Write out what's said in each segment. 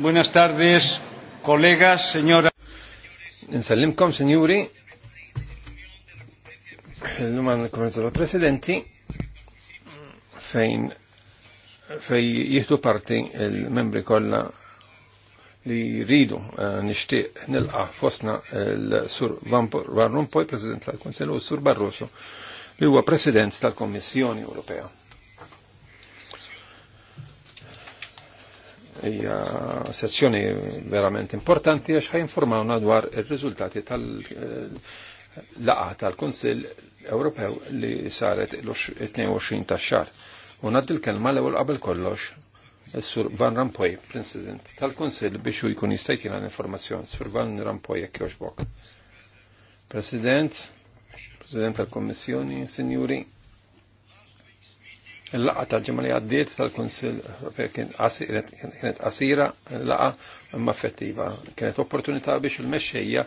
Buenas tardes, kollegas, signora. Nsellimkom, signori. il lum għan konferenza tal-presidenti fejn fej jihdu parti il-membri kolla li ridu eh, nishtiq nilqa fosna l-Sur Van Rompuy, President tal-Konsell, u Sur Barroso, li huwa President tal-Kommissjoni Ewropea. hija sezzjoni verament importanti għax ħajinformawna dwar ir-riżultati tal-laqa eh, tal-Kunsill Ewropew li saret l-22 ta' xar. U naddu l-kelma l ewel qabel kollox Sur Van Rampoy, President tal-Konsil biex u jkun jistajkin għan informazzjon. Sur Van Rampoy, jekk President, President tal-Kommissjoni, Signori, Il-laqa tal-ġimma li għaddiet tal-Konsil kienet qasira, laqa effettiva. Kienet opportunità biex il-mexxejja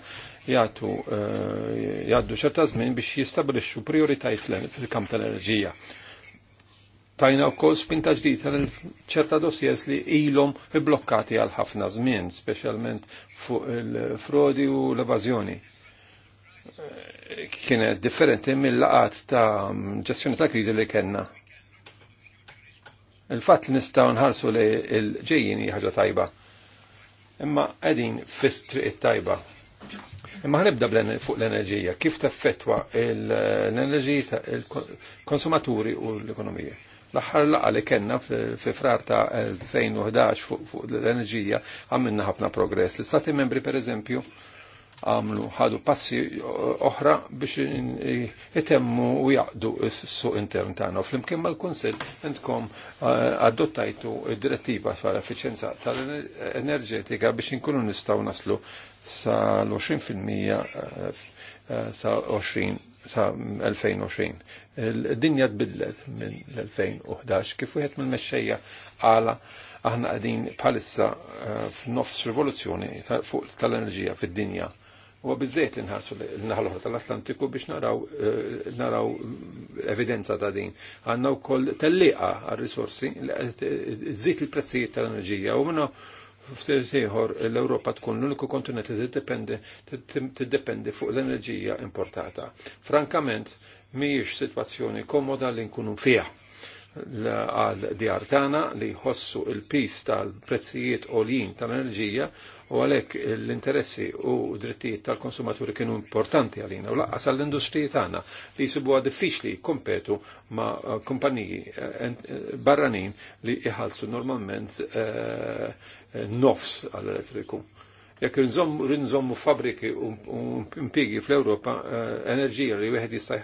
jgħatu eh, jgħaddu ċerta żmien biex jistabilixxu prioritajiet fil-kamp tal-enerġija. Tajna wkoll spinta ġdida ċerta dossiers li ilhom ibblokkati għal ħafna żmien, speċjalment fuq il-frodi u l-evażjoni eh, kienet differenti mill-laqat ta' ġestjoni ta' kriżi li kellna il fat li nħarsu li l-ġejjin hija ħaġa tajba. Imma qegħdin fis-triq tajba. Imma ħnibda fuq l-enerġija, kif taffettwa l-enerġija il-konsumaturi u l-ekonomija. L-aħħar laqa li kellna fi frar ta' 2011 fuq l-enerġija għamilna ħafna progress. l istati membri pereżempju għamlu ħadu passi oħra biex jitemmu u jaqdu s-suq intern tagħna. Flimkien mal-Kunsill għaddottajtu eh, adottajtu direttiva fl effiċjenza tal-enerġetika biex inkunu nistgħu naslu l 20 sa 20 eh, sa 2020. Il-dinja tbidlet minn 2011 kif wieħed mill-mexxejja għala aħna qegħdin bħalissa eh, f'nofs rivoluzzjoni fuq tal-enerġija fid-dinja U bizzejt l inħarsu l tal-Atlantiku biex naraw, eh, naraw evidenza ta' din. Għanna u koll tal-liqa għal-risorsi, zit il-prezzijiet tal-enerġija. U minna f'tirtiħor l-Europa tkun l-uniku kontinent li tiddependi fuq l-enerġija importata. Frankament, miex situazzjoni komoda li nkunu fija għal djar tagħna li jħossu il-pis tal-prezzijiet għoljin tal-enerġija u għalhekk l-interessi u drittijiet tal-konsumaturi kienu importanti għalina u laqqas għall-industriji tagħna li jsibuha diffiċli kompetu ma' kumpaniji eh, eh, barranin li jħallsu normalment eh, nofs għall-elettriku. Jekk rinżommu fabriki u impigi fl-Ewropa eh, enerġija li wieħed jista'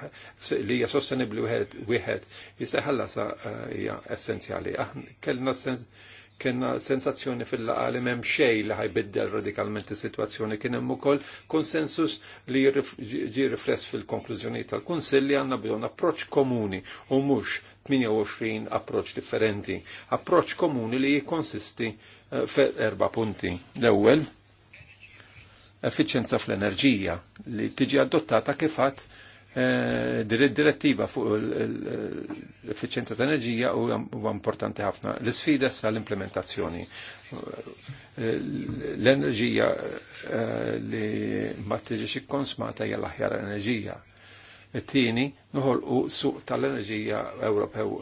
li hija sostenibbli wieħed jista' sa eh, hija essenzjali. kellna sens kena sensazzjoni fil-laqa li mem xej li ħajbiddel radikalment is-sitwazzjoni kien hemm ukoll konsensus li ġi rifless fil-konklużjoni tal-Kunsill li għandna bidon approċċ komuni u mhux 28 approċċ differenti. Approċċ komuni li jikkonsisti eh, fe erba punti. L-ewwel effiċenza fl-enerġija li tiġi adottata kifat eh, direttiva fuq l efficienza tal enerġija u importanti ħafna. L-sfida sa' l-implementazzjoni. Eh, l-enerġija eh, li ma tiġix konsmata hija l-aħjar enerġija. Tini, tieni noħolqu suq tal-enerġija Ewropew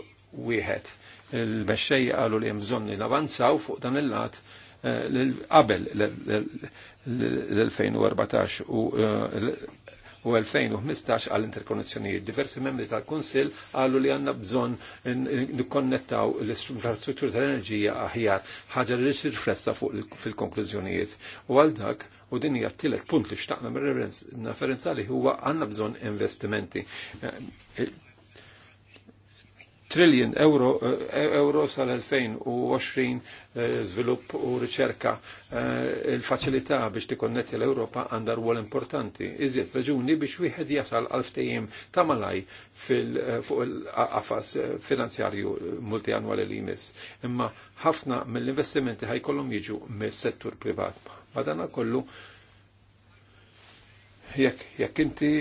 wieħed. Il-mexxejja qalu li hemm bżonn navanzaw fuq dan il-lat qabel l-2014 u eh, u 2015 għall interkonnessjonijiet Diversi membri tal-Konsil għallu li għanna bżon nikkonnettaw l-infrastruttura tal-enerġija aħjar ħaġa li riflessa fuq fil-konklużjonijiet. U għal dak u din hija t-tielet punt li xtaqna referenza li huwa għandna bżonn investimenti. Eh, trillion euro, eh, euro sal-2020 zvilupp eh, u riċerka eh, il-faċilità biex tikonnetti l-Europa għandha rwol importanti. Iżjed raġuni biex wieħed jasal għal ftehim ta' malaj fuq il-qafas finanzjarju multianwali li jmiss. Imma ħafna mill-investimenti ħajkollhom jiġu mis-settur privat. Madana kollu jekk jekk inti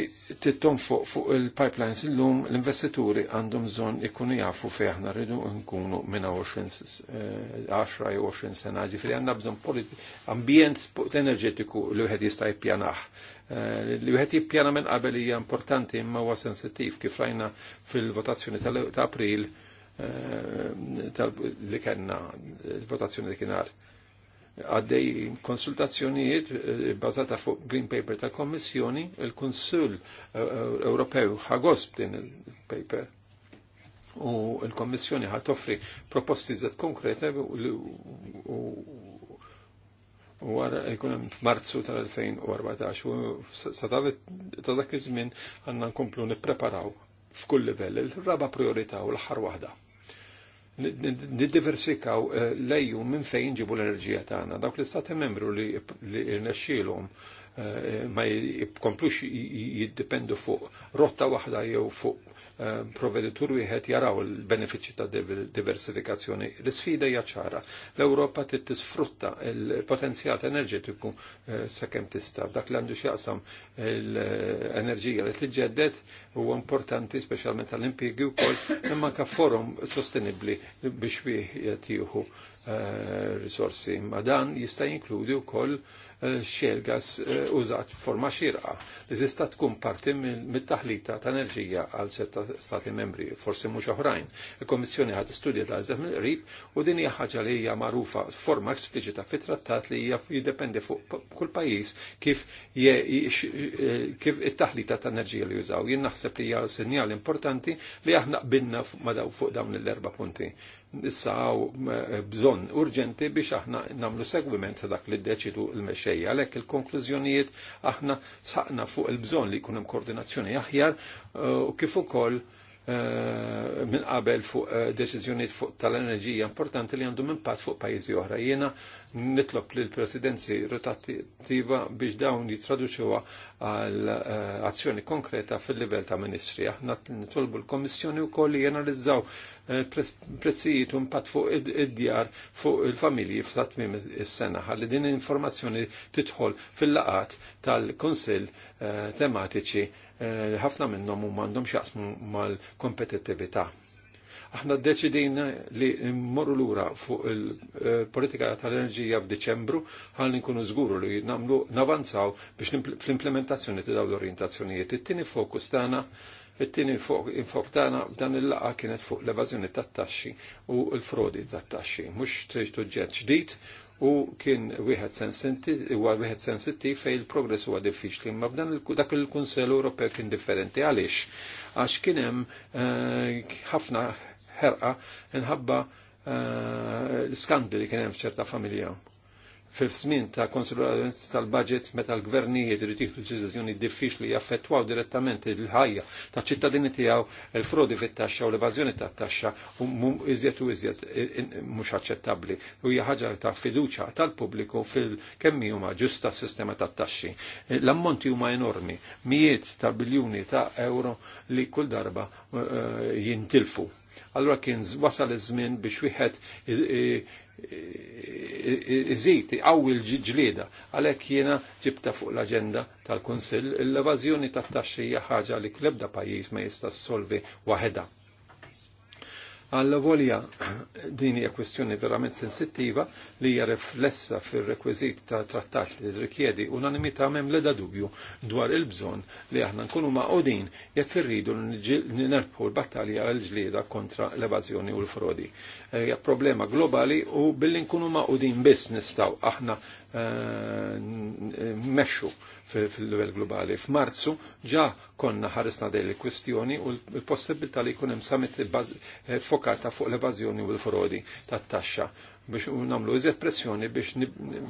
titton fuq fuq il-pipelines illum l-investituri għandhom bżonn ikunu jafu fejn aħna rridu nkunu minn 10 eh, jew 20 sena, ġifieri għandna bżonn ambjent enerġetiku li wieħed jista' jippjanaħ. Eh, li wieħed jippjana minn qabel hija importanti imma huwa sensittiv kif rajna fil-votazzjoni ta' April eh, li kellna il-votazzjoni li kien għaddej konsultazzjonijiet eh, bazata fuq Green Paper ta' Kommissjoni, il-Konsul eh, eh, Ewropew ħagosb din il-paper. U il-Kommissjoni ħat offri proposti zed konkrete u għara jkun hemm Marzu tal-2014 u sa ta' dak iż-żmien għandna nkomplu nippreparaw f'kull livell il-raba priorità u l ħar waħda niddiversifikaw eh, lejju minn fejn ġibu l-enerġija tagħna. Dawk l-istati membru li rnexxielhom eh, ma jkomplux jiddependu fuq rotta waħda jew fuq Eh, provveditur wieħed jaraw il-benefiċċji ta' diversifikazzjoni. L-isfida hija ċara. L-Ewropa trid tisfrutta l potenzjal enerġetiku eh, sakemm tista' dak li għandu x'jaqsam l-enerġija li tliġġedded huwa importanti speċjalment tal-impjegi wkoll imma ka forum sostenibbli biex wieħed jieħu eh, risorsi. Ma dan jista' jinkludi wkoll xelgas eh, użat forma xirqa li tista' tkun parti mit-taħlita ta' enerġija għal ċerta stati membri, forsi mhux oħrajn. Il-Kommissjoni ħad istudja l mill qrib u din hija ħaġa li hija magħrufa forma ekspliċita fit-trattat li hija jiddependi fuq kull pajjiż kif eh, kif it-taħlita ta' enerġija li jużaw. Jien naħseb li hija sinjal importanti li aħna qbilna fuq dawn l-erba' punti issa għaw eh, bżon urġenti biex aħna namlu segwiment ta' dak li d-deċidu l-mexxejja. Għalhekk il-konklużjonijiet aħna saqna fuq il-bżon li jkun hemm koordinazzjoni aħjar eh, u kif ukoll Eh, minn qabel fuq eh, deċiżjoniet tal-enerġija importanti li għandhom impatt fuq pajjiżi oħra. Jiena nitlob lil presidenzi rotattiva biex dawn jitraduċuha għal eh, azzjoni konkreta fil-livell ta' ministri. Aħna nitolbu l-Kommissjoni wkoll li jenalizzaw prezzijiet u impatt fuq id-djar fuq il-familji fl is-sena ħalli din l-informazzjoni tidħol fil-laqat tal-Kunsill tematiċi Eh, ħafna minnhom huma għandhom x'jaqsmu mal-kompetittività. Aħna ddeċidina li mmorru lura fuq il-politika tal-enerġija f'Diċembru ħalli nkunu żguru li namlu navanzaw biex fl-implementazzjoni ta' dawn l-orientazzjonijiet. It-tieni fokus tagħna it-tieni infok tagħna f'dan il-laqa kienet fuq l-evażjoni tat-taxxi u l-frodi tat-taxxi. Mhux trid tuġġed ġdid u kien wieħed sensittiv huwa wieħed sensittiv fejn il-progress huwa diffiċli, imma f'dan dak il-Kunsell Ewropew kien differenti għaliex għax kien hemm eh, ħafna ħerqa inħabba eh, l-skandli kien hemm f'ċerta familja fil-smin ta' konsiderazzjoni tal-budget meta l-gvernijiet irid jieħdu deċiżjoni diffiċli jaffettwaw direttament il-ħajja ta' ċittadini tiegħu il-frodi fit-taxxa u l-evażjoni tat-taxxa iżjed u iżjed mhux aċċettabbli u hija ħaġa ta' fiduċja tal-pubbliku fil-kemm huma ġusta s-sistema tat-taxxi. L-ammonti huma enormi, mijiet ta' biljuni ta' euro li kull darba eh, jintilfu. Allura kien wasal iż-żmien biex wieħed iżid iqawwi l-ġlieda għalhekk jiena ġibta fuq l-aġenda tal-Kunsill l-evażjoni tat-taxxija ħaġa li klebda pajjiż ma jista' solvi waħedha. Alla volja din hija kwestjoni verament sensittiva li hija riflessa fir-rekwiżit ta' trattat li rikjedi unanimità m'hemm l-eda dubju dwar il-bżonn li aħna nkunu maqodin jekk irridu ninerbħu l-battalja l-ġlieda kontra l-evażjoni u l-frodi. Hija problema globali u billi nkunu maqodin biss nistgħu aħna meċu. Uh, fil-livell globali. F'Marzu ġa konna ħarisna dej il kwestjoni u l-possibilità li jkun hemm summit eh, fokata fuq l evazjoni u l-frodi tat-taxxa biex namlu iżjed pressjoni biex,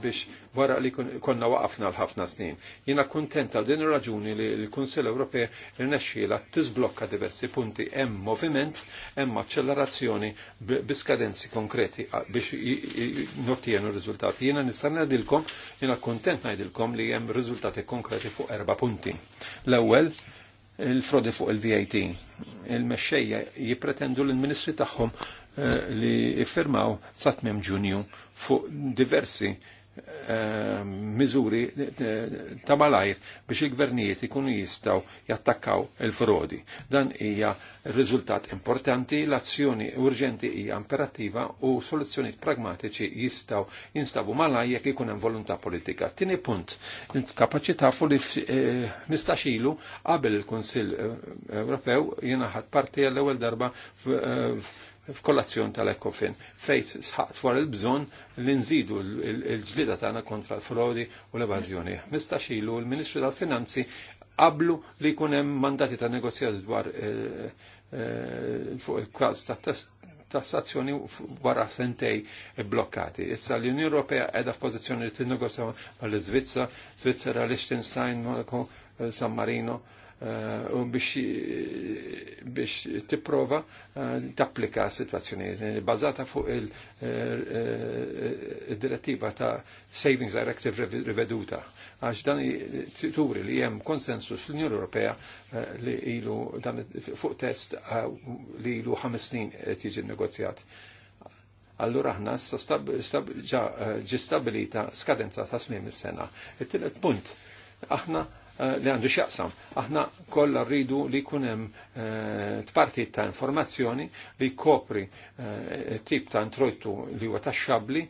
biex wara li konna waqafna l-ħafna snin. Jina kontenta din raġuni li l-Kunsel Ewropej rnexxiela tiżblokka diversi punti hemm moviment, hemm accelerazzjoni skadenzi konkreti biex nottienu riżultati. Jina nista' ngħidilkom, jina kontent ngħidilkom li hemm riżultati konkreti fuq erba' punti. L-ewwel il-frodi fuq il-VAT. Il-mexxejja jippretendu l-ministri tagħhom Eh, li firmaw satmem ġunju fuq diversi eh, miżuri eh, ta' malajr biex il-gvernijiet ikunu jistaw jattakkaw il-frodi. Dan hija riżultat importanti, l-azzjoni urġenti hija imperattiva u soluzzjoni pragmatiċi jistaw jinstabu malaj jekk ikun hemm volontà politika. Tieni punt, kapaċità fu li ilu qabel il-Kunsill Ewropew jiena ħadd parti għall-ewwel darba f'kolazzjon tal-Ekofin fejn sħat fuq il-bżonn li nżidu l-ġlida tagħna kontra l-frodi u l-evażjoni. Mistax ilu l-Ministru tal-Finanzi qablu li jkun hemm mandati ta' negozjati dwar eh, eh, fuq il-kważ ta' tassazzjoni wara sentej blokkati. Issa l-Unjoni Ewropea qiegħda f'pożizzjoni li tinnegozja mal-Iżvizza, Svizzera, Liechtenstein, Monaco, eh, San Marino Eh, u biex tipprova eh, tapplika situazzjoni bazata fuq il-direttiva eh, ta' Savings Directive riveduta għax dan turi li jem konsensus fl unjoni Ewropea li ilu dan fuq test li ilu ħames snin tiġi negozjat. Allura aħna ġi stabilita skadenza ta' smim is-sena. It-tielet punt, aħna Eh, li għandu xaqsam. Aħna kollha rridu li jkun hemm eh, tpartit ta' informazzjoni li kopri eh, tip ta' introjtu li huwa taxxabli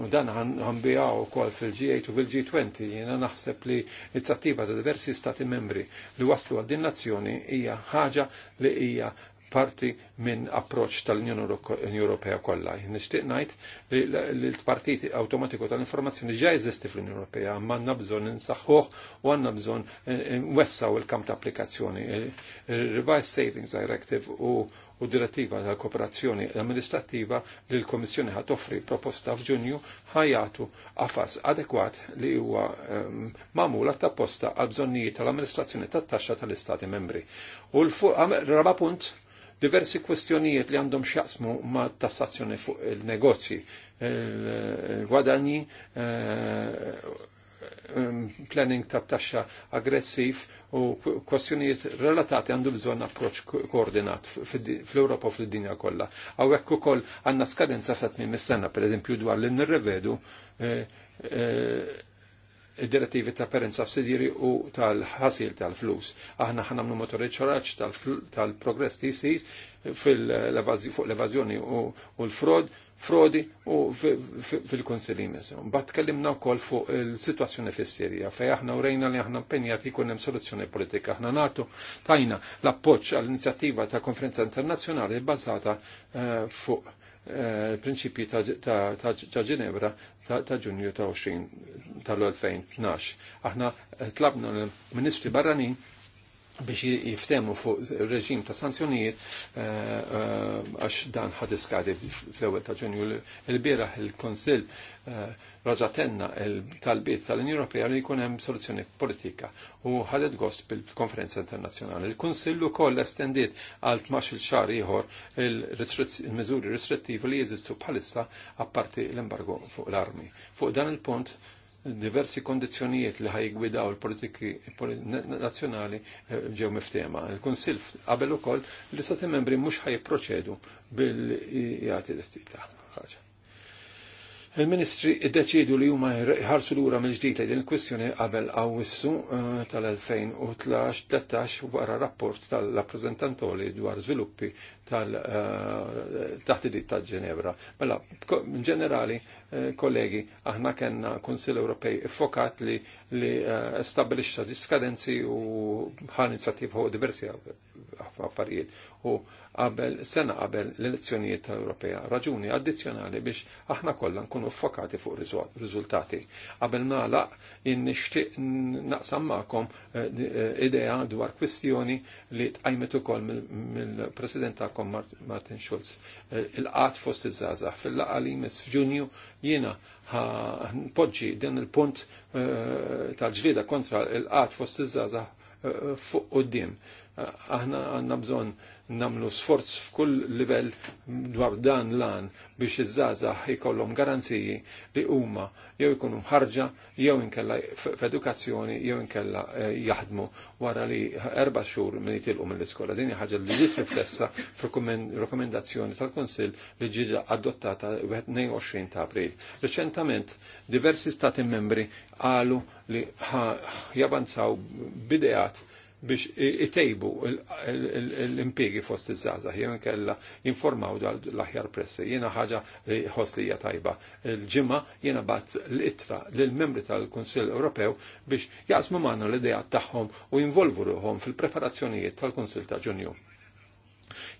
u dan ħanbijaw u kol fil-G8 u fil-G20 jena naħseb li inizjattiva ta' diversi stati membri li waslu għad-din nazzjoni hija ħaġa li hija parti minn approċ tal-Unjoni Ewropea kollha. Nixtieq ngħid li l-partiti awtomatiku tal-informazzjoni ġa jeżisti fl-Unjoni Ewropea, ma għandna bżonn insaħħuh u għandna bżonn eh, eh, wessaw il-kamp ta' applikazzjoni. Eh, Revised Savings Directive u u direttiva tal-kooperazzjoni amministrattiva li l-Komissjoni ħat offri proposta f'Ġunju ħajatu għafas adekwat li huwa mamul ehm, mamula ta' posta għal bżonnijiet tal-amministrazzjoni tat-taxxa tal-Istati membri. U l-fuq raba punt diversi kwestjonijiet li għandhom xjaqsmu ma tassazzjoni fuq il-negozji, il-gwadani, eh, um, planning ta' taxxa aggressiv u kwestjonijiet relatati għandu bżonn approċ koordinat fl-Europa u fl-dinja kollha. Hawnhekk ukoll għandna skadenza fetmi mis-sena, pereżempju dwar li nirrevedu eh, eh, direttivi ta' parent subsidiary u tal-ħasil tal-flus. Aħna ħanamlu motor ċoraċ tal-progress TCs fuq l-evazjoni u l-frod, frodi u fil-konsilines. Bat u wkoll fuq il-situazzjoni fis-Sirja fej aħna urejna li aħna impenjati jkun hemm soluzzjoni politika. Aħna nagħtu tajna l-appoġġ għall-inizjattiva ta' konferenza internazzjonali bbażata eh, fuq l-prinċipji ta' Ġinevra ta' ġunju ta' 20 tal-2012. Aħna tlabna l-Ministri barranin biex jiftemu fuq reġim ta' sanzjonijiet eh, eh, għax dan ħadiskadi fl-ewwel ta' ġunju il-bieraħ il konsil eh, raġatenna tal-bit tal-Unjoni Ewropea li jkun hemm soluzzjoni politika u ħadet gost bil-konferenza internazzjonali. Il-Kunsill ukoll estendiet għal 12 xahar ieħor il-miżuri restrittivi li jeżistu bħalissa apparti l-embargo fuq l-armi. Fuq dan il-punt diversi kondizjonijiet li ħajgwidaw il-politiki nazzjonali eh, ġew miftema. Il-Konsil qabel ukoll li stati membri mhux ħajproċedu bil jati d tip ħaġa. Il-ministri id-deċidu li huma ħarsu lura mill-ġdid din il-kwistjoni qabel għawissu eh, tal-2013 wara rapport tal-rappreżentantoli dwar żviluppi tal-taħt eh, id ta' Ġenevra. Mela, in ġenerali, eh, kollegi, aħna kena Konsil Ewropej iffokat li li stabilixxa diskadenzi u ħal inizjattiv diversi affarijiet. U qabel sena qabel l-elezzjonijiet tal-Ewropea raġuni addizzjonali biex aħna kollha nkunu fokati fuq riżultati. Qabel nagħlaq nixtieq naqsam magħkom eh, eh, idea dwar kwistjoni li tqajmet ukoll mill-President tagħkom Martin Schulz eh, il-qat fost iż-żgħażagħ fil-laqgħa li jmiss f'Ġunju jiena poġġi din il-punt tal-ġlida kontra il-qat fost iż-żgħażagħ fuq qudiem aħna għandna bżonn nagħmlu sforz f'kull livell dwar dan lan biex iż-żgħażagħ jkollhom garanziji li huma jew ikunu mħarġa jew inkella f'edukazzjoni jew inkella eh, jaħdmu wara li erba' xhur minn jitilqu mill-iskola. Din ħaġa li ġiet riflessa f'rekomendazzjoni tal-Kunsill li ġie adottata 22 ta' April. Reċentament diversi stati membri qalu li jabanzaw bideat biex itejbu l-impiegi fost iż-żazah, jew kella informaw dal l-aħjar pressi. Jiena ħaġa li ħoslija tajba. Il-ġimgħa jiena bat l-ittra lill-membri tal-Kunsill Ewropew biex jaqsmu manna l-idejat tagħhom u jinvolvu ruhom fil-preparazzjonijiet tal-Kunsill ta' Ġunju.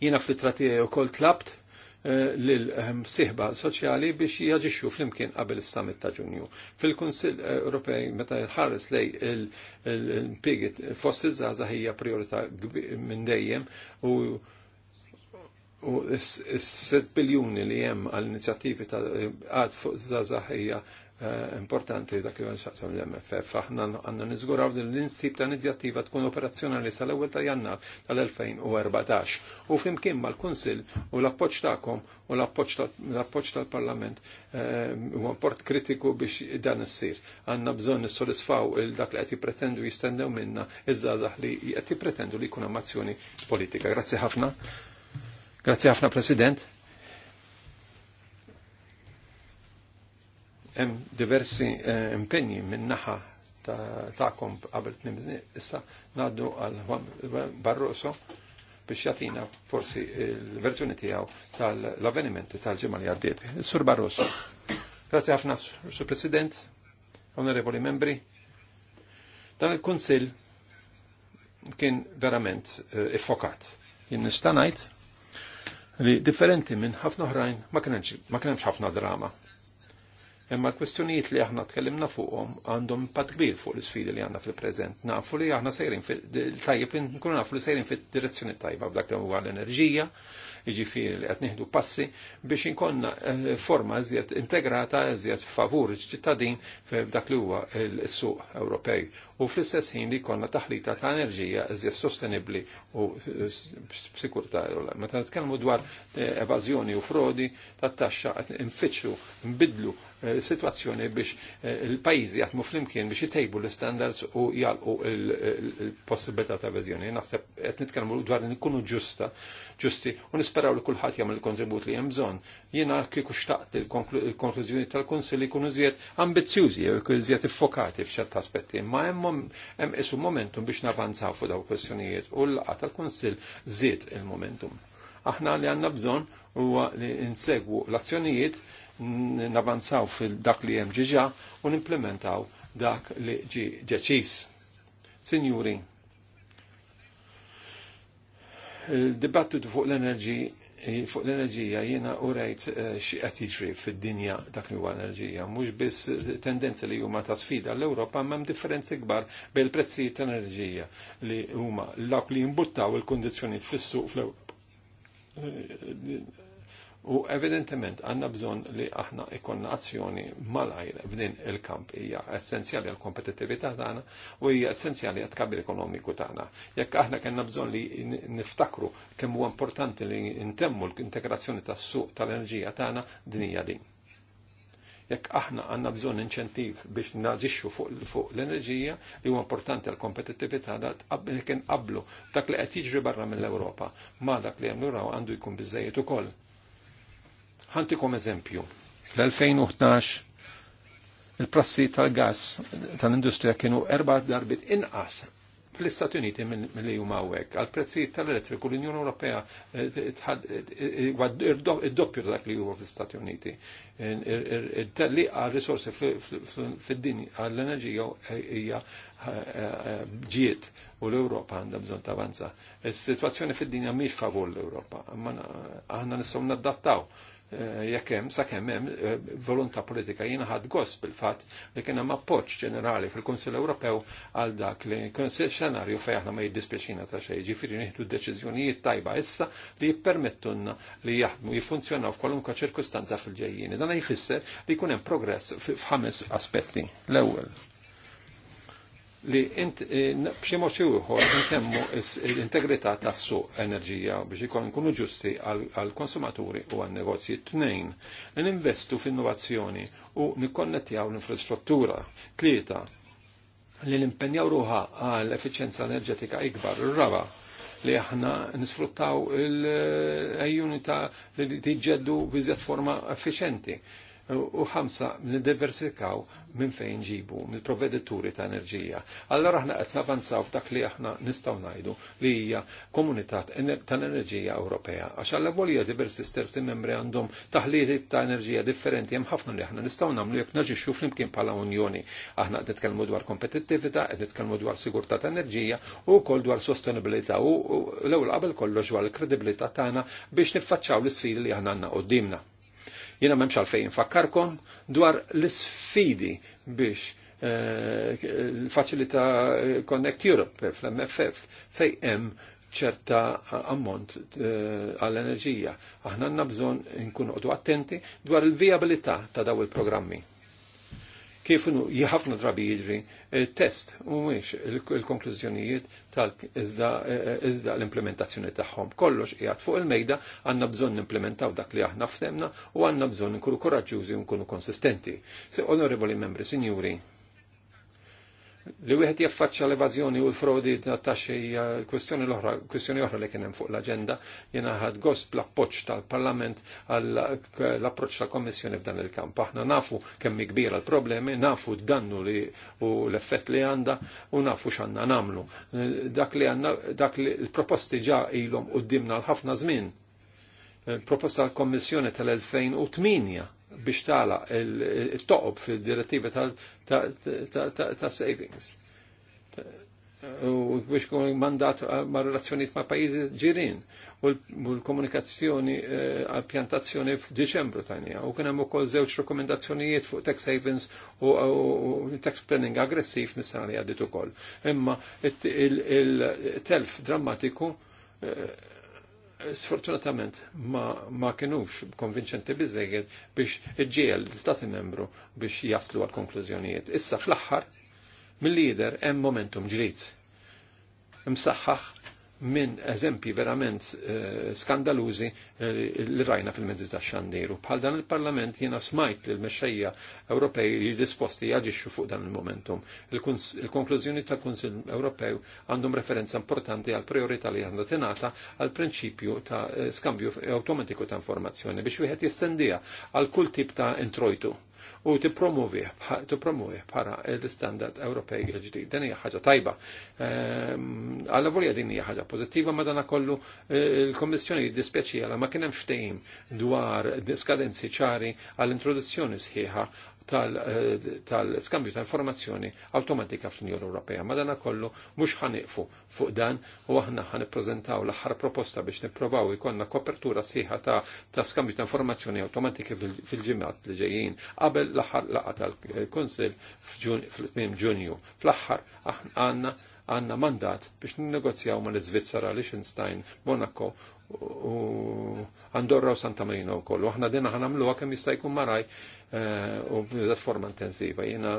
Jiena fl-ittra tiegħi wkoll tlabt Eh, l-sihba ehm, soċjali biex jaġixxu flimkien qabel is-summit ta' Ġunju. Fil-Kunsill eh, Ewropej meta jħares lej il pigit fost iż-żgħażagħ hija priorità minn dejjem u u s-7 biljuni li jem għal-inizjattivi ta' eh, għad fuq zazaħija Eh, importanti dak li għanxaqsam l-MFF. Aħna għanna nizguraw din l-insib ta' inizjattiva tkun operazzjonali sal-ewwel ta' jannar tal-2014. U flimkien mal-Kunsill u l-appoġġ tagħkom u l-appoġġ tal-Parlament eh, huwa port kritiku biex dan issir. Għandna bżonn nissodisfaw il dak li qed jippretendu jistendew minna iż-żgħażagħ li qed pretendu li jkun azzjoni politika. Grazzi ħafna. Grazzi ħafna President. hemm diversi eh, impegni minn naħa ta'kom qabel tnimżni. Issa naddu għal Juan Barroso biex jatina forsi il-verżjoni tijaw tal-avvenimenti tal-ġimgħa li għaddiet. Sur Barroso. Grazie għafna, Sur President, onorevoli membri. Dan il konsil kien verament eh, effokat. Jinn nistanajt li differenti minn ħafna oħrajn ma kienemx ħafna drama. Imma l-kwestjonijiet li aħna tkellimna fuqhom għandhom impatt kbir fuq l-isfidi li għandna fil-preżent. Nafu li aħna sejrin tajjeb li nkunu nafu li sejrin fid-direzzjoni tajba b'dak li huwa l-enerġija, jiġifieri li qed nieħdu passi biex inkonna eh, forma iżjed integrata iżjed favur ċittadin f'dak li huwa s suq Ewropej. U fl-istess ħin li konna taħlita ta' enerġija iżjed sostenibbli u b'sikurtà. Meta nitkellmu dwar eh, evażjoni u frodi tat-taxxa nfittxu, nbidlu Eh, situazzjoni biex eh, il-pajizi jatmu flimkien biex jitejbu l-standards u jgħalqu il possibilità ta' vizjoni. Naħseb qed nitkellmu dwar li nkunu ġusta, ġusti u nisperaw li kulħadd jagħmel il-kontribut li hemm bżonn. Jiena kieku xtaqt il-konklużjoni tal-Kunsill jkunu żjed ambizzjużi jew jkunu żjed iffokati f'ċert aspetti, ma hemm isu momentum biex navanzaw fuq daw kwestjonijiet u l laqgħa tal-Kunsill żied il-momentum. Aħna li għandna bżonn huwa li nsegwu l-azzjonijiet navanzaw fil-dak li hemm ġiġa u nimplementaw dak li ġi ġeċis. Sinjuri, il-dibattitu fuq l-enerġi fuq l-enerġija jiena u rajt eh, xieqet jiġri fid-dinja dak li huwa enerġija, mhux biss tendenza li huma ta' sfida l-Ewropa m'hemm differenzi kbar bejn l prezzijiet ta' enerġija li huma dawk li jimbuttaw il-kundizzjonijiet fis fl-Ewropa U evidentement għanna bżon li aħna ikonna azzjoni mal mal-għajl f'din il-kamp hija essenzjali għal kompetittività tagħna u hija essenzjali għat kabir ekonomiku tagħna. Jekk aħna kellna bżon li niftakru kemm huwa importanti li ntemmu l-integrazzjoni tas-suq tal-enerġija tagħna din hija din. Jekk aħna għanna bżon inċentiv biex naġixxu fuq l-enerġija li huwa importanti għal kompetittività kien qablu dak li qed jiġri barra mill-Ewropa ma dak li hemm għandu jkun biżejjed ukoll Ħantikom eżempju. Fl-2011 il-prassi tal-gas tal-industrija kienu erba darbit inqas fl-Istati Uniti mill-li huma hawnhekk. Għal prezzi tal-elettriku l-Unjoni Ewropea eh, eh, eh, id-doppju dak li huwa fl-Istati Uniti. Li għal risorsi fid-din għall-enerġija hija ġiet u l-Ewropa għandha bżonn tavanza. Is-sitwazzjoni fid-dinja mhix favur l-Ewropa, imma aħna nistgħu naddattaw Eh, jekkem, sakemm hemm eh, volontà politika jiena ħadd gost bil-fatt li kien hemm appoġġ ġenerali fil-Kunsill Ewropew għal dak li kien xenarju fejn aħna ma jiddispjaċina ta' xejn, ġifieri nieħdu deċiżjonijiet tajba issa li jippermettunna li jaħdmu jiffunzjonaw f'kwalunkwe ċirkustanza fil-ġejjieni. Dan jfisser li jkun hemm progress f'ħames aspetti. L-ewwel li eh, bximot xieħuħor intemmu l-integrità tas suq enerġija biex ikon kunu ġusti għal-konsumaturi u għal-negozji t-nejn. Ninvestu f'innovazzjoni u nikkonnettjaw l-infrastruttura. Tlieta, li nimpenjaw ruħa għal-efficienza enerġetika ikbar. Raba, li aħna nisfruttaw l-ejjuni eh, ta' li tiġġeddu biżjat forma effiċenti u ħamsa niddiversifikaw minn fejn ġibu, mill provedituri ta' enerġija. Allora aħna qed navanzaw f'dak li aħna nistgħu ngħidu li hija komunità ta' enerġija Ewropea. Għax għal volija diversi stersi membri għandhom taħliet ta' enerġija differenti hemm ħafna li aħna nistgħu nagħmlu jekk naġixxu flimkien bħala Unjoni. Aħna qed nitkellmu dwar kompetittività, qed nitkellmu dwar sigurtà ta' enerġija u wkoll dwar sostenibilità u l-ewwel qabel kollox dwar il-kredibilità tagħna biex niffaċċaw l-isfidi li aħna għandna qudiemna. Jena memx għalfejn fakkarkom dwar l-sfidi biex eh, faċilita eh, Connect Europe fl-MFF fej hemm ċerta ammont eh, għall-enerġija. Aħna għanna bżon nkunu attenti dwar il-viabilità ta' daw il-programmi kif ħafna drabi jidri eh, test u mwix il-konklużjonijiet tal-iżda eh, l-implementazzjoni tagħhom. Kollox qiegħed fuq il-mejda għandna bżonn implementaw dak li aħna ftemna u għandna bżonn nkunu koraġġjużi u nkunu konsistenti. Se onorevoli membri, sinjuri, li wieħed jaffaċċa l-evażjoni u l-frodi ta' xejja kwestjoni l-oħra, kwestjoni oħra li kien hemm fuq l-aġenda jiena ħad gost bl-appoġġ tal-Parlament għall-approċċ tal-Kommissjoni f'dan il-kamp. Aħna nafu kemm kbira l-problemi, nafu d-dannu li u l-effett li għandha u nafu x'għandna nagħmlu. Dak li għandna dak li l-proposti ġa ilhom qudiemna l-ħafna żmien. Proposta tal-Kommissjoni tal-2008 biex tala il-toqob fil-direttiva ta' savings. U biex kun mandat ma' relazzjoniet ma' pajizi ġirin u l-komunikazzjoni għal e, pjantazzjoni f'Diċembru tajnija. U kien hemm ukoll żewġ rekomendazzjonijiet fuq tax savings u tax planning aggressiv mis-sena li għaddit ukoll. Imma il-telf drammatiku e, sfortunatament ma, ma kienux konvinċenti bizzejjed biex iġiel l-Stati membru biex jaslu għal konklużjonijiet. Issa fl-aħħar mill-lider hemm momentum ġrid. Msaħħaħ minn eżempji verament eh, skandalużi eh, li rajna fil-mezzi ta' xandiru. Bħal dan il-Parlament jiena smajt li l-mexxejja Ewropej li disposti jaġixxu fuq dan il-momentum. Il-konklużjoni tal kunsill Ewropew għandhom referenza importanti għal priorità li għandha tingħata għal prinċipju ta' eh, skambju automatiku ta' informazzjoni biex wieħed jistendija għal kull tip ta' introjtu u tippromovih bħala l-standard Ewropej il-ġdid. Dan hija ħaġa tajba. Ehm, Alla volja din hija ħaġa pożittiva ma dana kollu eh, il-Kommissjoni jiddispjaċija ma kien hemm dwar skadenzi ċari għall-introduzzjoni sħiħa Eh, tal-skambju ta' informazzjoni automatika fl-Unjoni Ewropea. Ma dan kollu mhux ħaniqfu fuq dan u aħna ħanippreżentaw l-aħħar proposta biex nipprovaw ikonna kopertura sieħa ta' skambju ta' informazzjoni automatika fil-ġimgħat li ġejjin qabel l-aħħar laqgħa tal-Kunsill f'tmiem Ġunju. Fl-aħħar għandna għanna mandat biex ninnegozjaw ma l-Svizzera, Liechtenstein, Monaco u Andorra u Santa Marina u kollu. Aħna dinna ħanamlu kemm jista' jkun maraj Eh, u b'da forma intensiva. Jena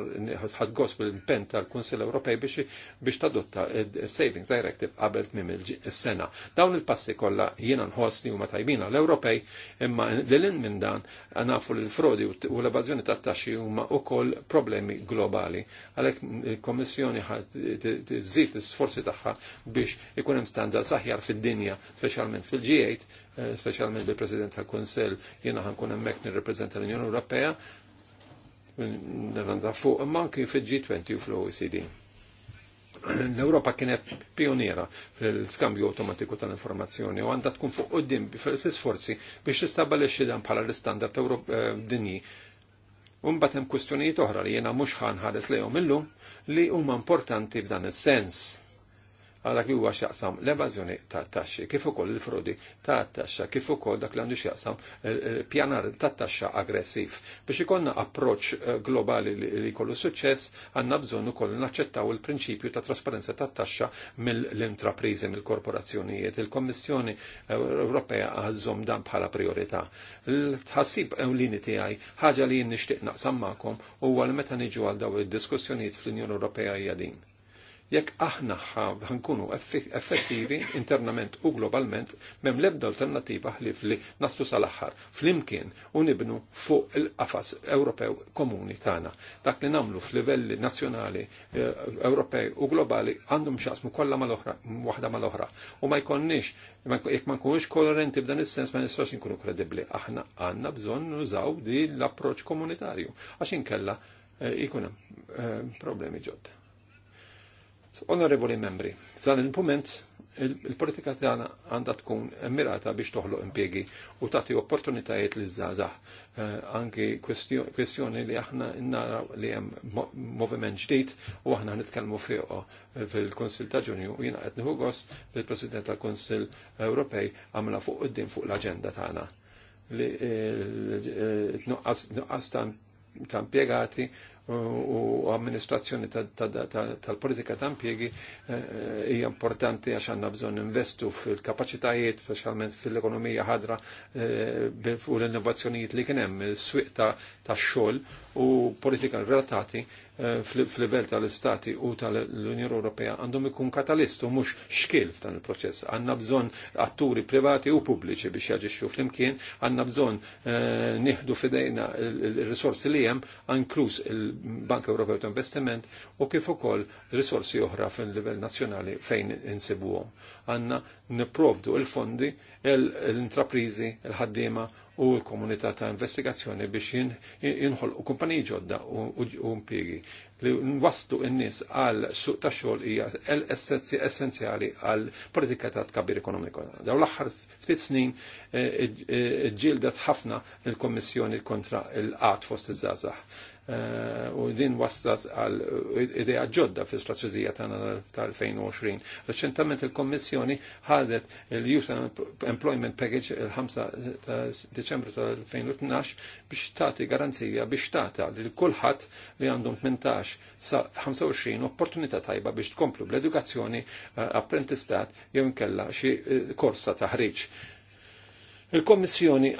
ħad gos bil pen tal-Kunsil Ewropej biex tadotta Savings Directive qabel mim il-sena. Dawn il-passi kollha jiena nħos li huma tajbina l-Ewropej, imma lilin minn dan nafu l-frodi u l-evażjoni tat-taxxi huma wkoll problemi globali. Għalhekk il-Kommissjoni żid l-sforzi tagħha biex ikun hemm standard aħjar fid-dinja, speċjalment fil-G8 Eh, speċjalment e eh, li president tal-Kunsell, jiena ħankun hemmhekk nirrepreżenta l-Unjoni Ewropea nirranda fuq imma anke fil-G20 u fl-OECD. L-Europa kienet pioniera fil-skambju automatiku tal-informazzjoni u għandha tkun fuq qudiem fil-sforzi biex tistabbalixxi dan bħala l-istandard dinji Umbat hemm kwistjonijiet oħra li jiena mhux ħanħares lejhom illum li huma importanti f'dan is-sens. Għalak li huwa x'jaqsam l-evażjoni ta' taxxi, kif ukoll il-frodi ta' taxxa, kif ukoll dak li għandu x'jaqsam pjanar ta' taxxa aggressiv. Biex ikonna approċċ eh, globali li jkollu suċċess, għandna bżonn ukoll naċċettaw il-prinċipju ta' trasparenza ta' taxxa mill-intrapriżi, mill-korporazzjonijiet. Il-Kommissjoni eh, Ewropea għazzom dan bħala priorità. L-tħassib ewlieni tiegħi ħaġa li jien nixtieq naqsam magħkom huwa li meta niġu għal daw id-diskussjonijiet fl-Unjoni Ewropea hija din jekk aħna ħankunu effettivi internament u globalment mem lebda alternativa ħlif li naslu sal-aħħar flimkien u nibnu fuq il-qafas Ewropew komuni tagħna. Dak li namlu f'livelli nazzjonali, eh, Ewropej u globali għandhom xasmu kollha mal-oħra, waħda mal-oħra. U ma jkollniex, jekk ma nkunux kolerenti f'dan is-sens ma nistax inkunu kredibbli. Aħna għandna bżonn nużaw din l-approċċ komunitarju għax inkella jkun eh, hemm eh, problemi ġodda. Onorevoli membri, f'dan il-pument il-politika tagħna għandha tkun mirata biex toħloq impjegi u tagħti opportunitajiet li żgħażagħ. Eh, anki kwestjoni li aħna naraw li hemm moviment ġdid u aħna nitkellmu fiqo fil-Kunsil ta' Ġunju u jiena qed nieħu gost li president tal-Kunsil Ewropej għamla fuq qudiem fuq l-aġenda tagħna li eh, eh, nuqqas ta' impjegati u amministrazzjoni tal-politika ta' impjegi eh, eh, hija importanti għax għandna bżonn investu fil-kapaċitajiet, speċjalment fil-ekonomija ħadra eh, u l-innovazzjonijiet li kien hemm is-swieq tax-xogħol u politika relatati fil-livell tal-Istati u tal-Unjoni Ewropea għandhom ikun katalistu mhux xkil f'dan il-proċess. Għandna bżonn atturi privati u pubbliċi biex jaġixxu flimkien, għandna bżonn nieħdu fidejna il-risorsi li hemm, inkluż il bank Ewropew ta' Investiment u kif ukoll risorsi oħra fil livell nazzjonali fejn insibuhom. Għandna nipprovdu l-fondi l-intraprizi, il ħaddiema u l-komunità ta' investigazzjoni biex jinħolqu kumpaniji ġodda u impjiegi li nwastu n-nis għal suq ta' xogħol hija essenzjali għal politika ta' tkabbir ekonomiku. Daw l-aħħar ftit snin eh, eh, eh, ġildet ħafna il-Kommissjoni kontra l qat fost iż-żgħażagħ. Eh, u din waslas għal ideja ġodda fi strategija tagħna tal-2020. Reċentament il-Kommissjoni ħadet il-Youth Employment Package il-5 ta' Deċembru tal-2012 biex tagħti garanzija biex tagħta lil kulħadd li għandhom 18 sa 25 opportunità tajba biex tkomplu bl-edukazzjoni eh, apprentistat jew inkella xi eh, korsa ta' taħriġ. Il-Kommissjoni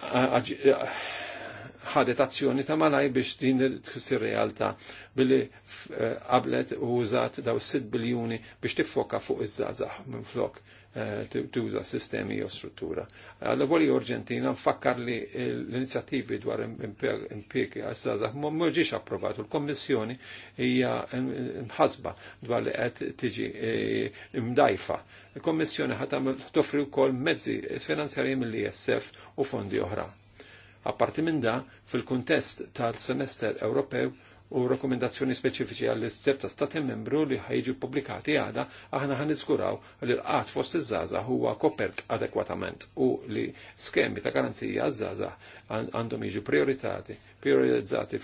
ħadet azzjoni ta' malaj biex din tħissir realtà billi eh, qablet u użat daw 6 biljuni biex tiffoka fuq iż-żazax minn flok eh, tuża sistemi jew struttura. L-voli Argentina nfakkar li l-inizjattivi dwar impieg għazzazax ma ġiex approvat u l-Kommissjoni hija mħasba dwar li qed tiġi eh, mdajfa. Il-Kommissjoni ħatam toffri wkoll mezzi finanzjarji mill-ISF u fondi oħra Apparti minn da, fil-kuntest tal-semester Ewropew u rekomendazzjoni speċifiċi għall istet ta' stati membru li ħajġu publikati għada, aħna ħan niskuraw li l-qat fost iż-żaza huwa kopert adekwatament u li skemi ta' garanzija għaż-żaza għandhom jiġu prioritati, priorizzati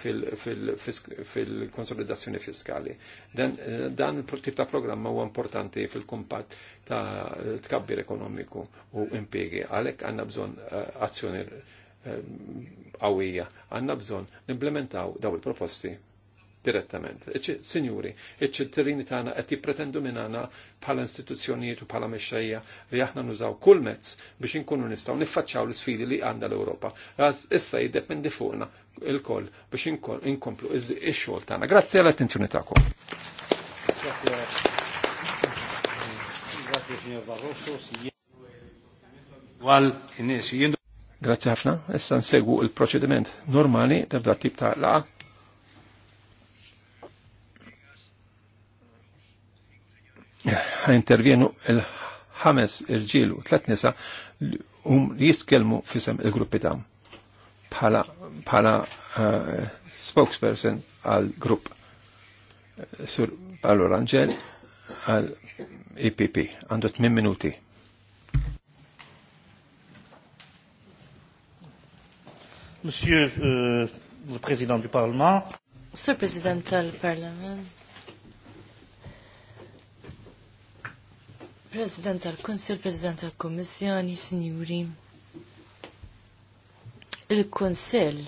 fil-konsolidazzjoni fiskali. Dan il-tip ta' programma huwa importanti fil-kumpat ta' tkabbir ekonomiku u impiegi. Għalek għanna bżon eh, azzjoni qawwija. Għandna bżonn nimplementaw daw il-proposti direttament. Sinjuri, iċ-ċittadini tagħna qed jippretendu minn għandna bħala istituzzjonijiet u bħala mexxejja li aħna nużaw kull mezz biex nkunu nistaw niffaċċaw l sfidi li għanda l europa Għaz, Issa jiddependi fuqna il-koll biex inkomplu ix-xogħol tagħna. Grazzi għall attenzjoni tagħkom. Grazie signor Barroso. Għal, inis, jindu. Grazzi ħafna, issa nsegwu il-proċediment normali ta' f'dat tip ta' laqa. Intervjenu il-ħames irġiel u tlet nisa um jiskelmu fisem il-gruppi tam bħala bħala uh, spokesperson għal grupp eh, Sur Paolo Rangel għal EPP għandu 8 minuti Monsieur euh, le Président du Parlement. Monsieur le Président du Parlement. President tal-Konsil, President tal-Kommissjoni, Sinjuri. Il-Konsil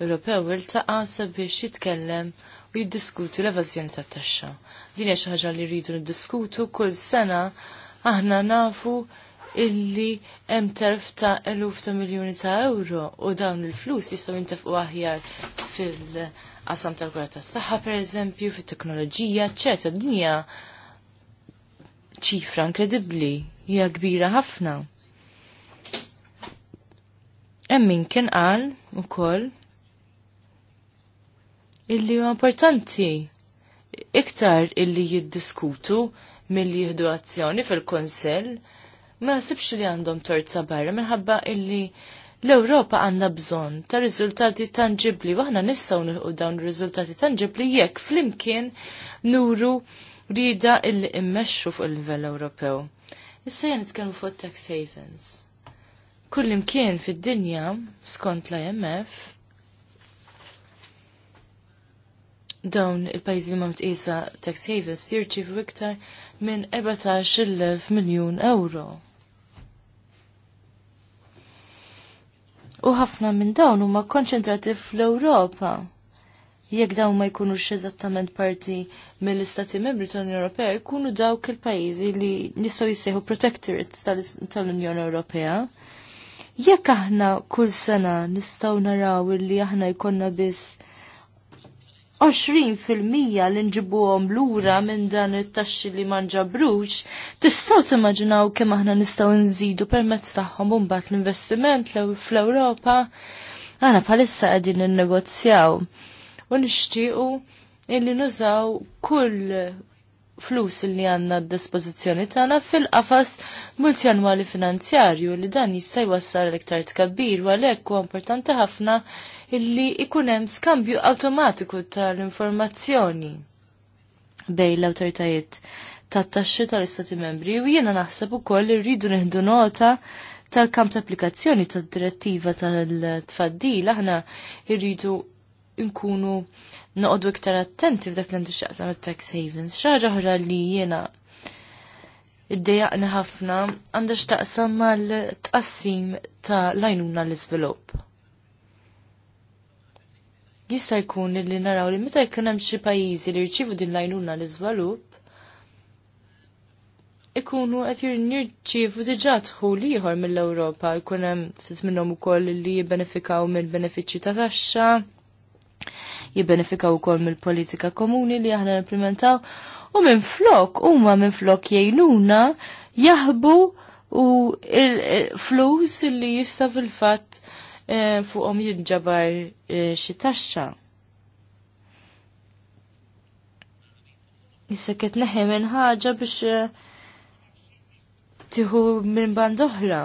Ewropew il sabiex jitkellem u jiddiskutu l-evażjoni tat-taxxa. Din hija xi ħaġa li rridu niddiskutu kull sena aħna nafu illi hemm telf ta' eluf ta' miljoni ta' euro u dawn il-flus jistgħu jintefqu aħjar fil-qasam tal-kura tas-saħħa pereżempju, fit-teknoloġija, eċċetera. Dinja ċifra inkredibbli hija kbira ħafna. Hemm min kien qal ukoll illi huwa importanti iktar illi jiddiskutu milli jieħdu azzjoni fil-Konsell ma sibx li għandhom torza barra minħabba illi l-Ewropa għanna bżonn ta' riżultati tangibli waħna nistgħu nilqu dawn ir-riżultati tangibli jekk flimkien nuru rida illi immexxu fuq il-livell Ewropew. Issa jien nitkellmu fuq tax havens. Kullimkien fid-dinja skont l-IMF dawn il pajzi li mamt mtqisa tax havens jirċievu iktar minn 14,000 miljun euro. u ħafna minn dawn huma konċentrati fl-Ewropa. Jekk dawn ma jkunux eżattament parti mill-Istati Membri tal-Unjoni Ewropea, jkunu dawk il-pajjiżi li jistgħu jissejħu protectorates tal-Unjoni Ewropea. Jekk aħna kull sena nistgħu naraw li aħna jkollna biss 20% li nġibuhom lura minn dan it-taxxi li ma nġabrux, tistgħu timmaġinaw kemm aħna nistgħu nżidu permezz tagħhom mbagħad l-investiment fl-Ewropa. Aħna bħalissa qegħdin innegozjaw u nixtiequ illi nużaw kull flus li għanna d-dispozizjoni tagħna fil-qafas multjanwali finanzjarju li dan jista' wassar l-iktar tkabbir u għalhekk huwa importanti ħafna illi ikunem skambju automatiku tal-informazzjoni bej l-autoritajiet tat-taxxi tal-Istati membri u jiena naħseb ukoll irridu neħdu nota tal-kamp ta' applikazzjoni tad-direttiva tal-tfaddil aħna irridu nkunu noqogħdu iktar attenti f'dak li għandu x'aqsam it-tax havens. Xaġa oħra li jiena iddejaqni ħafna għandha x'taqsam mal-tqassim ta' lajnuna l-iżvilupp jista' jkun li naraw li meta jkun hemm xi pajjiżi li jirċievu din l-għajnuna l-iżvalupp, ikunu qed jirċievu diġà dħul ieħor mill-Ewropa, jkun hemm ftit minnhom ukoll li jibbenefikaw mill benefiċċji ta' taxxa, jibbenefikaw ukoll mill-politika komuni li aħna nimplementaw u minn flok huma minn flok jgħinuna jaħbu u il-flus li jista' fil-fatt Eh, fuqhom jinġabar eh, xi taxxa. Issa kiet neħi minn ħaġa biex eh, tiħu minn band oħra.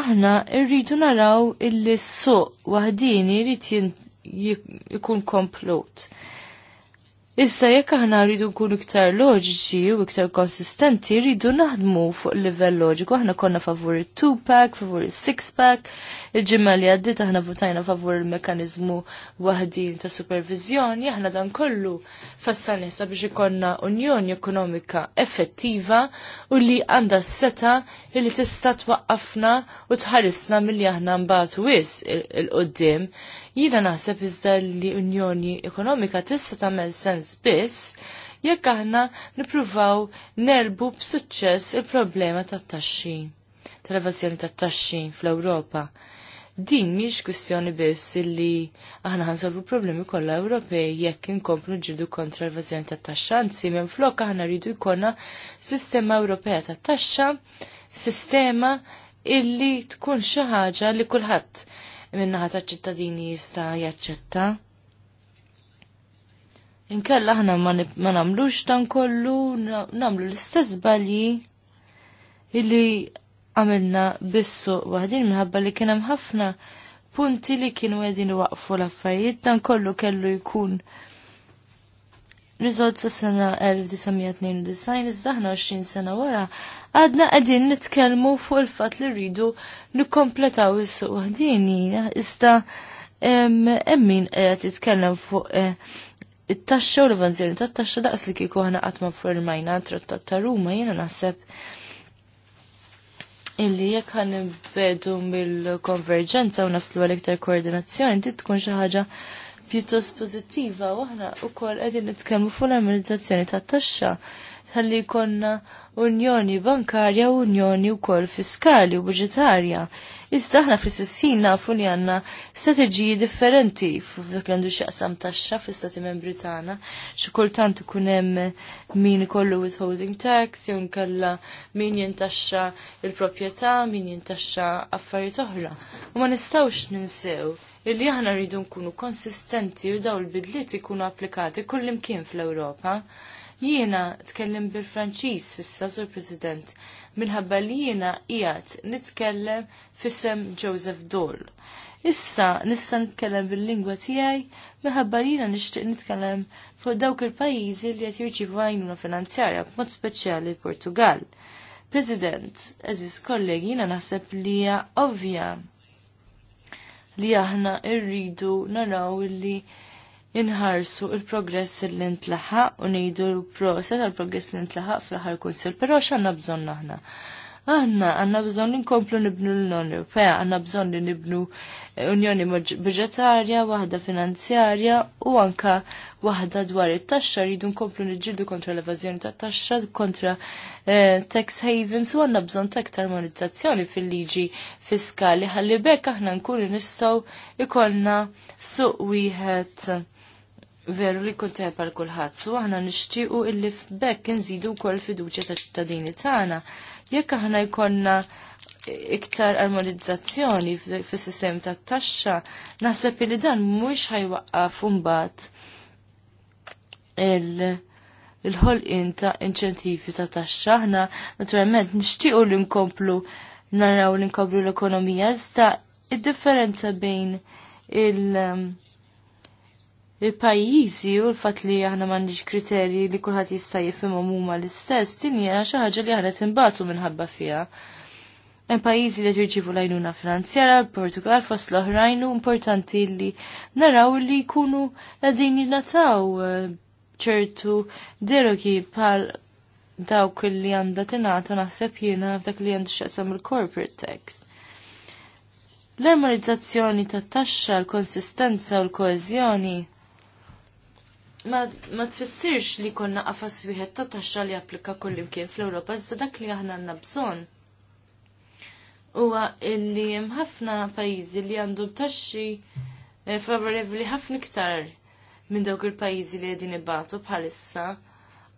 Aħna rridu naraw illi s-suq waħdini jrid jikun komplot. Issa jekk aħna rridu nkunu iktar loġiċi u iktar konsistenti, rridu naħdmu fuq livell loġiku. Aħna konna favur il-2-pack, favur il-6-pack, il-ġimma li għaddit aħna votajna favur il-mekanizmu wahdin ta' supervizjoni, aħna dan kollu fassa jessa biex ikonna unjoni ekonomika effettiva u li għanda s-seta li tista' twaqqafna u tħarisna mill-li aħna mbatu wis il-qoddim. Jida naħseb iżda li unjoni ekonomika tista' tagħmel sens sens biss jekk aħna nippruvaw nerbu b'suċċess il-problema tat-taxxi, tal-evażjoni tat-taxxi fl-Ewropa. Din miex kwistjoni biss illi aħna ħansolvu problemi kollha Ewropej jekk inkomplu ġidu kontra l-evażjoni tat-taxxa, anzi minn flok aħna rridu jkollna sistema Ewropea tat-taxxa, sistema illi tkun xi ħaġa li kulħadd minnaħa taċ-ċittadini jista' jaċċetta. Inkella aħna ma namlux dan kollu, namlu l-istess balji illi għamilna bissu waħdin minħabba li kienem ħafna punti li kienu għedin waqfu l-affarijiet dan kollu kellu jkun Riżolt sa sena 1992, iżda 20 sena wara, għadna għedin nitkelmu fuq il-fat li rridu nikkompletaw is-suq waħdin, iżda emmin għed jitkellem fuq eh, it-taxxa u l-evanzjoni tat-taxxa daqs li kieku ħana qatt ma formajna trattat ta' Ruma jiena naħseb illi jekk ħan nibbedu mill-konverġenza u naslu għal iktar koordinazzjoni dit tkun xi ħaġa pjuttost pożittiva u aħna wkoll qegħdin nitkellmu fuq l-amministrazzjoni tat-taxxa ħalli jkollna unjoni bankarja u unjoni wkoll fiskali u budġetarja. Iżda aħna fl-sissin nafu li għandna strategiji differenti f'dak għandu x'aqsam taxxa fl-Istati Membri tagħna. Xi kultant ikun hemm min ikollu withholding tax, jew nkella min jintaxxa il-proprjetà, min jintaxxa affarijiet oħra. U ma nistgħux ninsew illi aħna rridu nkunu konsistenti u daw l-bidliet ikunu applikati kull imkien fl-Ewropa. Jiena tkellim bil-Franċis issa, Sur President, minħabba li jiena qiegħed nitkellem fisem Joseph Dole. Issa nista' nitkellem bil-lingwa tiegħi minħabba li jiena nixtieq nitkellem fuq dawk il-pajjiżi li qed jirċivu għajnuna finanzjarja b'mod speċjali l-Portugal. President, eżis kollegi, jiena naħseb li hija ovvja li aħna rridu naraw li inħarsu il-progress li ntlaħaq u nejdu l-prosa tal-progress li ntlaħaq fl-ħar kunsil, pero xanna bżon naħna. Aħna għanna bżon li nkomplu nibnu l-Unjoni Ewropea, għanna bżon li nibnu eh, Unjoni Budgetarja, waħda finanzjarja u anka waħda dwar it-taxxa rridu nkomplu niġġieldu kontra l-evażjoni ta' taxxa kontra eh, tax havens u għanna bżon ta' aktar monetizzazzjoni fil-liġi fiskali ħalli bekk aħna nkunu nistgħu ikollna suq wieħed veru li kull tepar kulħadd u aħna nixtiequ illi f'bekk nżidu wkoll fiduċja taċ-ċittadini tagħna. Jekk aħna jkollna iktar armonizzazzjoni fis-sistem tat-taxxa, naħseb li dan mhux ħajwaqqaf imbagħad il-ħolqien ta' inċentivi ta' taxxa aħna naturalment nixtiequ li nkomplu naraw li nkomplu l-ekonomija iżda id-differenza bejn il- il-pajjiżi u l-fatt li aħna m'għandix kriterji li kulħadd jista' jifhimhom huma l-istess din hija xi ħaġa li aħna tinbatu minħabba fiha. Hemm pajjiżi li jirċivu lajnuna finanzjara, Portugal fost l-oħrajn u importanti li naraw li jkunu qegħdin jingħataw eh, ċertu derogi bħal dawk li għandha tingħata naħseb jiena f'dak li għandu x'aqsam il-corporate tax. L-armonizzazzjoni tat-taxxa, l-konsistenza u l-koeżjoni ma tfissirx li konna qafas wieħed ta' taxxa li applika kullimkien fl-Ewropa, iżda dak li aħna għandna bżonn. Huwa illi hemm ħafna pajjiżi li għandhom taxxi eh, favorevoli ħafna iktar minn dawk il-pajjiżi li qegħdin ibatu bħalissa.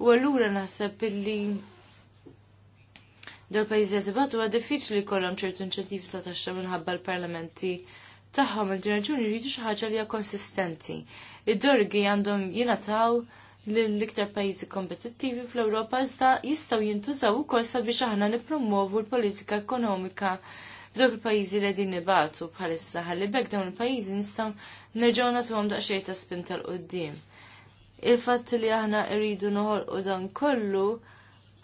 U allura naħseb illi dawk il-pajjiżi qed ibatu huwa diffiċli jkollhom ċertu inċettivi ta' taxxa minħabba l-parlamenti tagħhom il raġuni jridu xi ħaġa li hija konsistenti. Id-dorgi għandhom jingħataw lill-iktar pajjiżi kompetittivi fl-Ewropa iżda jistgħu jintużaw ukoll sabiex aħna nippromovu l-politika ekonomika f'dawk il-pajjiżi li qegħdin nibatu bħalissa ħalli bekk dawn il-pajjiżi nistgħu nerġgħu nagħtuhom daqsxejn ta' spin tal-qudiem. Il-fatt li aħna rridu noħolqu dan kollu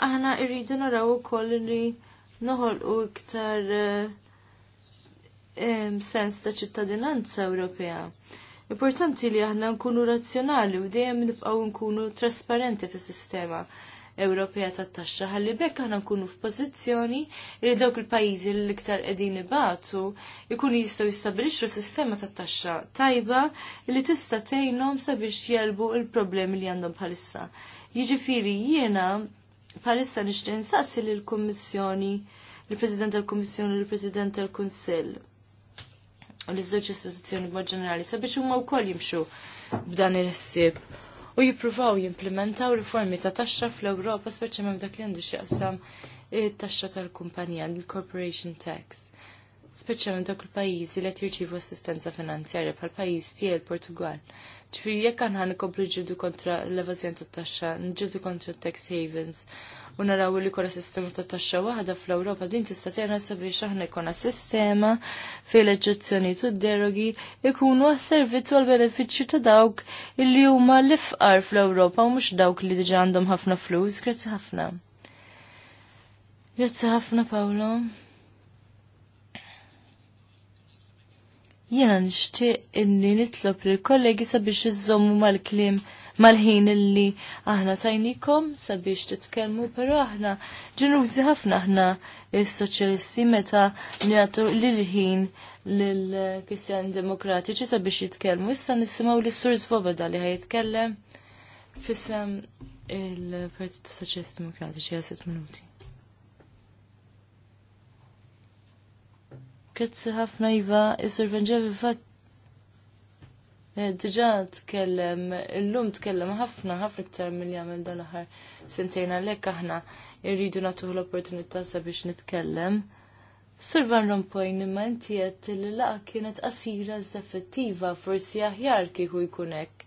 aħna rridu naraw ukoll li noħolqu iktar uh, sens ta' ċittadinanza Ewropea. Importanti li aħna nkunu razzjonali u dejjem nibqgħu nkunu trasparenti fis-sistema Ewropea tat-taxxa ħalli bekk aħna nkunu f'pożizzjoni li dawk il-pajjiżi li iktar qegħdin ibatu jkunu jistgħu jistabbilixxu sistema tat-taxxa tajba li tista' tgħinhom sabiex jelbu il-problemi li għandhom bħalissa. Jiġifieri jiena bħalissa nixtieq insaqsi lill-Kummissjoni il-President tal-Kummissjoni u l-President tal-Kunsill u li żewġ istituzzjoni mod ġenerali sabiex huma wkoll jimxu b'dan il-ħsieb u jippruvaw jimplementaw riformi ta' taxxa fl-Ewropa speċjalment dak li għandu x'jaqsam it-taxxa tal-kumpanija, il-corporation tax. Speċjalment dak il-pajjiżi li qed jirċievu assistenza finanzjarja bħal pajjiż tiegħi l-Portugal Ġifieri jekk aħna nkomplu ġidu kontra l-evażjoni tat-taxxa, nġidu kontra tax havens u naraw li kolla sistema ta' taxxa waħda fl-Ewropa din tista' tgħinna sabiex aħna jkollna sistema fejn l-eġġezzjoni u derogi ikunu għas-servizz għal benefiċċju ta' dawk li huma l-ifqar fl-Ewropa u mhux dawk li diġà għandhom ħafna flus. Grazzi ħafna. Grazzi ħafna Paolo. Jena nixtieq inni nitlob li kollegi sabiex iżommu mal-klim mal-ħin illi aħna tajnikom sabiex titkellmu, però aħna ġenużi ħafna aħna s soċjalisti meta nagħtu lil-ħin lill-Kristjan Demokratiċi sabiex jitkellmu. Issa nisimgħu lis-Sur Svoboda li ħajitkellem fissem il-Partit Soċjalisti Demokratiċi għal sitt minuti. Grazzi ħafna Iva, jisur Venġevi fat. Eh, Diġa tkellem, l-lum tkellem ħafna, ħafna ktar mill jagħmel dan aħħar sentejna lek aħna irridu nagħtuh l-opportunità sabiex nitkellem. Sur Van Rompuy nimma inti qed li laqa kienet qasira iżda effettiva forsi aħjar kieku jkunek.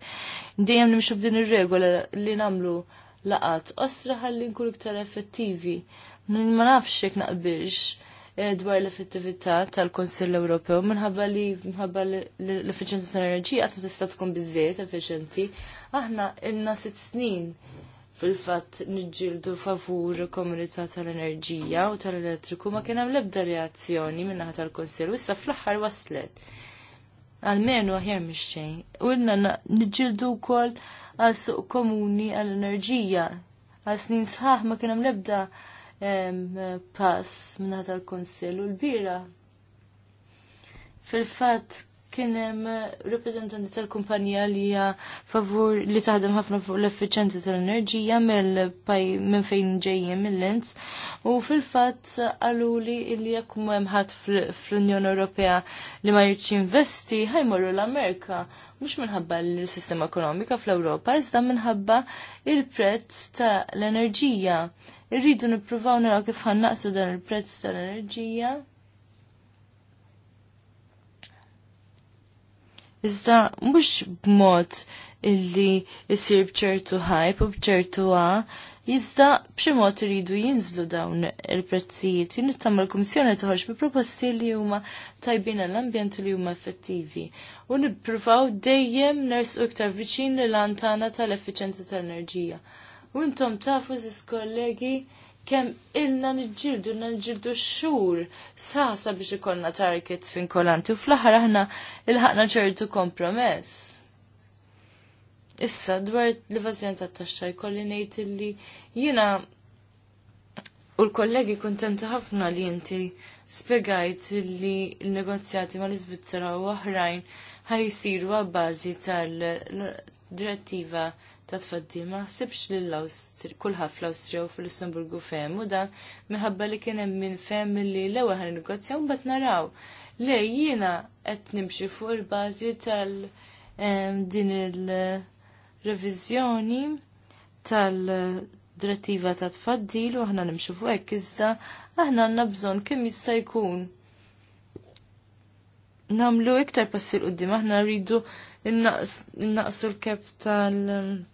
Dejjem nimxu b'din ir-regola li nagħmlu laqat osra ħalli nkunu iktar effettivi. Ma nafx hekk naqbilx Eh, dwar l-effettività tal-Konsill Ewropew minħabba li minħabba l-effiċenza tal-enerġija qatt tista' tkun biżżejjed effiċenti. Aħna ilna sitt snin fil-fatt niġġieldu favur komunità tal-enerġija u tal-elettriku ma kien hemm l-ebda reazzjoni min-naħa tal-Konsill u issa fl-aħħar waslet għalmenu aħjar mxejn. U ilna niġġieldu wkoll għal suq komuni għall enerġija. Għal snin sħaħ ma kien hemm l-ebda pass minna tal-Konsil u l-bira. Fil-fat kien hemm eh, rappreżentanti tal-kumpanija li hija favur li taħdem ħafna fuq l-effiċenza tal-enerġija minn fejn ġejjin mill-Lens u fil-fatt qalu li illi jekk hemm ħadd fl-Unjoni Ewropea li ma jirċ investi ħajmorru l-Amerika mhux minħabba l-sistema ekonomika fl-Ewropa iżda minħabba il-prezz tal-enerġija. Irridu nippruvaw naraw kif ħannaqsu dan il-prezz tal-enerġija iżda mhux b'mod illi jisir bċertu ħajp u bċertu għa, jizda mod rridu jinżlu dawn il-prezzijiet. Jien nittama l-Komissjoni toħroġ bi proposti li huma tajbin għall-ambjent li huma effettivi. U nippruvaw dejjem nersu iktar viċin l-antana tal-effiċenza tal-enerġija. U intom tafu żis kollegi kem ilna nġildu, ilna nġildu xur sasa biex ikonna target fin kolanti u fl-ħar aħna il-ħakna ċertu kompromess. Issa, dwar l vazjon ta' taxxa jkolli ngħid illi jiena u l-kollegi kuntenti ħafna li inti spiegajt illi l-negozjati ma l svizzera u oħrajn ħajsiru għabbażi tal-direttiva ta' tfaddi ma ħsibx li l kulħadd fl austri u fil-Lussemburgu Fem u dan minħabba li kien hemm min fehem li l-ewwel ħan un mbagħad naraw. Le jiena qed nimxi fuq il-bażi tal din il-reviżjoni tal drettiva ta' tfaddil u aħna nimxu fuq hekk iżda aħna għandna bżonn kemm jista' jkun namlu iktar passi l-qoddim, aħna rridu innaqsu l-kep tal-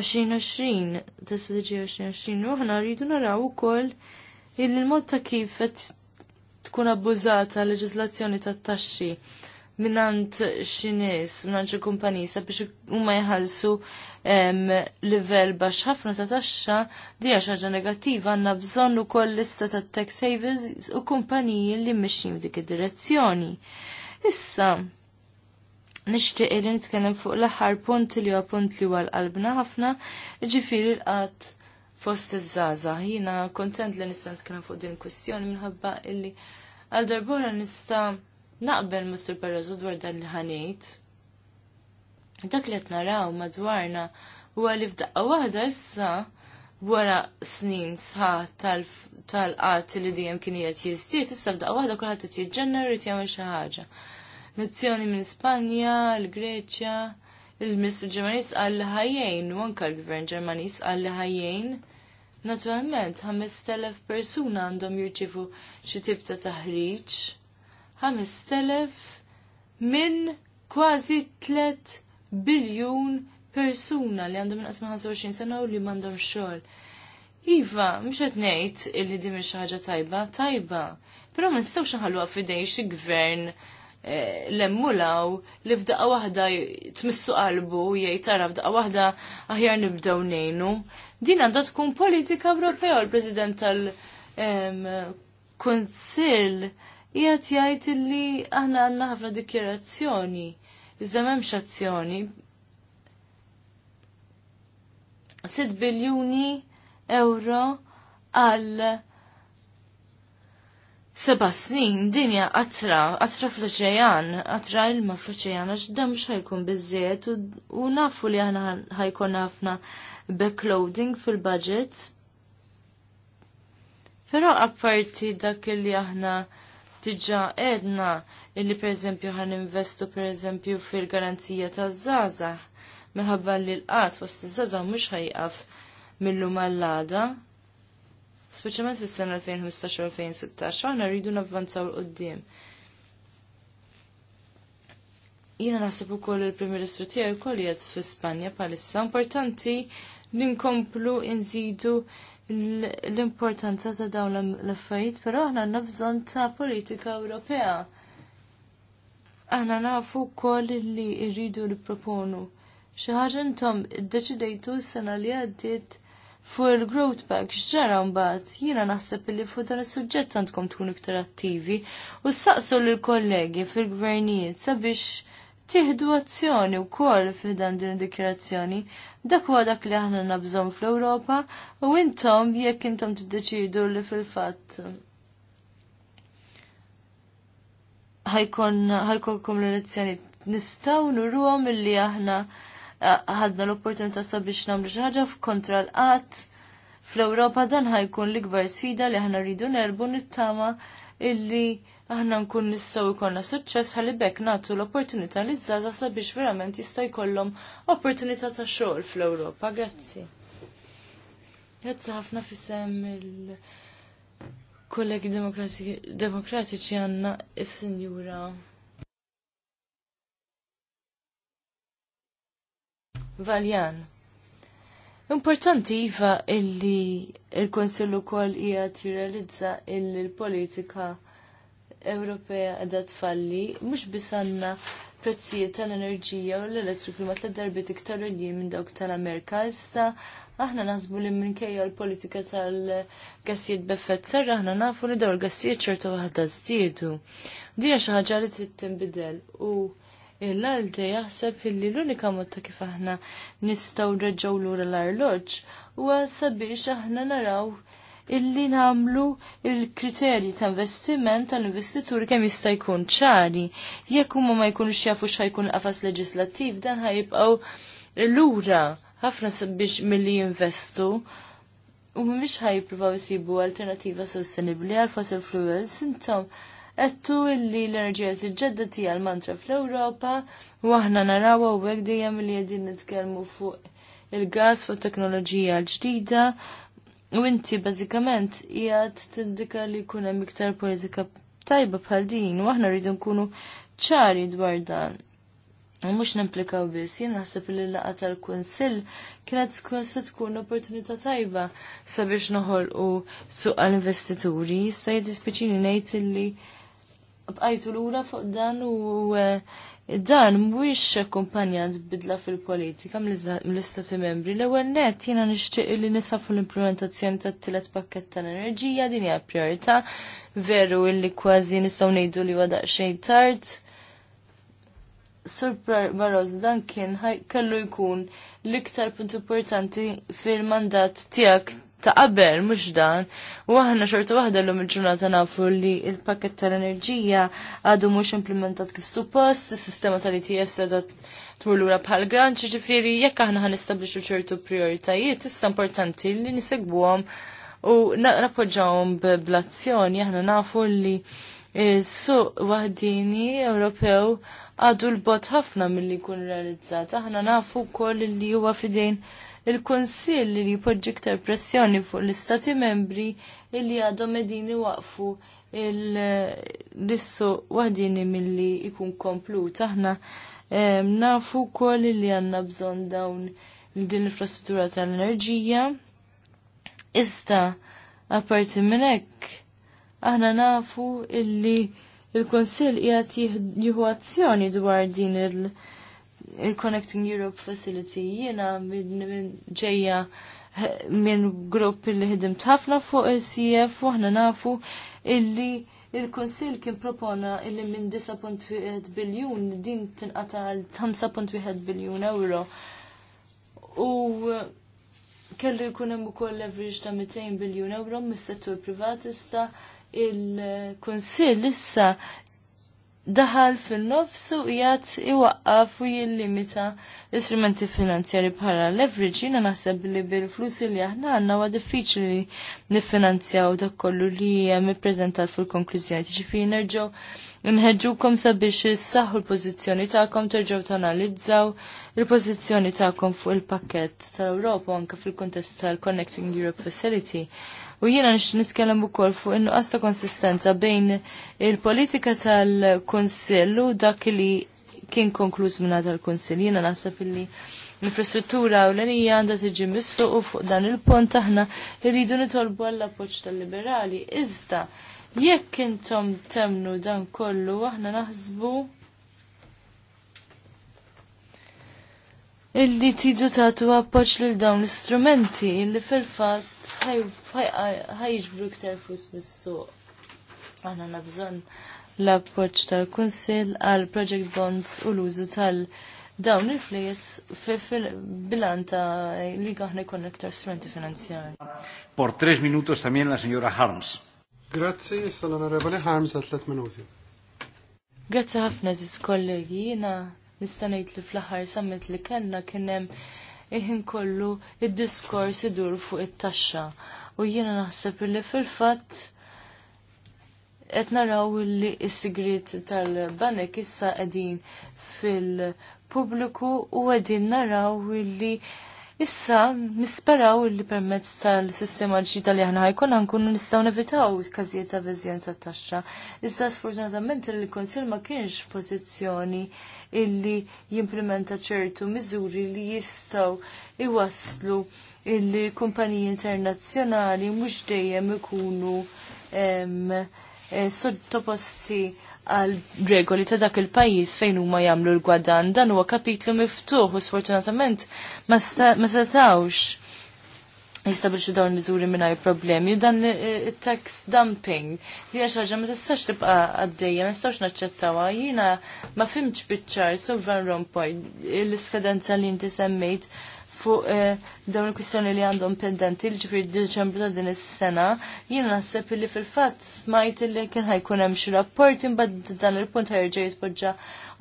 2020, ta' strategija 2020, u ħna rridu naraw ukoll il mod ta' kif qed tkun abbużata l-leġislazzjoni tat-taxxi minant xinis, minant xi kumpanisa biex huma jħallsu livell baxx ħafna ta' taxxa di ħaġa xaġa negattiva għandna bżonn ukoll lista ta' tax savers u kumpaniji li mixjin f'dik id-direzzjoni. Issa, nixtieq li nitkellem fuq l-aħħar punt li huwa punt li huwa l-qalbna ħafna, ġifieri l-qatt fost iż-żaża. Jiena kontent li nista' nitkellem fuq din il-kwistjoni minħabba illi għal darbora nista' naqbel Mr. Barroso dwar dan li ħanejt. Dak li qed naraw madwarna huwa li f'daqqa waħda issa wara snin sħaħ tal qatt li dijem kien qed jiżdied, issa f'daqqa waħda qed jiġġenna u xi ħaġa mizzjoni minn Spanja, l-Greċja, il-Ministru Ġermanis għall ħajjejn, u anka l-Gvern Ġermanis għall ħajjejn. Naturalment, 5.000 persuna għandhom jirċifu xi tip ta' taħriġ. 5.000 minn kważi 3 biljun persuna li għandhom inqas ma' 25 sena u li m'għandhom xogħol. Iva, mhux qed ngħid illi din xi ħaġa tajba, tajba. Però ma nistgħux naħalluha f'idej xi gvern L-emmulaw li f'daqqa waħda tmissu qalbu jgħid tara f'daqqa waħda aħjar nibdew nejnu. Din għandha tkun politika Ewropea l-President tal-Kunsill qiegħed jgħid li aħna għandna ħafna dikjerazzjoni iżda m'hemmx azzjoni. 6 biljuni euro għal seba snin dinja qatra, qatra fl-oċean, qatra ilma fl-oċean, għax dam xajkun bizziet u nafu li għana ħajkun ħafna backloading fil-budget. Pero apparti dak li aħna diġa edna illi per eżempju għan investu per eżempju fil-garanzija ta' zaza meħabba li l-qat fost iż mux ħajqaf millu mal-lada speċjalment fis-sena 2015-2016, aħna rridu navvanzaw l-qoddim. Jiena naħseb ukoll il-Prim Ministru tiegħi koll qiegħed fi Spanja bħalissa importanti li nkomplu nżidu l-importanza ta' dawn l-affarijiet, però aħna għandna bżonn ta' politika Ewropea. Aħna nafu wkoll li rridu nipproponu. Xi ħaġa intom iddeċidejtu s-sena li għaddiet Fuq il-growth pack x'ġara mbagħad jiena naħseb li fuq dan is-suġġett għandkom tkun iktar attivi u saqsu lil kollegi fil-gvernijiet sabiex tieħdu azzjoni wkoll f'dan din id-dikjerazzjoni dak huwa dak li aħna nabżon fl-Ewropa u intom jekk intom tiddeċidu li fil-fatt ħajkon ħajkolkom l-elezzjoni nistgħu nurruhom milli aħna ħadna l-opportunità sabiex nagħmlu xi ħaġa f'kontra l-qatt. Fl-Ewropa dan ħajkun l-ikbar sfida li aħna rridu nerbu nittama illi aħna nkun nistgħu jkollna suċċess ħalli bekk nagħtu l-opportunità li żgħażagħ sabiex verament jista' jkollhom opportunità ta' xogħol fl-Ewropa. Grazzi. Grazzi ħafna fisem il kollegi demokratiċi għandna is-Sinjura Valjan. Importanti iva illi il-Konsillu kol ijat jirrealizza illi l-politika Ewropea għedha tfalli, mux bisanna prezzijiet tal-enerġija u l-elettriku ma tlet darbiet iktar li minn dawk tal-Amerika, issa aħna naħsbu li kejja l-politika tal-gassijiet beffet serra, aħna nafu li daw l-gassijiet ċertu waħda zdiedu. Dija xaħġa li trid tinbidel u il għalde jaħseb illi l-unika motta kif aħna nistaw reġaw lura l-arloġ u sabiex aħna naraw illi namlu il-kriterji ta' investiment tal-investitur kemm jista' jkun ċari. Jekk huma ma jkunux jafu x'ħajkun qafas leġislattiv dan ħajibqgħu lura ħafna sabiex milli jinvestu u mhumiex ħajpruvaw isibu alternativa sostenibbli għal fossil fuels intom għettu illi l-enerġija t-ġedda tija mantra fl-Europa, u aħna narawa u għek dejjem li għedin nitkelmu fuq il-gas fuq teknoloġija ġdida, u inti bazzikament jgħat t-indika li kuna miktar politika tajba bħal din, u aħna rridu nkunu ċari dwar dan. U mux nimplikaw bis, jien naħseb li l laqa tal-kunsill kienet se tkun opportunità tajba sabiex noħol u suq għal-investituri, jista' jiddispiċini ngħid li bqajtu lura fuq dan u e, dan mhuwiex kumpanjant bidla fil-politika mill-istati membri. L-ewwel nett jiena nixtieq li nisafu l-implementazzjoni tat-tielet pakkett tal-enerġija din hija priorità veru illi kważi nistgħu ngħidu li huwa daqsxejn tard. Sur Barroz dan kien kellu jkun l-iktar punt importanti fil-mandat tiegħek ta' qabel, mhux dan. U aħna xorta waħda llum il-ġurnata nafu li il-pakket tal-enerġija għadu mhux implementat kif suppost, is-sistema tal-ITS għadha tmur lura bħal gran, ġifieri jekk aħna ħanistabliċu ċertu prioritajiet, issa importanti li nisegbuhom u nappoġġawhom b'blazzjoni aħna nafu li s suq waħdini Ewropew għadu l-bot ħafna mill-li kun realizzat. Aħna nafu koll li huwa fidejn il-Kunsill li jpoġġi ktar pressjoni fuq l-Istati membri illi għadhom qegħdin waqfu l-issu waħdini milli jkun komplut. Aħna nafu wkoll li għandna bżonn dawn din l-infrastruttura tal-enerġija. Ista, apparti minn hekk aħna nafu illi il-Kunsill qiegħed jieħu azzjoni dwar din il- il-Connecting Europe Facility jiena minn ġejja minn grupp li ħidim ħafna fuq il-CF u aħna nafu illi il-Konsil kien propona illi minn 9.1 biljun din tinqata għal 5.1 biljun euro. U kellu jkun hemm ukoll leverage ta' 200 biljun euro mis-settur privat issa il-Kunsill issa daħal fin-nofsu jgħat iwaqqaf u jillimita istrumenti finanzjari bħala leverage jina naħseb li bil-flus li aħna għanna huwa diffiċli nifinanzjaw dak kollu li hemm ippreżentat fil-konklużjoni. Ġifieri nerġgħu nħeġġukom sabiex issaħħu l-pożizzjoni tagħkom terġgħu tanalizzaw il-pożizzjoni tagħkom fuq il-pakkett tal-Ewropa anke fil kontest tal-Connecting Europe Facility. U jiena nix nitkellem ukoll fuq innuqas ta' konsistenza bejn il-politika tal-Kunsill u dak li kien konkluż minna tal-Kunsill. Jiena naħseb illi l-infrastruttura u l-għanija għanda tiġi missu u fuq dan il-pont aħna rridu nitolbu għall poċ tal-liberali. Iżda, jekk intom temnu dan kollu aħna naħsbu illi tidu tagħtu appoġġ lil dawn l-istrumenti illi fil-fatt ħajġbru iktar fuss mis-suq. Aħna l-appoġġ tal-Kunsill għal project bonds u l-użu tal- dawn il-flejes fil-bilanta li għahna jkun iktar strumenti finanzjari. Por 3 minutos tamien la signora Harms. Grazzi, sal-onorevoli Harms għal 3 minuti. Grazzi ħafna zis kollegi, jina nista' ngħid li fl-aħħar sammet li kellna kien hemm iħin kollu id-diskors idur fuq it-taxxa. U jiena naħseb li fil-fatt qed naraw li s-sigrit tal-banek issa qegħdin fil-pubbliku u qegħdin naraw li Issa, nisperaw li permezz tal-sistema ġita li ħana ħajkun nkunu nistaw nevitaw każijiet ta' vizjon ta' taxxa. Iżda sfortunatament il-Konsil ma kienx pozizjoni illi jimplementa ċertu miżuri li jistaw iwaslu illi kumpaniji internazzjonali mhux dejjem ikunu eh, sottoposti għal regoli ta' dak il-pajis fejn huma jagħmlu l-gwadan dan huwa kapitlu miftuħ u sfortunatament ma setawx jistabilxu dawn miżuri mingħajr problemi u dan it-tax eh, dumping. Dina xi ma tistax tibqa' għaddejja, ma nistax naċċettawha. Jiena ma fimx biċ-ċar Sovran rompoj l-iskadenza li inti semmejt fuq eh, dawn il-kwistjoni li għandhom pendenti li ġifri d-deċembru ta' din is-sena, jiena naħseb li fil-fatt smajt li kien ħajkun hemm xi rapport imbagħad dan il-punt ħajrġa' jitpoġġa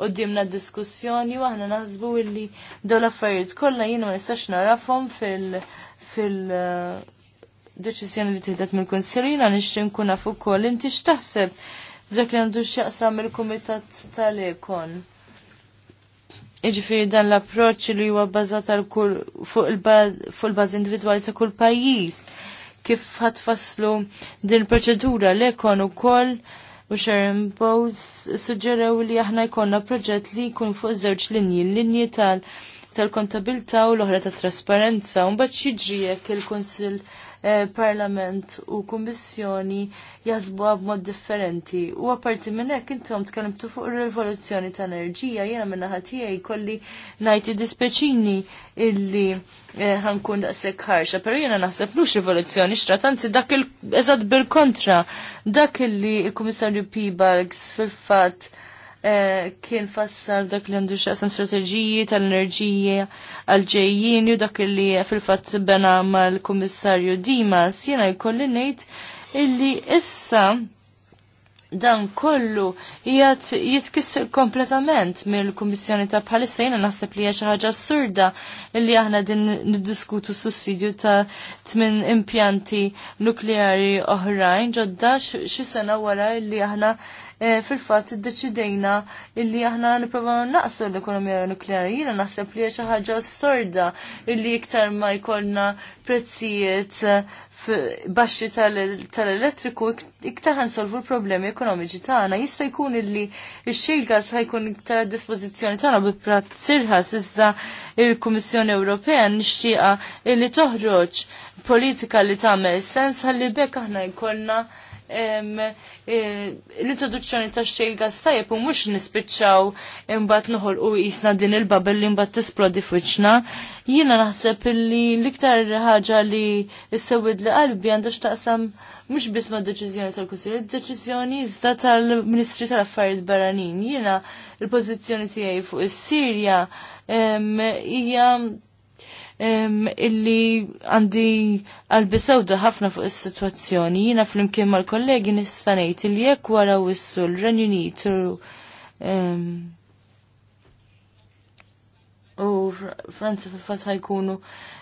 qudiemna diskussjoni u aħna naħsbu li dawn l-affarijiet kollha jiena ma nistax narafhom fil- fil- eh, deċizjoni li tieħdet mill-Kunsill jiena nixtieq nkun naf ukoll inti x'taħseb dak li għandu x'jaqsam il-Kumitat tal-Ekon. Iġifiri dan l-approċ li huwa bbażat fuq il-baż individwali ta' kull pajjiż. Kif ħatfasslu din il-proċedura li kon ukoll u Sharon Bowes suġġeraw li aħna jkollna proġett li jkun fuq żewġ linji, l-linji tal- kontabilta u l-oħra ta' trasparenza. Mbagħad xi jekk il konsil Eh, parlament u kummissjoni jazbuha b'mod differenti. U apparti minn hekk intom tkellimtu fuq ir-rivoluzzjoni ta' enerġija jiena minn naħa tiegħi kolli ngħid dispeċini illi eh, ħankun daqshekk ħarxa, però jiena naħseb mhux rivoluzzjoni xra, tanzi dak il eżatt bil-kontra dak illi l-Kummissarju Pibalgs fil-fatt Eh, kien fassal dak li għandu xaqsam strategiji tal-enerġija għal ġejjini u dak li fil-fat bena mal-komissarju Dimas jena jkolli nejt illi issa dan kollu jgħat jitkisser kompletament mill-Kummissjoni ta' bħalissa jena naħseb li xi ħaġa surda li aħna din niddiskutu sussidju ta' tmin impjanti nukleari oħrajn ġodda xi sena wara li aħna Eh, fil-fatt iddeċidejna illi aħna nipprovaw naqsu l-ekonomija nukleari. jina naħseb li xi ħaġa storda illi iktar ma jkollna prezzijiet eh, baxxi tal-elettriku iktar solvu l-problemi ekonomiċi tagħna. Jista' jkun illi x xilgas gas ħajkun iktar a dispożizzjoni tagħna bi prat sirħas iżda il-Kummissjoni Ewropea nixtieqa illi toħroġ politika li tagħmel sens ħalli bekk aħna jkollna E, l-introduzzjoni ta' xejl gas tajjeb u mhux nispiċċaw imbagħad noħolqu jisna din il-babel li mbagħad tisplodi f'wiċċna. Jiena naħseb li l-iktar ħaġa li issewwid li qalbi għandha x'taqsam mhux biss ma' deċiżjoni tal kussir id-deċiżjoni iżda tal-Ministri tal-Affarijiet Barranin. Jiena l-pożizzjoni tiegħi fuq is-Sirja hija illi għandi qalbi sewda ħafna fuq is-sitwazzjoni. Jiena flimkien mal-kollegi nista' ngħid illi jekk wara wissu l-Renju Unit u Franza fil-fatt ħajkunu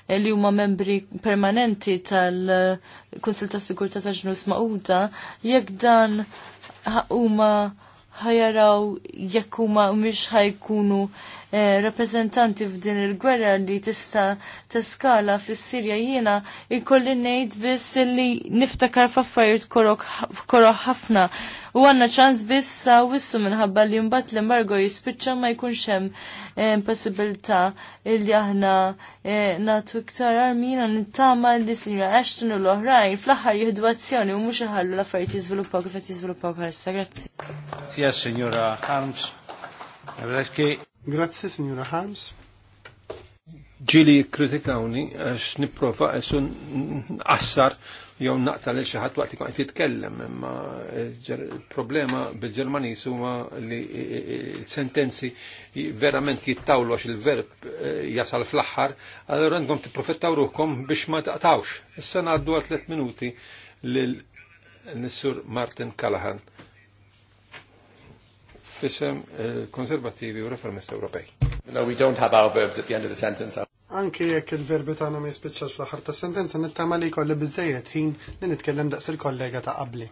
eh, li huma membri permanenti tal-Kunsil ta' Sigurtà ta' Ġnus Mauda, jekk dan huma ħajaraw jekk huma mhux ħajkunu Eh, rappresentanti f'din il-gwerra li tista' teskala fis-Sirja jiena jkolli ngħid biss li niftakar f'affarijiet korok ħafna. U għanna ċans biss sa wissu minħabba li mbagħad l-embargo jispiċċa ma jkunx hemm eh, possibilità li aħna eh, nagħtu iktar armina nittama li Sinjora Ashton u l-oħrajn fl-aħħar jieħdu azzjoni u mhux iħallu l-affarijiet jiżviluppaw kif qed jiżviluppaw bħalissa. Grazzi. Grazie, Signora Harms. Grazzi, signora Harms. Ġili kritikawni għax niprofa għessu nqassar jew naqta li xi ħadd waqt ikun qed jitkellem, imma il-problema bil-Ġermaniż huma li sentenzi verament jittawlox il-verb eh, jasal fl-aħħar, allura għandkom t-profettaw ruħkom biex ma taqtawx. Issa għaddu għal tliet minuti lil Nissur Martin Callahan fisem eh, konservativi u reformist Ewropej. No, we don't have our verbs at the end of the sentence. Anki jekk il-verbi tagħna ma jispiċċax fl-aħħar ta' sentenza, nittama li jkolli biżejjed ħin li nitkellem daqs il-kollega ta' qabli.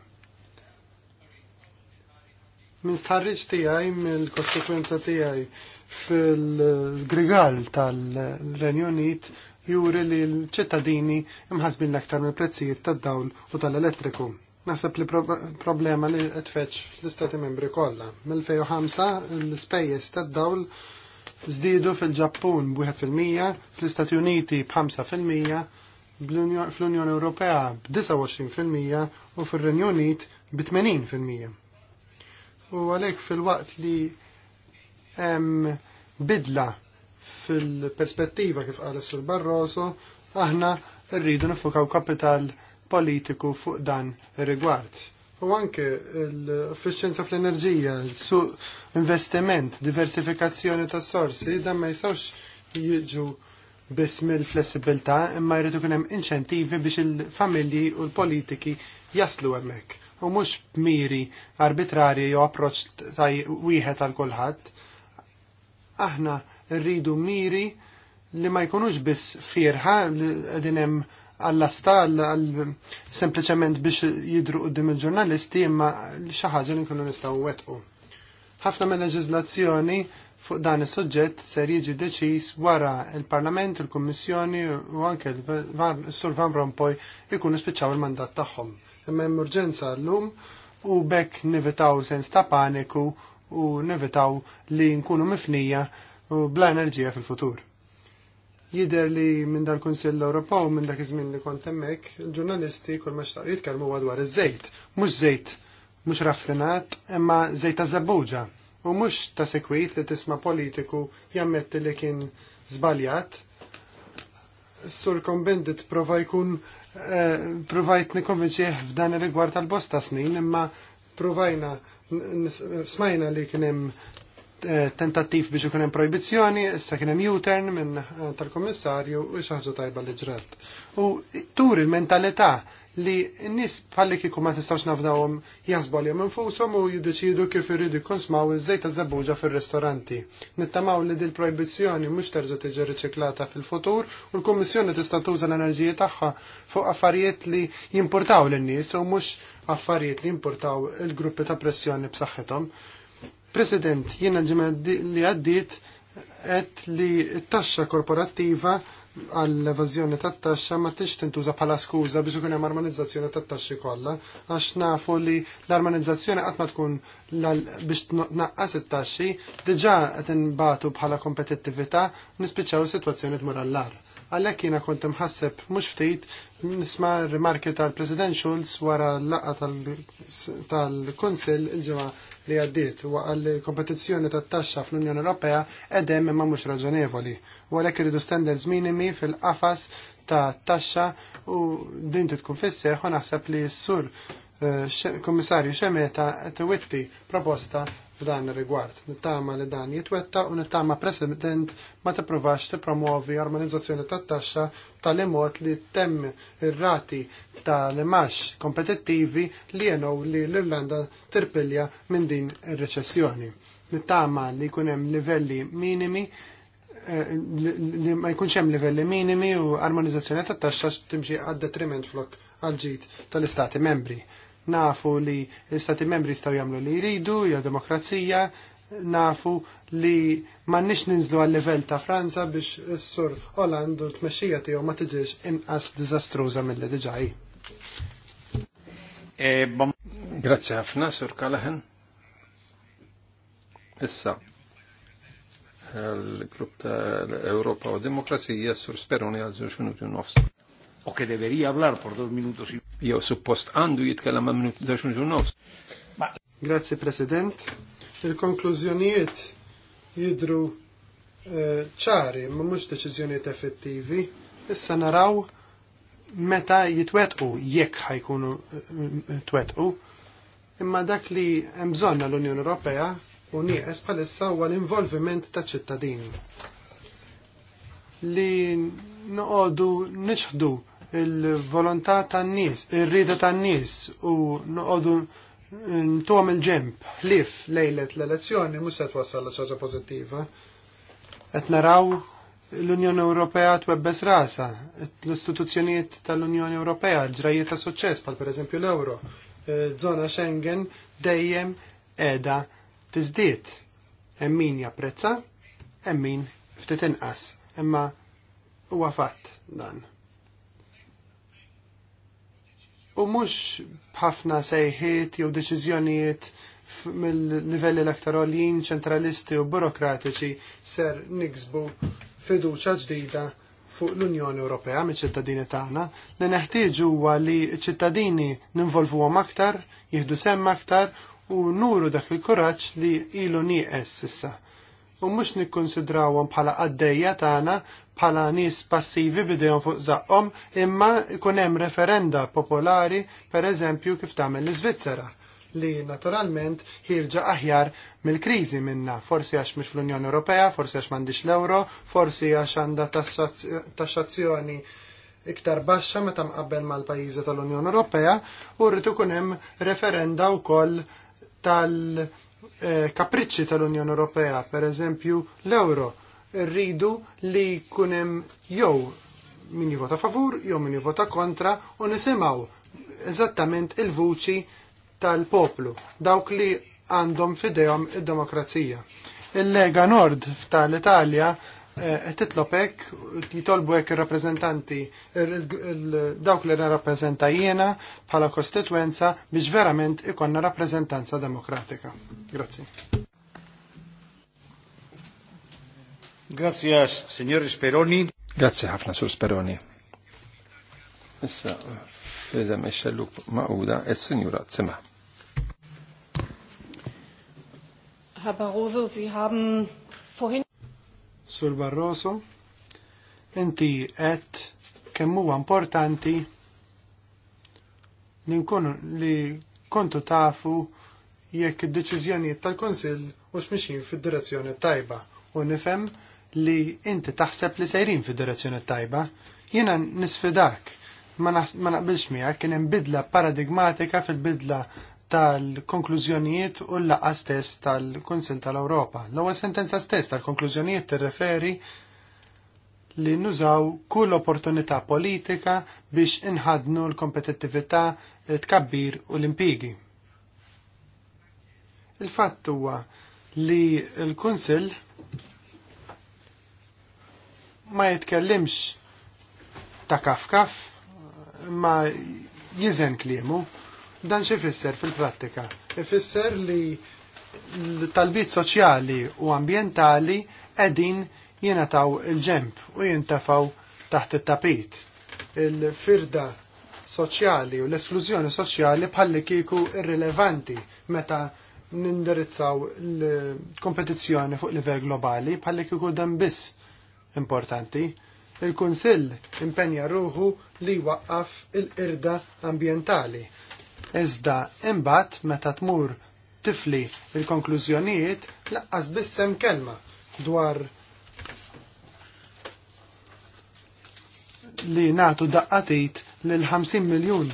Min stħarriġ tiegħi mill-kostituenza tiegħi fil-grigal tal-Renju Unit juri li l-ċittadini imħasbin l-aktar mill prezzijiet tad-dawl u tal-elettriku. Nasab li problema li tfeċ fl-istati membri kollha. Mill-2005 l spejjes tad-dawl zdidu fil-Ġappun b-1%, fl-Istati Uniti b'5%, fl-Unjoni Ewropea b'29% u fir-Renju Unit b-80%. U għalhekk fil-waqt li hemm bidla fil-perspettiva kif qal sur Barroso, aħna rridu nifukaw kapital politiku fuq dan rigward U anke l-efficienza fl-enerġija, su investiment, diversifikazzjoni ta' sorsi, dan ma jistawx jiġu biss mill-flessibilità imma jridu kien hemm inċentivi biex il-familji u l-politiki jaslu hemmhekk. U mhux miri arbitrarji jew approċċ ta' wieħed għal kulħadd. Aħna rridu miri li ma jkunux biss firħa li qegħdin hemm sta asta sempliċement biex jidru qudiem il-ġurnalisti imma xi ħaġa li nkunu nistgħu wettqu. Ħafna mill-leġiżlazzjoni fuq dan is-suġġett ser jiġi deċiż wara il-Parlament, il-Kummissjoni u anke il sur Van Rompuy ikunu spiċċaw il-mandat tagħhom. Imma hemm urġenza llum u bekk nivitaw sens ta' paniku u nivitaw li nkunu mifnija u bla enerġija fil-futur. Jider li minn dal kunsill Ewropew minn dak iż-żmien li kont hemmhekk, il-ġurnalisti kull ma xtaq jitkellmu dwar iż-żejt, mhux żejt mhux raffinat, imma żejt ta' żabbuġa. U mhux ta' sekwit li tisma' politiku jammetti li kien żbaljat. Sur kombendit prova jkun eh, provajt nikonvinċieħ f'dan ir-rigward tal-bosta snin, imma provajna smajna li kien hemm Eh, tentattiv biex ikun hemm projbizzjoni, issa kien hemm U-turn minn eh, tal-Kummissarju u xi ħaġa tajba li ġrat. U tur il-mentalità li n-nies bħalli kieku ma tistgħux nafdawhom jaħsbu għalihom infushom u jiddeċidu kif irridu jkunsmaw iż żej ta' żabbuġa fir-ristoranti. Nittamaw li din projbizzjoni mhux terġa' tiġi riċiklata fil-futur u l-Kummissjoni tista' tuża l-enerġija tagħha fuq affarijiet li jimpurtaw lin-nies u mhux affarijiet li jimpurtaw il-gruppi ta' pressjoni b'saħħithom President, jiena l li għaddiet għed li t-taxxa korporattiva għall-evażjoni tat-taxxa ma tix tintuża bħala skuża biex ikun hemm armonizzazzjoni tat-taxxi kollha għax nafu li l-armonizzazzjoni qatt ma tkun biex tnaqqas it-taxxi diġà qed inbatu bħala kompetittività nispiċċaw is-sitwazzjoni tmur għall-ar. Għalhekk jiena kont imħasseb mhux ftit nisma' rimarki tal-President Schulz wara l-laqgħa tal-Kunsill il-ġimgħa li għaddit u għall kompetizzjoni tat taxxa fl-Unjoni Ewropea edem imma mhux raġonevoli. U għalhekk iridu standards minimi fil-qafas ta' taxxa u din tkun fisseħ u naħseb li s-sur eh, kummissarju xemeta qed witti proposta f'dan ir-rigward. Nittama li dan jitwetta u nittama president ma tipprovax tippromuovi armonizzazzjoni tat-taxxa tal mod li temm ir-rati tal-imax kompetittivi li jenow li l-Irlanda tirpilja minn din ir-reċessjoni. Nittama li jkun hemm livelli minimi eh, li ma jkunx hemm livelli minimi u armonizzazzjoni tat-taxxa timxi għad detriment flok għal ġid tal-istati membri nafu li l-Stati membri jistgħu jagħmlu li jridu, hija demokrazija, nafu li ma nix ninżlu għal livell ta' Franza biex s-sur Holland u t-mexxija tiegħu ma tiġix inqas diżastruża mill-li e, Grazzi ħafna, Sur Kalahen. Issa, l-Grupp ta' Europa u Demokrazija, Sur Speroni għal żewġ minuti u o che deveria hablar por dos minutos. Jew suppost għandu jitkellem ma' minut żewġ minutu nofs. Grazzi President. Il-konklużjonijiet jidru eh, ċari, ma mhux deċiżjonijiet effettivi. Issa naraw meta jitwetqu jekk ħajkunu eh, twetqu. Imma dak li hemm bżonn l-Unjoni Ewropea u nieqes bħalissa huwa l-involviment ta' ċittadini. Li noqogħdu niċħdu il-volontà tan-nies, ir-rida tan-nies u noqogħdu ntuhom il-ġemp lif lejlet l-elezzjoni mhux se twassal ħaġa pożittiva. Qed naraw l-Unjoni Ewropea twebbes rasa, l-istituzzjonijiet tal-Unjoni Ewropea, l-ġrajiet ta' suċċess bħal pereżempju l-Euro, żona eh, Schengen dejjem qiegħda tiżdiet, Hemm min japprezza, hemm min ftit inqas, imma huwa fatt dan u mhux b'ħafna sejħiet jew deċiżjonijiet mill-livelli l għoljin ċentralisti u burokratiċi ser niksbu fiduċa ġdida fuq l-Unjoni Ewropea miċ ċittadini tagħna li neħtieġu huwa li ċittadini ninvolvuhom aktar, jieħdu sem aktar u nuru dak il-kuraġġ li ilu nieqes issa. U mhux nikkonsidrawhom bħala għaddejja tagħna bħala nies passivi bidejhom fuq zaqqom imma jkun hemm referenda popolari pereżempju kif tagħmel l svizzera li naturalment ħirġa aħjar mill-kriżi minna, forsi għax mhux fl-Unjoni Ewropea, forsi għax m'għandix l-euro, forsi għax għandha taxazzjoni iktar baxxa meta qabbel mal-pajjiżi tal-Unjoni Ewropea u rrid ikun hemm referenda wkoll tal- eh, kapriċċi tal-Unjoni Ewropea, per eżempju l-euro rridu li kunem jew min jivota favur, jew min jivota kontra, u nisimaw eżattament il-vuċi tal-poplu, dawk li għandhom fidejhom id-demokrazija. Il-Lega Nord tal-Italja eh, qed titlob hekk jitolbu hekk ir-rappreżentanti dawk li rappreżenta jiena bħala kostitwenza biex verament ikonna rappreżentanza demokratika. Grazzi. Grazie, signor Speroni. Grazie ħafna, Sur Speroni. Issa, fizem iċċellu ma'uda, il-signora Zema. Herr Barroso, Sie haben vorhin... Sur Barroso, enti et kemmu importanti li li kontu tafu jekk id-deċiżjonijiet tal konsil u x'mixin fil direzzjoni tajba u nifem li inti taħseb li sejrin fi direzzjoni tajba, jiena nisfidak ma naqbilx miegħek kien hemm bidla paradigmatika fil-bidla tal-konklużjonijiet u l-laqqa stess tal-Kunsil tal-Ewropa. L-ewwel sentenza stess tal-konklużjonijiet tirreferi li nużaw kull opportunità politika biex inħadnu l-kompetittività, tkabbir u l-impigi. Il-fatt huwa li l-Kunsil ma jitkellimx ta' kaf kaf, ma jizen klimu, dan xi fisser fil-prattika? Ifisser li l soċjali u ambientali edin jenataw il-ġemp u jintafaw taħt it-tapit. Il-firda soċjali u l-esklużjoni soċjali bħalli kiku irrilevanti meta nindirizzaw l-kompetizzjoni fuq livell globali bħalli kiku dan biss importanti. Il-Kunsill impenja ruħu li waqqaf il-irda ambientali. Iżda imbagħad meta tmur tifli il-konklużjonijiet laqqas bissem kelma dwar li natu daqqatit lil 50 miljun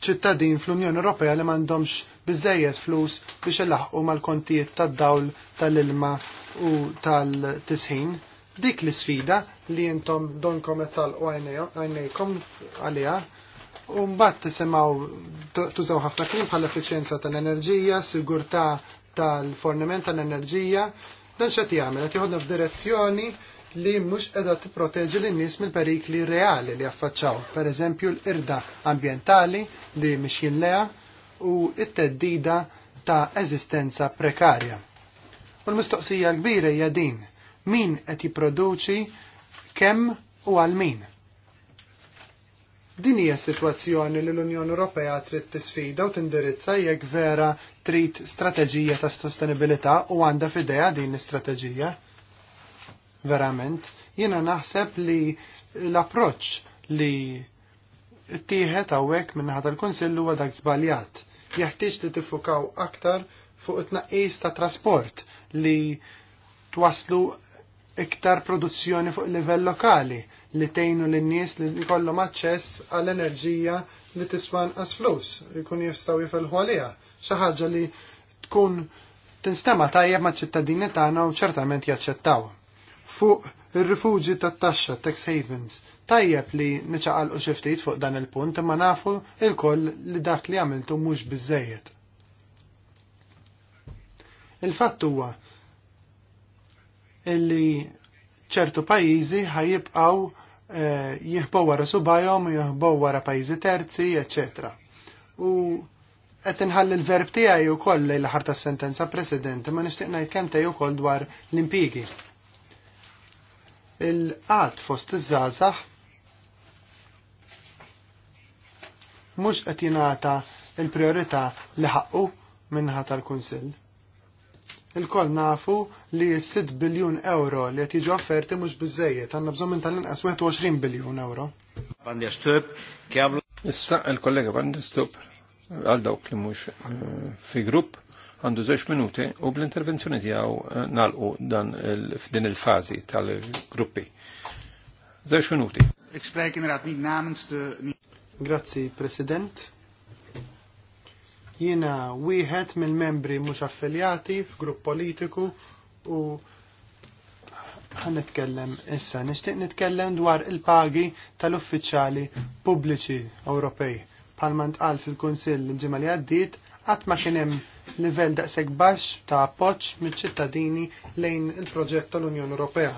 ċittadin fl-Unjoni Ewropea li m'għandhomx biżejjed flus biex ilaħqu mal-kontijiet tad-dawl tal-ilma u tal-tisħin, dik l sfida li jintom donkom tal u għajnejkom għalija, u mbatt tisimaw tużaw ħafna klim bħal efficienza tal-enerġija, sigurta tal-forniment tal-enerġija, dan xa ti għamil, għatiħodna f'direzzjoni li mux edha t-proteġi l-nis mill-perikli reali li affaċċaw, per eżempju l-irda ambientali li mxin leja u it-teddida ta' eżistenza prekarja. U l-mistoqsija kbira hija din min qed jipproduċi kemm u għal min. Din hija sitwazzjoni li l-Unjoni Ewropea trid tisfida u tindirizza jekk vera trid strateġija ta' sostenibilità u għandha f'idea din l-istrateġija. Verament, jiena naħseb li l-approċċ li tieħed hawnhekk min-naħa tal-Kunsill huwa dak żbaljat. Jeħtieġ li tiffukaw aktar fuq it-tnaqqis ta' trasport li twaslu iktar produzzjoni fuq livell lokali li tejnu l-nies li jkollhom aċċess għall enerġija li tiswan as flus li jkun jistgħu jifelħu għaliha. Xi ħaġa li tkun tinstema tajjeb maċ ċittadini tagħna u ċertament jaċċettaw. Fuq ir-rifuġi tat-taxxa tax havens, tajjeb li niċaqalqu xi ftit fuq dan il-punt imma nafu il-koll li dak li għamiltu mhux biżejjed. Il-fatt huwa illi ċertu pajjiżi ħajibqaw eh, jihbow wara subajhom, jihbow wara pajjiżi terzi, eċetera. U qed inħalli l-verb tiegħi wkoll lejn l-aħħar tas-sentenza President, ma nixtieq ngħid kemm tgħid ukoll dwar l-impjiegi. il qat fost iż-żgħażagħ mhux qed jingħata l-priorità li ħaqqu minħa tal-Kunsill. Il-koll nafu li 6 biljun euro li għet jiġu offerti mux bizzejiet, għanna bżom minn tal-inqas 21 biljun euro. Issa il-kollega Bandestup għal għaldaw li mux eh, fi grupp għandu zeċ minuti u bl-intervenzjoni tiegħu eh, nalqu dan f'din il fazi tal-gruppi. Zeċ minuti. Grazie, President. Jiena wieħed mill-membri mhux affiljati f'grupp politiku u ħanitkellem issa. Nixtieq nitkellem dwar il-pagi tal-uffiċjali pubbliċi Ewropej. Palman ntqal fil-Kunsill il-ġimgħa li għaddiet qatt ma kien hemm livell daqshekk baxx ta' appoġġ miċ ċittadini lejn il-proġett tal-Unjoni Ewropea.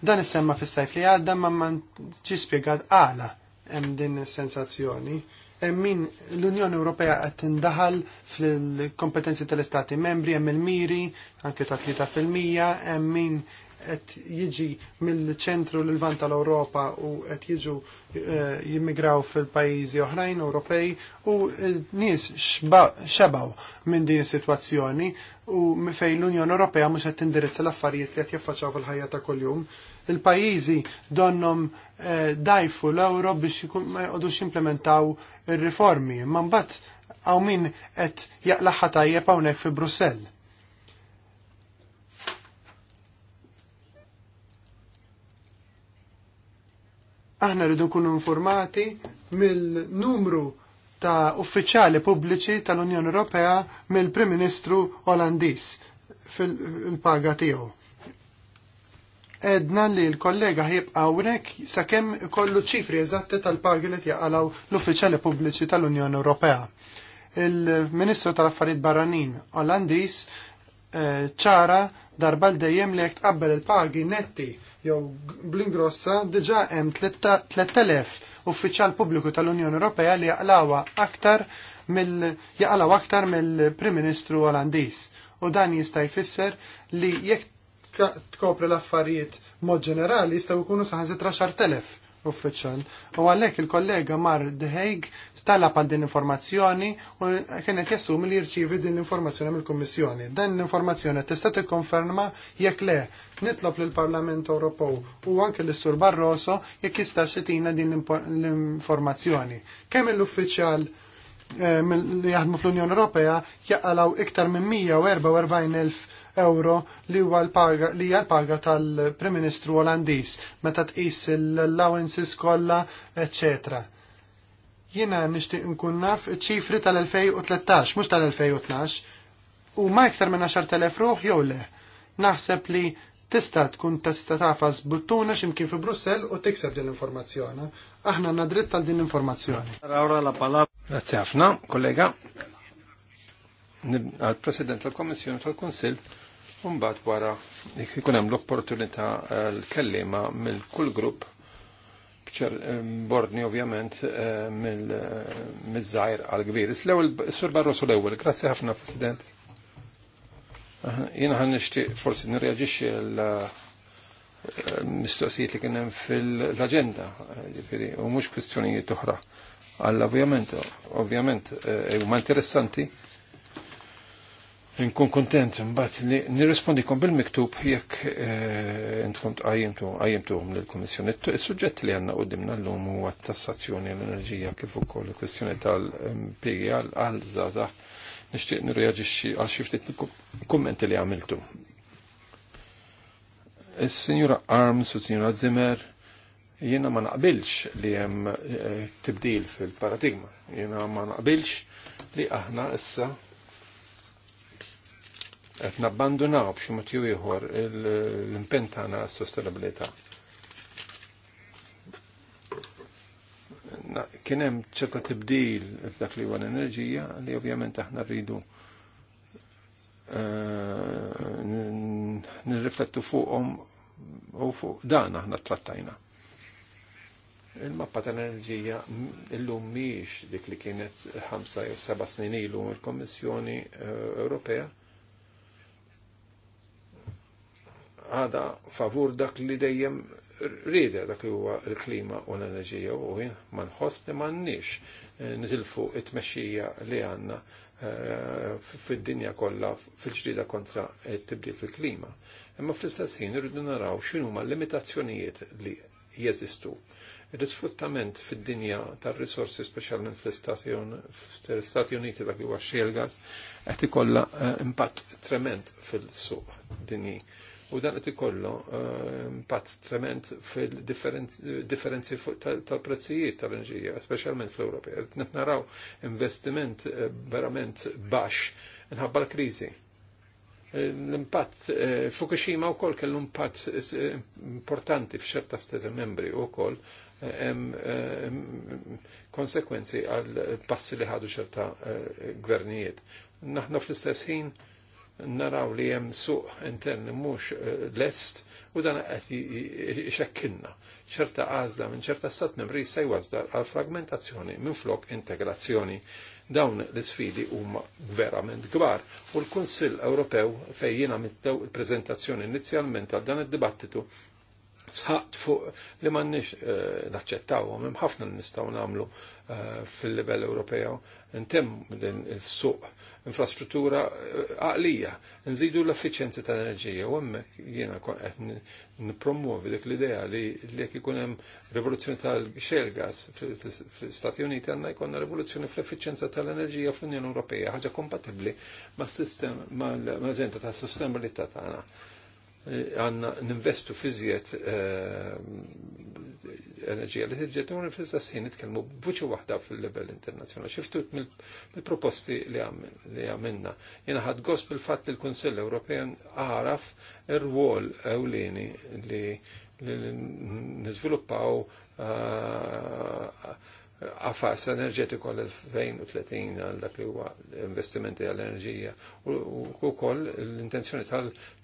Dan is-semma fis-sajf li għadda ma ġi spjegat għala hemm din is-sensazzjoni hemm min l-Unjoni Ewropea qed tindaħal fil-kompetenzi tal-Istati membri, hemm il-miri, anke ta' 3%, hemm min qed jiġi mill-ċentru l vant tal-Ewropa u qed jiġu eh, jimmigraw fil-pajjiżi oħrajn Ewropej u nies xebgħu minn din is-sitwazzjoni u fejn l-Unjoni Ewropea mhux qed tindirizza l-affarijiet li qed jaffaċċaw fil-ħajja ta' kuljum il-pajjiżi donhom eh, dajfu l-euro biex ma jqogħdux jimplementaw ir-riformi. Imma mbagħad hawn min qed jaqlaħħa tajjeb hawnhekk fi Brussell. Aħna rridu nkunu informati mill-numru ta' uffiċjali pubbliċi tal-Unjoni Ewropea mill-Prim Ministru Olandiż fil-paga tiegħu edna li l-kollega jib għawrek sakemm kollu ċifri eżatti tal-pagi li tjaqalaw l-uffiċjali pubbliċi tal-Unjoni Ewropea. Il-Ministru tal-Affarijiet Barranin Olandis eh, ċara darba dejjem li jekk tqabbel il-pagi netti jew bl-ingrossa diġà hemm 3000 uffiċjal pubbliku tal-Unjoni Ewropea li jaqlawa aktar mill aktar mill-Prim Ministru Olandiż. U dan jista' jfisser li jekk tkopri l-affarijiet mod ġenerali jistgħu jkunu saħansi tra xartelef uffiċjal. U għalhekk il-kollega Mar Dehejg talab għal din informazzjoni u kienet jassumi li jirċievi din l-informazzjoni mill-Kummissjoni. Dan l-informazzjoni tista' tikkonferma jekk le nitlob lill parlament Ewropew u anke lis sur Barroso jekk jistax itina din l-informazzjoni. Kemm l-uffiċjal eh, li jaħdmu fl-Unjoni Ewropea jaqalaw iktar minn 144,000 euro li huwa l-paga li hija l-paga tal-Prim Ministru Olandiż meta tqis l-allowances kollha, eċetera. Jiena nixtieq nkun naf ċifri tal-2013, mhux tal-2012, u ma iktar minn 10,000 ruħ jew le. Naħseb li tista tkun tista tafa buttuna ximkien fi Brussell u tikseb din l-informazzjoni. Aħna għandna dritt tal din l-informazzjoni. Grazie ħafna, kollega. Għal-President tal komissjoni tal-Konsil Umbat wara jkun hemm l-opportunità eh, l-kellima eh, eh, mill kull grupp bordni ovvjament mill-żgħir għal kbir. L-ewwel Sur Barroso l-ewwel, grazzi ħafna President. Jiena ħan nixtieq forsi nirreaġixxi l-mistoqsijiet li kien fil-aġenda, jiġifieri, u mhux kwistjonijiet oħra. Għalla ovvjament, ovvjament, huma interessanti nkun kontent mbagħad li kom bil-miktub jekk eh, intkom tqajjimtu qajjimtuhom lill-Kummissjoni. Is-suġġett li għandna qudiemna llum huwa t-tassazzjoni l-enerġija kif ukoll il-kwestjoni tal-impjegi għal żgħażagħ nixtieq nirreaġixxi għal xi ftit kummenti li għamiltu. Is-Sinjura Arms u Sinjura Zimmer jiena ma naqbilx li hemm eh, tibdil fil-paradigma. Jiena ma naqbilx li aħna issa qed nabbandunaw b'xi motiv ieħor l-impenn tagħna għas sostenabilità Kien hemm ċerta tibdil f'dak li huwa l-enerġija li ovvjament aħna rridu eh, nirriflettu fuqhom u fuq dan aħna trattajna. Il-mappa tal-enerġija illum miex dik li kienet 5 jew 7 snin ilu il-Kommissjoni eh, Ewropea għada favur dak li dejjem rida dak li huwa l-klima u l-enerġija u jien ma nħoss eh, li m'għandniex nitilfu it-tmexxija li għandna eh, fid-dinja kollha fil-ġrida kontra t-tibdil fil-klima. Imma fl-istess ħin irridu naraw x'inhu l limitazzjonijiet li jeżistu. ir risfruttament fid-dinja tar-risorsi speċjalment fl-Istati Uniti dak li huwa xelgas qed ikollha eh, impatt trement fil-suq dinji u dan qed ikollu eh, impatt trement fil-differenzi tal-prezzijiet tal-enerġija, speċjalment fl-Ewropa. Qed naraw investiment eh, verament baxx inħabba l-kriżi. L-impatt eh, Fukushima wkoll kellu impatt importanti f'xerta stati membri wkoll hemm konsekwenzi għal passi li ħadu ċerta gvernijiet. Naħna fl-istess ħin naraw li hemm suq interni mhux eh, lest u dan qed ixekkilna ċerta għażla minn ċerta satnem membri jista' jważda għal fragmentazzjoni minn flok integrazzjoni. Dawn l-isfidi huma verament kbar u l-Kunsill Ewropew fejn jiena mittew il prezentazzjoni inizjalment għal dan id-dibattitu sħaqt fuq li mannix eh, naċċettaw, hemm ħafna nistgħu nagħmlu eh, fil-livell Ewropew intemm din is-suq infrastruttura eh, għaqlija, nżidu l-effiċenzi tal-enerġija, u għemmek jena qed nipromuovi dik l-idea li jekk ikun hemm rivoluzzjoni tal-xel gas fl-Stati Uniti għandna jkollna rivoluzzjoni fl-effiċenza tal-enerġija fl-Unjoni Ewropea, ħaġa kompatibbli ma' sistema ma' l-aġenda ta' sostenibilità tagħna għanna ninvestu fiżjed enerġija li tiġġed u s sin nitkellmu b'vuċi waħda fil-level internazzjonali. Xiftu mill-proposti li għamilna. Jena ħad gost bil-fatt li l konsell Ewropean għaraf il rwol ewlieni li n-izviluppaw għafas enerġetiku l-2030 għal dak li huwa investimenti għall enerġija u koll l-intenzjoni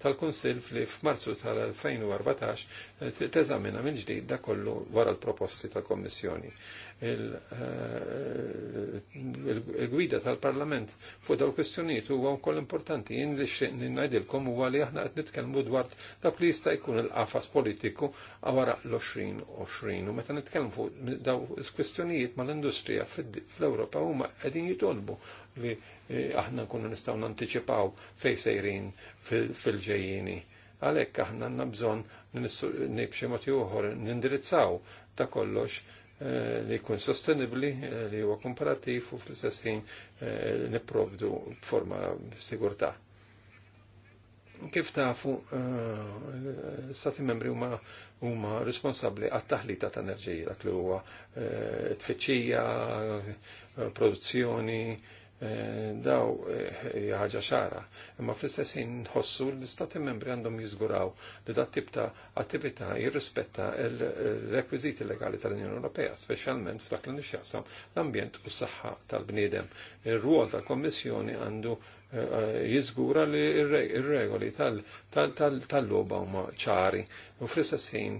tal-Kunsill li f'Marzu tal-2014 teżamina minn ġdid da kollu wara l-proposti tal-Kommissjoni il-gwida tal-Parlament fuq daw kwestjonijiet huwa wkoll importanti. Jien li xejn li ngħidilkom huwa li aħna qed nitkellmu dwar dak li jista' jkun il-qafas politiku wara l-2020. U meta nitkellmu fuq daw kwestjonijiet mal-industrija fl-Ewropa huma qegħdin jitolbu li eh, aħna nkunu nistgħu nanticipaw fejn sejrin fil-ġejjini. Għalhekk aħna għandna bżonn nibxi mod ieħor nindirizzaw ta' kollox Eh, li jkun sostenibli, eh, li huwa komparattiv u fl-istess ħin eh, nipprovdu forma sigurtà. Kif tafu, stati membri huma huma responsabbli għat-taħlita ta' enerġija, dak li huwa tfittxija, produzzjoni, Eh, daw eh, ħaġa xara. Imma fl-istess nħossu l-istati membri għandhom jiżguraw li dat tip ta' attività jirrispetta l-rekwiżiti legali tal-Unjoni Ewropea, speċjalment f'dak li nixjaqsam l-ambjent u s-saħħa tal-bniedem. ir ruol tal-Kommissjoni għandu jizgura li il-regoli tal-loba huma ċari u fl-istess ħin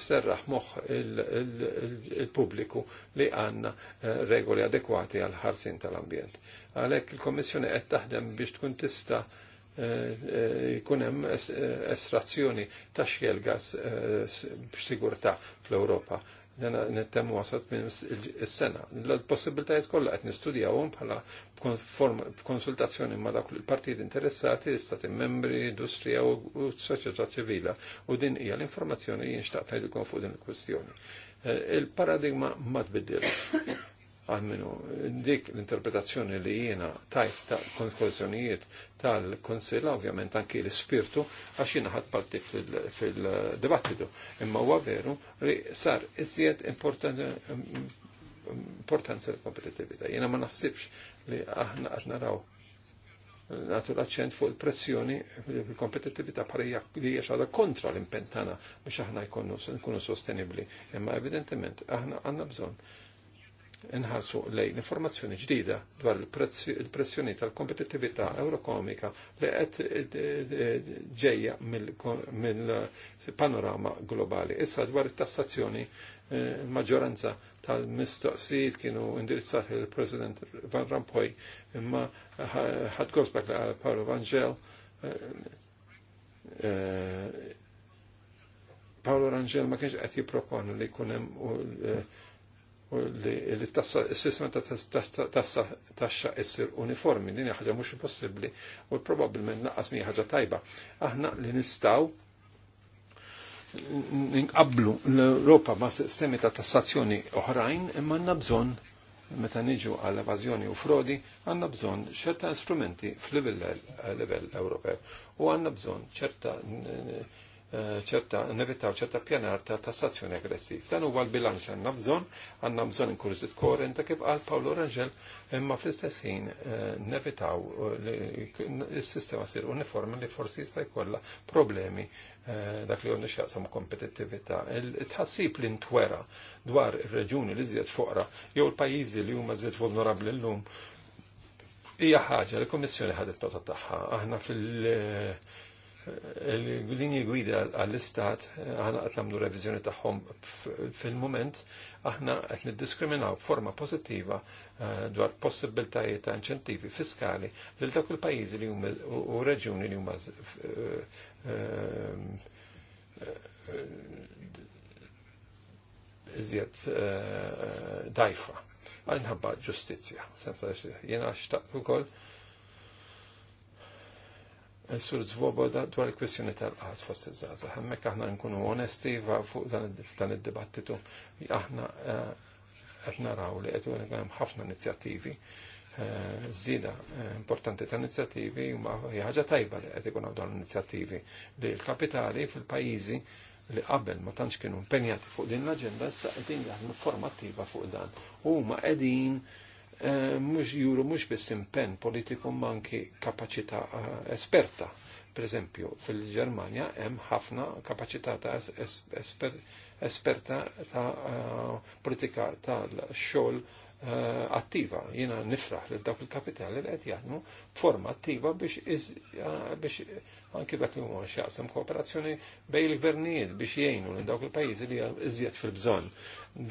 serraħ moħħ il-pubbliku li għandna eh, regoli adekwati għal ħarsin tal-ambjent. Għalhekk il-Kommissjoni qed taħdem biex tkun tista' eh, eh, jkun hemm estrazzjoni ta' xjel b'sigurtà fl-Ewropa Jena nittemmu għasat minn il-sena. L-possibilitajiet kollha qed nistudjawhom bħala b'konsultazzjoni ma' dawk il-partijiet interessati, stati membri, industrija u soċjetà ċivila. U din hija l-informazzjoni jien xtaqt ngħidilkom fuq din il-kwestjoni. Eh, il-paradigma ma tbiddilx għalmenu dik l-interpretazzjoni li jiena tajt ta' konklużjonijiet tal-Konsil, ovvjament anki l-spirtu, għax jiena ħadd parti fil-dibattitu. Imma huwa veru li sar iżjed importanza l-kompetitività. Jiena ma naħsibx li aħna qed naraw natu l-accent fuq il-pressjoni il-kompetitività parija li jaxħada kontra l-impentana biex aħna jkunu sostenibli. Imma evidentement aħna għanna bżonn inħarsu lejn informazzjoni ġdida dwar il-pressjoni tal-kompetittività eurokomika li qed eh, eh, ġejja mill-panorama globali. Issa dwar it-tassazzjoni eh, maġġoranza tal-mistoqsijiet kienu indirizzati il president Van Rampoy imma ħad gosbak li għal Paolo Vangel Paolo Rangel ma kienx qed jipproponu li jkun hemm u li s-sistema ta' taxxa issir uniformi, din ħaġa mhux possibbli u probabbilment naqqas mi ħaġa tajba. Aħna li nistaw nqablu l-Europa ma' sistemi ta' tassazzjoni oħrajn imma għandna bżonn meta niġu għall evażjoni u frodi għandna bżonn ċerta strumenti fl-livell eh, Ewropew u għandna bżonn ċerta Eh, ċerta, nevittaw ċerta pjanar ta' tassazzjoni aggressiv. Dan huwa l-bilanċ għanna bżonn, għandna bżonn inkurzit koren ta' kif qal Paolo Rangel, imma fl-istess ħin eh, nevitaw eh, l-sistema sir uniformi li forsi jista' jkollha problemi dak li għondu xaqsam kompetittività. tħassib li ntwera dwar ir-reġuni li żjed foqra jew il-pajjiżi li huma żjed vulnerabbli llum hija ħaġa li l-Kommissjoni ħadet nota tagħha. Aħna fil- l-linji gwida għall-istat għana għat namlu revizjoni taħħom fil-moment aħna għat niddiskriminaw forma pozittiva eh, dwar possibiltajiet ta' inċentivi fiskali lil dak il-pajizi li huma u reġjuni li huma eh, eh, iżjed dajfa għal nħabba ġustizja, sensa jena xtaqt u koll Eh, Sur Zvoboda dwar il-kwestjoni tal-qas fost iż-żaza. Hemmhekk aħna nkunu onesti fuq dan id-dibattitu. Aħna eh, qed naraw li qed hemm ħafna inizjattivi eh, żieda importanti ta' inizjattivi huma ħaġa tajba li qed ikun dawn inizjattivi li l-kapitali fil-pajjiżi li qabel ma tantx kienu impenjati fuq din l-aġenda issa qegħdin jaħdmu formattiva fuq dan. Huma qegħdin Eh, mhux juru mhux biss impenn politiku manki kapaċità eh, esperta. Per esempio, fil-Ġermanja hemm ħafna kapaċità ta' esperta ta' eh, politika tal-xogħol attiva, jina nifraħ li dawk il-kapitali li qed jaħdmu forma attiva biex anki dak li huma x'jaqsam kooperazzjoni bejn il-gvernijiet biex jgħinu lil dawk il-pajjiżi li iżjed fil-bżonn.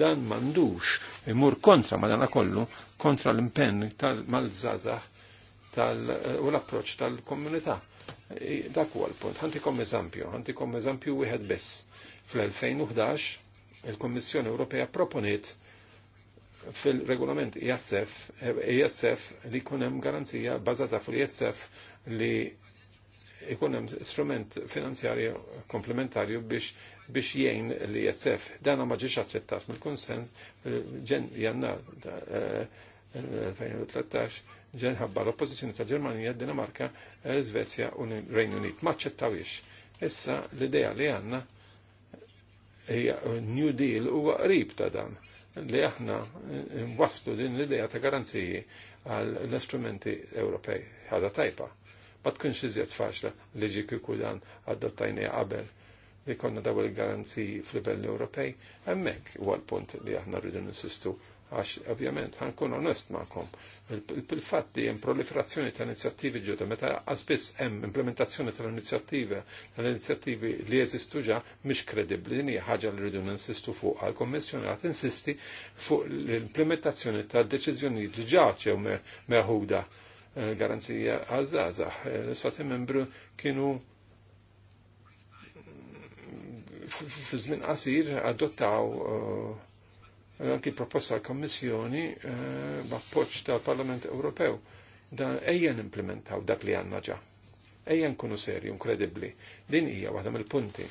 Dan m'għandux imur kontra dana kollu kontra l-impenn mal-żgħażagħ u l-approċċ tal-komunità. Dak huwa l-punt. Ħantikom eżempju, ħantikom eżempju wieħed biss. Fl-2011 il-Kommissjoni Ewropea proponiet fil-regolament ISF, ISF e li kunem garanzija bazata fil-ISF li ikun hemm strument finanzjarju komplementarju biex biex jgħin li jessef. Dana ma ġiex aċċettat mill-konsens ġen jannar 2013 eh, eh, eh, ġen ħabba l-oppożizzjoni ta' Ġermanija, Danimarka, Svezja u Rejn Unit. Ma ċettawiex. Issa l-idea li għanna New Deal huwa qrib ta' dan li aħna waslu din l-idea ta' garanziji għall-istrumenti Ewropej. Ħada tajpa ma tkunx iżjed faċla li ġi kieku dan adottajni qabel li konna daw il-garanziji fl-livelli Ewropej, hemmhekk huwa l-punt li aħna rridu ninsistu għax ovvjament ħankun onest ma'kom. Il-fatt li hemm proliferazzjoni ta' inizjattivi ġodda, meta għazbiss hemm implementazzjoni tal-inizjattiva, tal-inizjattivi li jeżistu ġa mhix kredibbli, ni ħagġa ħaġa li rridu ninsistu fuq għall-Kommissjoni għat insisti fuq l-implementazzjoni ta' deċiżjonijiet li ġaċe ġew meħuda Eh, garanzija għal-żazax. Eh, l-istati membru kienu f żmien qasir adottaw eh, anki proposta l-Kommissjoni b'appoġġ tal-Parlament Ewropew. Da ejjen implementaw dak li għanna ġa. Ejjen kunu serju, kredibbli. Din hija waħda mill-punti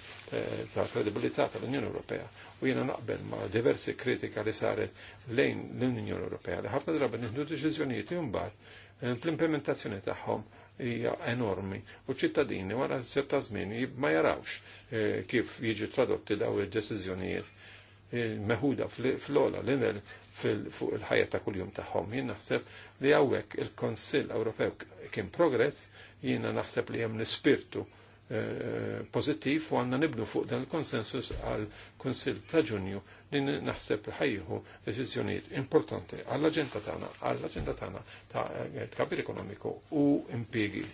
ta' kredibilità tal-Unjoni Ewropea. U jiena naqbel ma' diversi kritika li saret lejn l-Unjoni Ewropea li ħafna drabi nieħdu deċiżjonijiet li mbagħad Eh, l-implementazzjoni tagħhom hija enormi u ċittadini wara sebta żmien ma jarawx eh, kif jiġi tradotti daw id deċiżjonijiet eh, meħuda fl-ola l-inel fuq il-ħajja ta' kuljum tagħhom. Jien naħseb li hawnhekk il-Konsill Ewropew kien progress, jiena naħseb li hemm l-ispirtu Eh, pozittiv u għanna nibnu fuq dan il-konsensus għal konsil ta' ġunju li naħseb ħajju deċizjoniet importanti għall agenda tagħna għall agenda tagħna ta' eh, kabir ekonomiku u impiegi.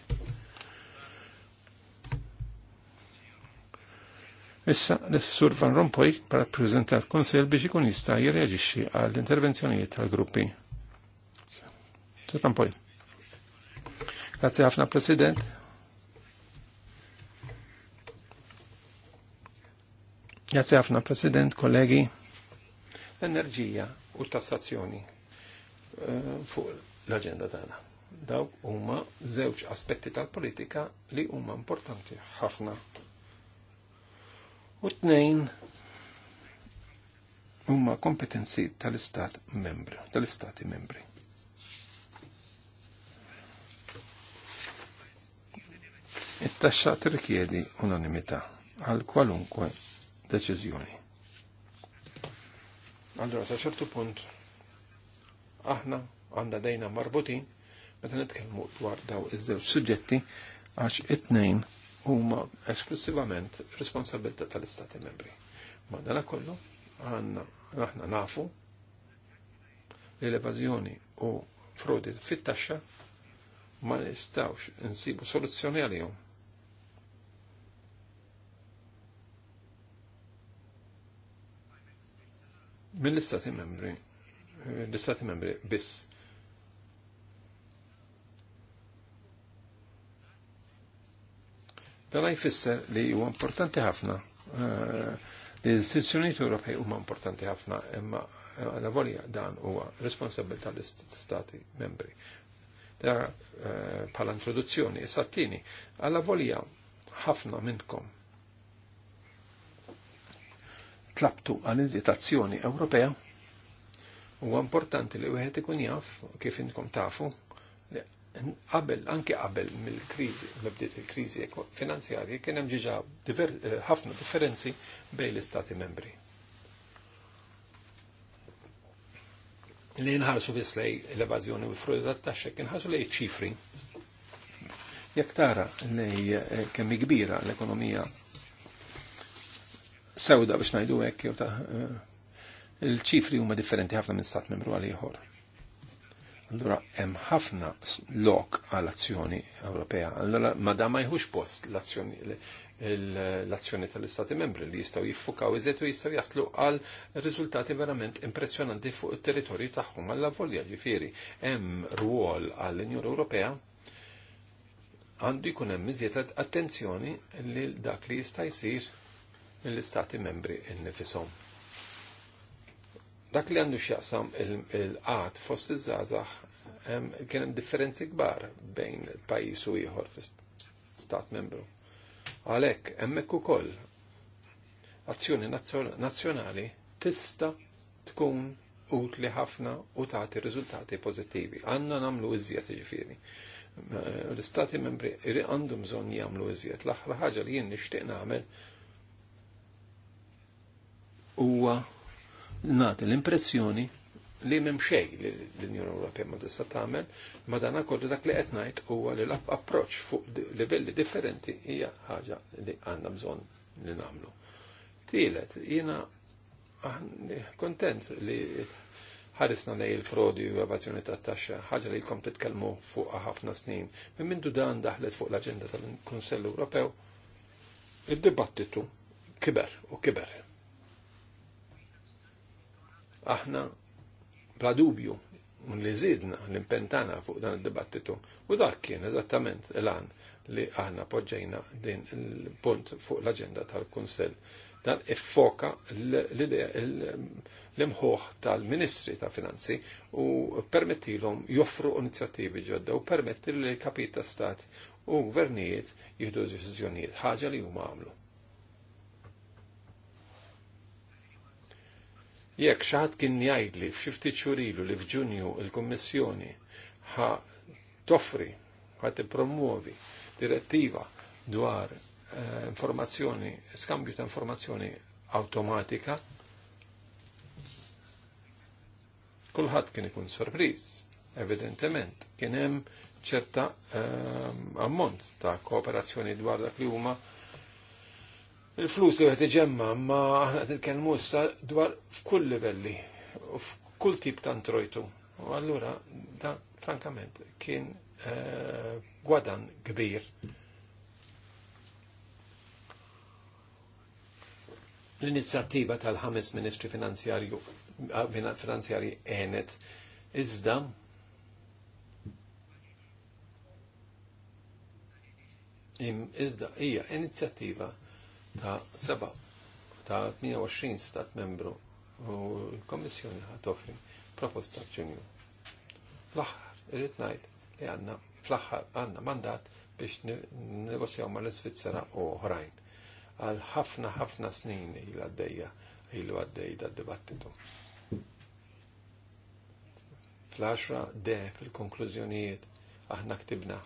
Issa, l-Sur Van Rompuy rappresenta l-Konsel biex ikun jista' jirreaġixxi għall-intervenzjonijiet tal-gruppi. Sur Rompuy. Grazie ħafna President Grazie ħafna, President, kollegi. L-enerġija u tassazzjoni eh, fuq l-agenda tagħna. Dawk huma żewġ aspetti tal-politika li huma importanti ħafna. U tnejn huma kompetenzi tal-istat membru, tal-istati membri. it-taxxa tirkjedi unanimità għal kwalunkwe deċiżjoni. Allora, sa ċertu punt, aħna għandna dejna marbutin, meta nitkellmu dwar daw iż-żewġ suġġetti, għax it-tnejn huma esklusivament responsabilità tal-Istati membri. Ma dana kollu, għanna, aħna nafu li l-evażjoni u frodi fit-taxxa ma nistawx insibu soluzzjoni għalihom l istati membri, l-istati membri biss. Dala jfisser li u importanti ħafna, eh, li l-istituzzjonijiet Ewropej huma importanti ħafna, imma eh, la volja dan huwa responsabilità l-istati membri. Da pala eh, introduzzjoni, s sattini għalla volja ħafna minnkom tlabtu għal iżjed Ewropea, huwa importanti li wieħed ikun jaf kif inkom tafu li qabel anke qabel mill-kriżi, mibdiet il-kriżi finanzjarji kien hemm ġiġa eh, ħafna differenzi bejn l-istati membri. li nħarsu bis lej l-evazjoni u l-frodi ta' taxxa, kien ħarsu lej ċifri. Jek tara lej eh, kemm kbira l-ekonomija sewda biex najdu hekk jew ta' eh, il-ċifri huma differenti ħafna minn stat membru għal ieħor. Allura hemm ħafna lok għal azzjoni Ewropea. Allura ma da ma jħux post l-azzjoni tal-Istati membri li jistgħu jiffukaw iżetu jistgħu jaslu għal riżultati verament impressjonanti fuq it-territorju tagħhom għal volja ġifieri. Hemm rwol għall-Unjoni Ewropea għandu jkun hemm iżjed attenzjoni lil dak li jista' jsir mill-istati membri il-nifisom. Dak li għandu xjaqsam il-qat fost iż-żazax kien hemm differenzi kbar bejn pajjiż u ieħor stat membru. Għalhekk hemmhekk ukoll azzjoni nazzjonali tista' tkun utli ħafna u tagħti riżultati pożittivi. Għandna nagħmlu iżjed jiġifieri eh, l-istati membri għandhom bżonn jagħmlu iżjed. L-aħħar ħaġa li jien nixtieq nagħmel huwa nagħti l-impressjoni li m'hemm xejn li l-Unjoni Ewropea ma tista' tagħmel, ma dan kollu dak li qed ngħid huwa li l-approċċ fuq livelli differenti hija ħaġa li għandna bżonn li nagħmlu. Tielet, jiena kontent li ħarisna lej il-frodi u evazjoni ta' taxxa, ħaġa li jkom titkellmu fuq ħafna snin. Minn mindu dan daħlet fuq l-aġenda tal-Kunsell Ewropew, id-dibattitu kiber u kiber aħna bla dubju li zidna l-impentana fuq dan id-dibattitu u dak kien eżattament l-għan li aħna poġġejna din il-punt fuq l-agenda tal-Kunsell. Dan iffoka l-imħuħ tal-Ministri ta' Finanzi u permettilhom joffru inizjattivi ġodda u permetti li kapita stat u gvernijiet jihdu deċiżjonijiet ħaġa li huma għamlu. Jekk xi ħadd kien jgħidli f'xi ftit xurilu li f'Ġunju l-Kummissjoni ħa toffri ħa tippromuovi direttiva dwar eh, informazzjoni, skambju ta' informazzjoni automatika, kulħadd kien ikun sorpriż, evidentement, kien hemm ċerta eh, ammont ta' kooperazzjoni dwar dak li huma il-flus li għet iġemma, ma aħna għet issa dwar f'kull livelli, u f'kull tip ta' antrojtu. U allura, da, frankament, kien eh, gwadan kbir. L-inizjattiva tal-ħames ministri finanzjarju finanzjari enet iżda iżda hija inizjattiva ta' seba ta' 28 stat membru u l-Kommissjoni ħat offri proposta ġenju. fl axħar irrit najt li għandna fl axħar għanna mandat biex negozjaw mal svizzera u oħrajn. Għal ħafna ħafna snin il għaddejja ilu għaddej da' dibattitu. Fl-10 de fil-konklużjonijiet aħna ktibna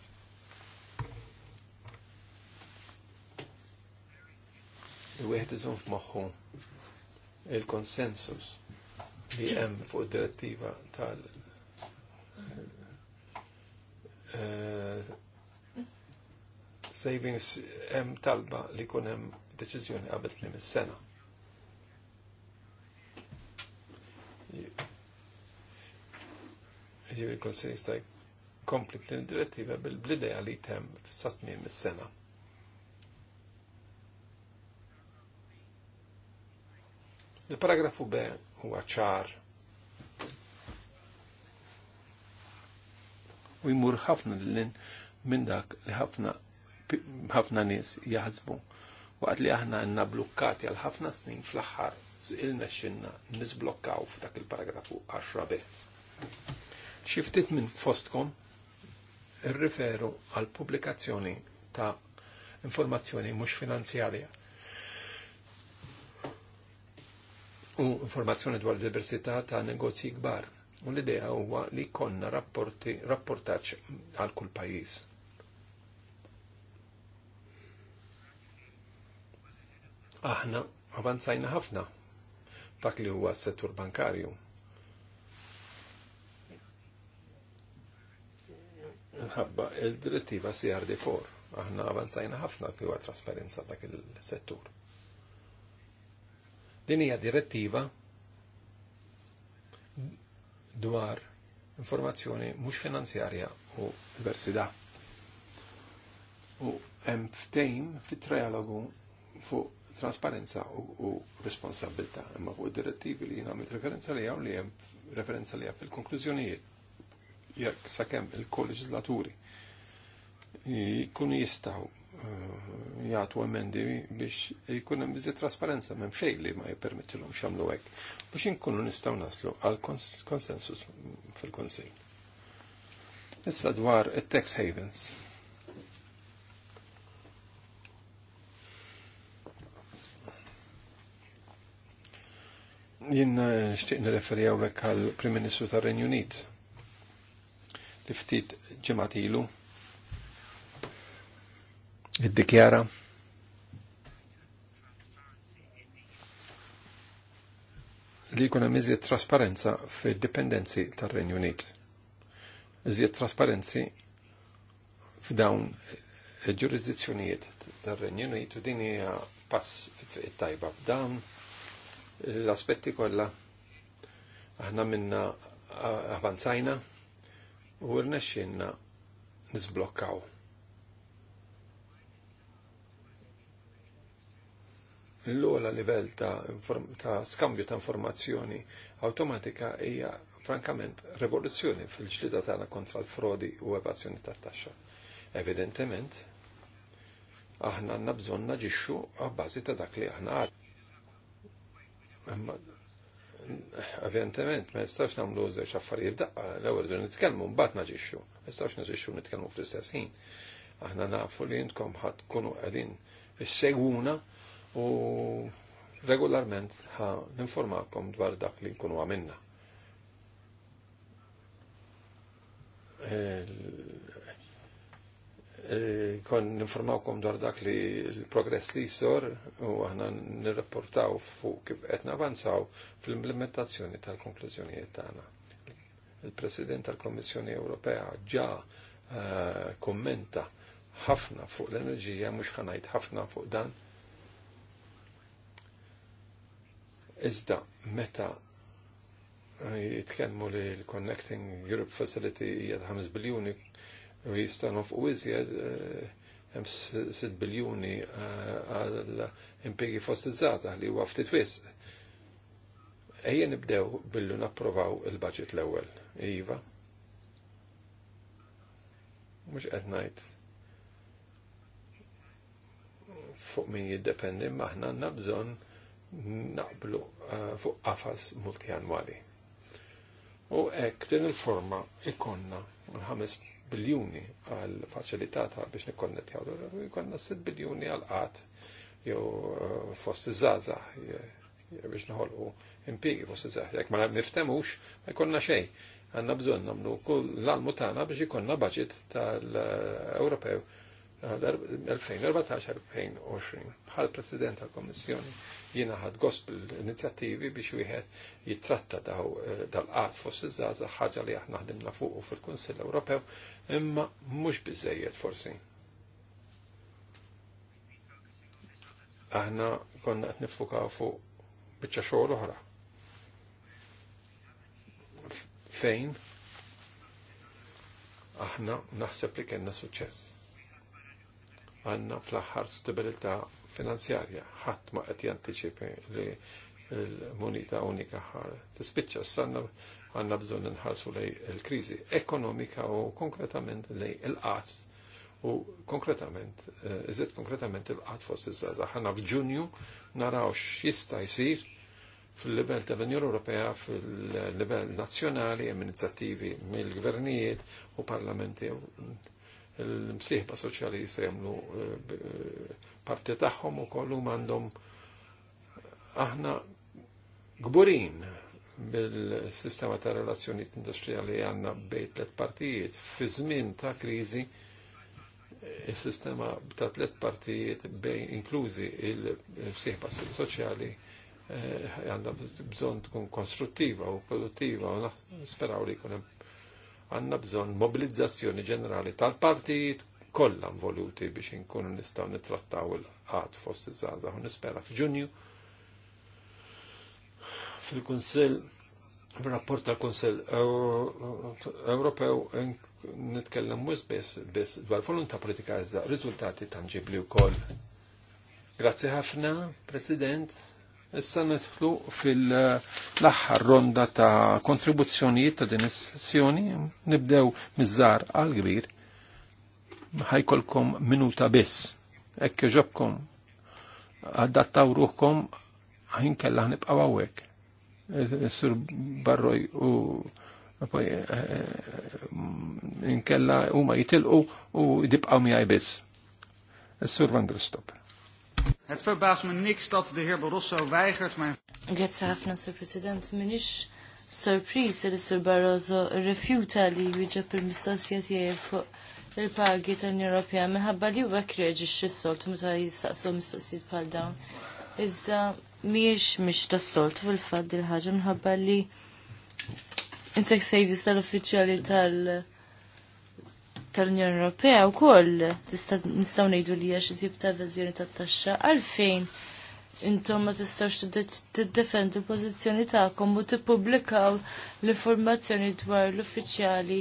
il-wieħed iżon f'moħħu il-konsensus li hemm fuq id-direttiva tal eh, savings hemm talba li jkun hemm deċiżjoni qabel tliem is-sena. Jiġifieri il-Konsell jista' jkompli din direttiva bil-bidea li tem fis tmiem is-sena. Il-paragrafu B huwa ċar u jmur ħafna l-lin minn dak li ħafna ħafna nies jaħsbu. Waqt li aħna għanna blokkati għal ħafna snin fl-aħħar zilna xinna nisblokkaw f'dak il-paragrafu 10b. Xiftit minn fostkom irriferu għal pubblikazzjoni ta' informazzjoni mhux finanzjarja u informazzjoni dwar diversità ta' negozji kbar. U l-idea huwa li konna rapporti, rapportaċ għal kull pajis. Aħna avanzajna ħafna dak li huwa s-settur bankarju. Ħabba il-direttiva CRD4. Aħna avanzajna ħafna kif huwa trasparenza dak il-settur. Din hija direttiva dwar informazzjoni mhux finanzjarja u diversità. U hemm ftejn fit-trialogu fuq trasparenza u, u responsabilta. Imma fuq direttivi li jina referenza li li jem referenza li fil-konklużjonijiet. Jek sakemm il-kolleġislaturi jkunu jistaw Eh, jgħatu emendi biex jkun hemm biżi trasparenza m'hemm xejn li ma jippermettilhom xamlu hekk. Biex inkunu nistgħu naslu għal konsensus fil-Kunsill. Issa dwar it-tax havens. Jien eh, nixtieq nirreferi hawnhekk għall Prim Ministru tar-Renju Unit li ftit ġimgħat ilu Iddikjara li jkun hemm iżjed trasparenza fid-dipendenzi tar-Renju Unit. Iżjed trasparenzi f'dawn il-ġurisdizzjonijiet tar-Renju Unit u din hija pass fit-tajba f'dawn l-aspetti kollha aħna minna avanzajna u rnexxinna nisblokkaw l-ogħla livell ta', ta skambju ta' informazzjoni awtomatika hija frankament revoluzzjoni fil-ġlida tagħna kontra l-frodi u evazzjoni tat-taxxa. Evidentement, aħna għandna bżonn naġixxu għabbażi ta' dak li aħna għad. evidentement ma nistax nagħmlu żewġ affarijiet daqqa, l-ewwel dun nitkellmu mbagħad naġixxu. Ma nistax naġixxu nitkellmu fl-istess ħin. Aħna nafu li intkom ħadd tkunu qegħdin issegwuna u regolarment ha ninformakom dwar dak li nkunu għamilna. E, kon ninformawkom dwar dak li l-progress li jisor u aħna nirrapportaw fuq kif qed navanzaw fl-implementazzjoni tal-konklużjonijiet tagħna. Il-President tal-Kommissjoni Ewropea ġa e, kommenta ħafna fuq l-enerġija, mhux ħanajt ħafna fuq dan, Iżda, meta jitkellmu li l-Connecting Europe Facility hija 5 biljuni u jista' nofqu iżjed eh, hemm 6 biljuni eh, għal impjegi fossizzata li huwa ftit wisq. Ejja nibdew billu napprovaw il-budget l-ewwel. Iva. Mhux qed ngħid fuq min jiddependi, ma aħna għandna bżonn naqblu eh, fuq qafas multianwali. U hekk din il-forma ikonna l-5 biljuni għal faċilitata biex nikkonnettjaw ikonna 6 biljuni għal għat jew eh, fost zaza biex nħolqu impjiegi fost iż-żgħażagħ. Jekk ma niftemux ma jkollna xejn. Għanna bżonn nagħmlu kull l almutana biex ikonna budget tal-Ewropew eh, 2014-2020. Bħal President tal-Kommissjoni jina ħad gospel inizjattivi biex wieħed jitratta daw eh, dal-qat fost iż-żaza ħaġa li aħna ħdimna fuqu fil-Kunsill Ewropew imma mhux biżejjed forsi. Aħna konna qed nifukaw fuq biċċa xogħol oħra. Fejn aħna naħseb li kellna suċċess għanna fl ħar stabilita finanzjarja. ħadd ma għet jantiċipi li l monita unika t-spicċa s-sanna għanna bżon nħarsu lej l krizi ekonomika u konkretament lej l qat u konkretament, eh, iżet konkretament l qat fost iż-żaza. ħanna f'ġunju naraw x'jista' jsir fil level ta' l-Unjoni Ewropea, fil level nazzjonali, amministrativi, mill-gvernijiet u parlamenti l-msieħba soċjali jisemlu eh, parti tagħhom u kollu għandhom aħna gburin bil-sistema ta' relazzjoni industrijali għanna bejt tlet partijiet. Fi żmien ta' kriżi il-sistema ta' tlet partijiet bej inklużi il-msieħba soċjali eh, għandha bżon tkun konstruttiva u produttiva u speraw li kunem għanna bżon mobilizzazzjoni ġenerali tal-partijiet kollha voluti biex inkunu nistgħu nittrattaw il ħad fost iż-żgħażagħ u nispera f'Ġunju fil-Kunsill rapport tal-Kunsill Ewropew nitkellem mhux biss dwar volontà politika iżda riżultati tanġibli wkoll. Grazzi ħafna, President. Issa nidħlu fil-aħħar ronda ta' kontribuzzjonijiet ta' din is-sessjoni, nibdew miż żgħar għal kbir. Ħajkolkom minuta biss. Hekk ġobkom adattaw ruhkom ħin kellha nibqgħu hawnhekk. Sur Barroj u eh, eh, eh, inkella huma jitilqu u dibqaw miegħi biss. Sur Van der Het verbaast me niks dat de heer Barroso weigert mijn... Grazie ħafna, Sir President. Minix sorpris li Sir Barroso rifjuta li jwieġeb il-mistoqsija tiegħi fuq il-pagi tal europja Ewropea minħabba li huwa kreġix is-solt meta jistaqsu mistoqsijiet bħal dawn. Iżda miex miex tas-solt fil fad il ħagġa minħabba li intek sejvis tal-uffiċjali tal-, -uffiċjali tal tal-Unjoni Ewropea wkoll nistgħu ngħidu li hija xi tip ta' evażjoni tat-taxxa għalfejn intom ma tistgħux tiddefendi l-pożizzjoni tagħkom u tippubblikaw l-informazzjoni dwar l-uffiċjali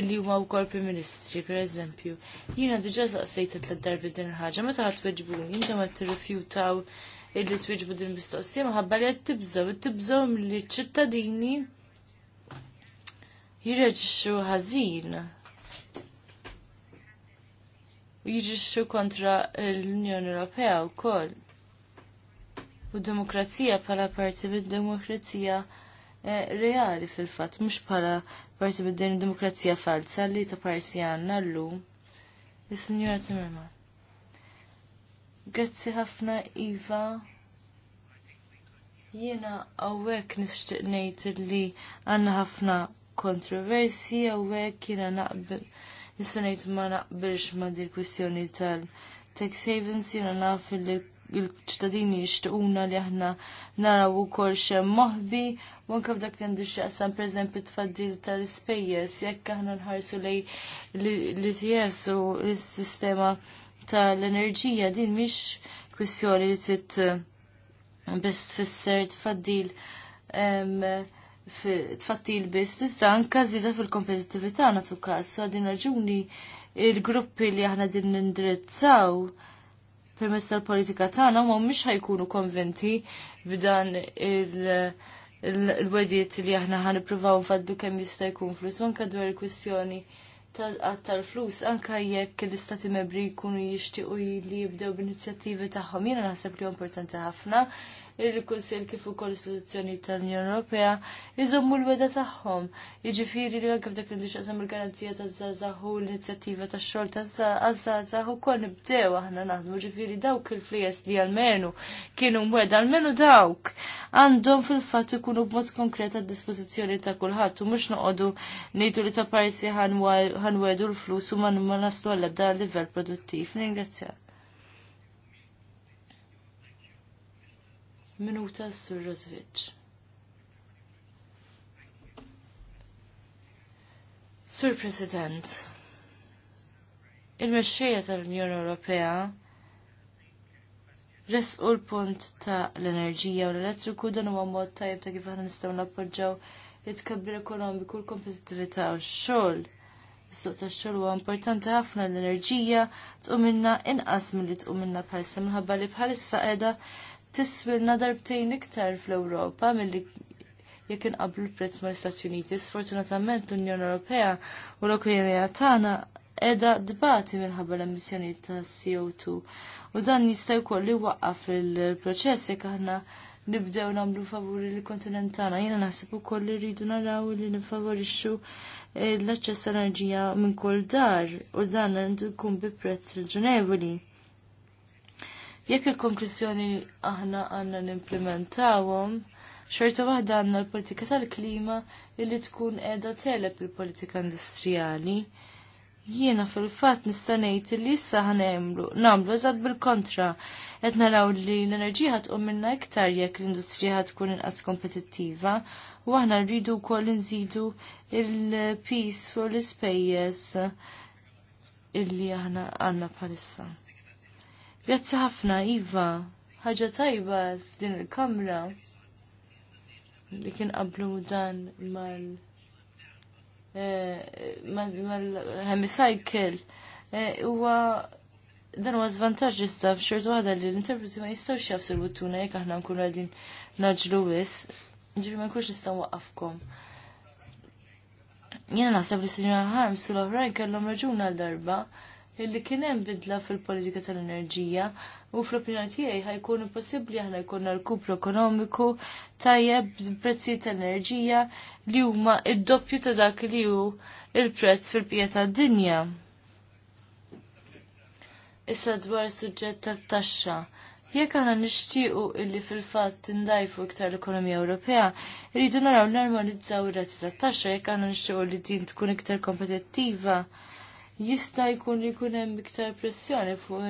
illi huma wkoll Prim Ministri, pereżempju. Jiena diġà saqsejt tliet darbi din il-ħaġa, meta ħadd tweġbu, intom qed tirrifjutaw illi tweġbu din mistoqsija minħabba li qed tibżgħu, tibżgħu mill-ċittadini jirreġixxu ħażin u jiġixxu kontra l-Unjoni Ewropea wkoll. U d demokrazija bħala parti bid demokrazija eh, reali fil-fatt, mhux bħala parti bid demokrazija falsa li ta' parsi l llum. il sinjora Timmerman. Grazzi ħafna Iva. Jiena għawek nishtiq ngħid li għandna ħafna kontroversi għawek jiena naqbel nistanajt ma naqbilx ma di kwestjoni tal-tax havens jina naf il-ċittadini jishtuqna li aħna naraw u kol xem moħbi u anka f'dak li għandu xaqsam per eżempju tfaddil tal-spejjes jekk aħna nħarsu li l-ITS u l-sistema tal-enerġija din mhix kwestjoni li tit eh, best fisser tfaddil Tfatti l biss, tista' anka zida fil kompetitività natu każ, so għadin raġuni il-gruppi li aħna din nindirizzaw permezz tal-politika tagħna ma mhux ħajkunu konventi b'dan il-wedjiet li aħna ħan nippruvaw nfaddu kemm jista' jkun flus, anke dwar il-kwistjoni tal-flus anka jekk l-istati membri jkunu jixtiequ li jibdew b'inizjattivi tagħhom jiena naħseb li importanti ħafna il-Kunsill kif ukoll istituzzjoni tal-Unjoni Ewropea jżommu l-weda tagħhom. Jiġifieri li anke f'dak l-indixqa sam il-garanzija taż żagħżagħ u l-inizjattiva tax-xogħol taż żagħżagħ ukoll nibdew aħna naħdmu ġifieri dawk il-flies li għalmenu kienu mweda għalmenu dawk għandhom fil-fatt ikunu b'mod konkret għad-dispożizzjoni ta' kulħadd u mhux noqogħdu ngħidu li ta' parsi ħanwedu l-flus u ma naslu għall-ebda livell produttiv. Ningrazzjak. Minuta Sur Rozovic. Sur President, il mexxija tal-Unjoni Ewropea resqu l-punt ta' l-enerġija u l-elettriku dan huwa mod tajjeb ta' kif aħna nistgħu nappoġġaw it-tkabbir ekonomiku u l-kompetittività u x-xogħol. Is-suq tax-xogħol huwa importanti ħafna l-enerġija tqum minna inqas milli tqum minna bħalissa minħabba li bħalissa qiegħda tiswilna darbtejn iktar fl-Ewropa milli jekk inqablu l-prezz mal-Istati Uniti. Sfortunatament l-Unjoni Ewropea u l-ekonomija tagħna edha dbati minħabba l-emissjoni ta' CO2. U dan jista' li waqqaf il-proċess jekk aħna nibdew nagħmlu favuri l kontinent tagħna. Jiena naħseb ukoll li rridu naraw li nifavorixxu l-aċċess enerġija minn kull dar u dan jkun bi prezz raġunevoli. Jekk il-konklużjoni aħna għandna nimplementawhom, xorta waħda għandna l-politika tal-klima illi tkun qiegħda teleb il-politika industrijali. Jiena fil-fatt nista' ngħid li issa ħanamlu nagħmlu eżatt bil-kontra qed naraw li l-enerġija tqum minna iktar jekk l-industrija tkun inqas kompetittiva u aħna rridu wkoll nżidu il-peace spaces l illi aħna għandna bħalissa. Grazzi ħafna, Iva. ħaġa tajba f'din il-kamra li kien qablu dan mal eh, mal-hemicycle. Eh, Uwa dan huwa żvantaġġ iżda f'xorta waħda li l-interpreti ma jistgħux jafsu l-buttuna jekk aħna nkunu qegħdin naġlu wis. Ġifi ma nkunx nistgħu waqafkom jena nasab li s-sinjora Harms u l-oħrajn kellhom raġun darba illi kien hemm bidla fil-politika tal-enerġija u fl-opinjoni tiegħi ħajkun possibbli aħna jkollna rkupru ekonomiku tajjeb prezzi tal-enerġija li huma id-doppju ta' dak li hu il-prezz fil-qija tad-dinja. Issa dwar suġġett tat-taxxa. Jekk aħna nixtiequ illi fil-fatt indajfu iktar l-ekonomija Ewropea, rridu naraw normalizzaw ir-rati tat-taxxa jekk aħna nixtiequ li din tkun iktar kompetittiva jista' jkun li jkun hemm iktar pressjoni fuq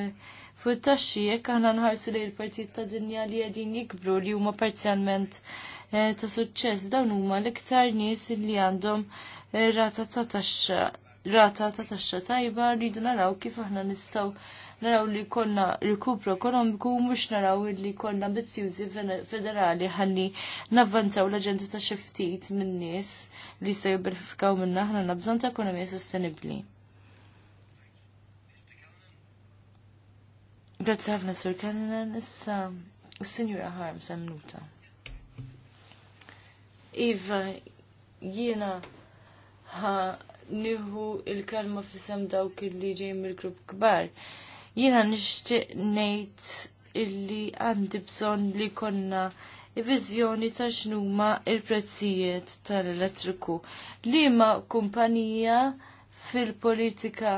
fuq it-taxxi jekk aħna nħarsu lejn il-partit ta' dinja li qegħdin jikbru li huma parzjalment eh, ta' suċċess dawn huma l-iktar nies li għandhom eh, rata ta' taxxa rata ta' taxxa tajba rridu naraw kif aħna nistgħu naraw li konna rikupru ekonomiku mhux naraw li konna bizzjużi federali ħalli navvantaw l-aġenda ta' xi ftit min nies li jista' jibberifikaw minn aħna bżonn ta' ekonomija sostenibbli. Grazie ħafna sur Kananan, issa s-Sinjura Harms minuta. Iva, jiena ħa nieħu il-kalma fisem dawk illi ġejjin mill-grupp kbar. Jiena nixtieq ngħid illi għandi bżonn li konna viżjoni ta' x'numa il-prezzijiet tal-elettriku. Liema kumpanija fil-politika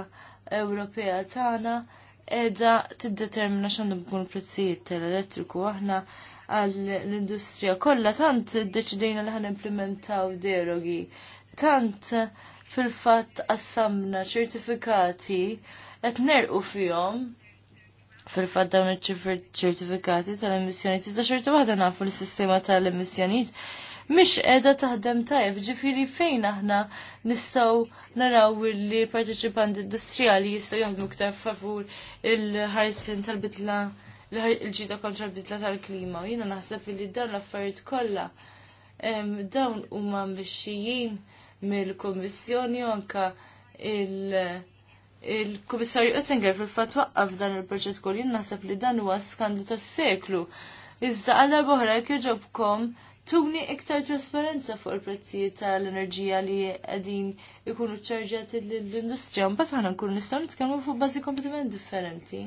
Ewropea tagħna edha t-determina xandu bkun prezzijiet tal-elettriku aħna għall-industrija kollha tant iddeċidejna li ħan implementaw derogi. Tant fil-fatt assamna ċertifikati qed nerqu fihom fil-fat dawn ċertifikati tal-emissjonijiet. Iżda ċertu waħda nafu l-sistema tal-emissjonijiet mhix qiegħda taħdem tajjeb, ġifiri fejn aħna nistgħu naraw li partiċipanti industrijali jistgħu jaħdmu iktar favur il-ħarsin tal-bidla il ġita kontra l-bidla tal-klima. Jiena naħseb li dawn l-affarijiet kollha dawn huma mixxijin mill-Kummissjoni u anke il- il-Kummissarju Oettinger fil-fatt waqqaf dan il-proġett kollu naħseb li dan huwa skandu tas-seklu. Iżda għal boħra jek joġobkom tuni iktar trasparenza fuq il-prezzijiet tal-enerġija li qegħdin ikunu ċarġati l-industrija, mbagħad aħna nkunu nistgħu nitkellmu fuq bażi kompletament differenti.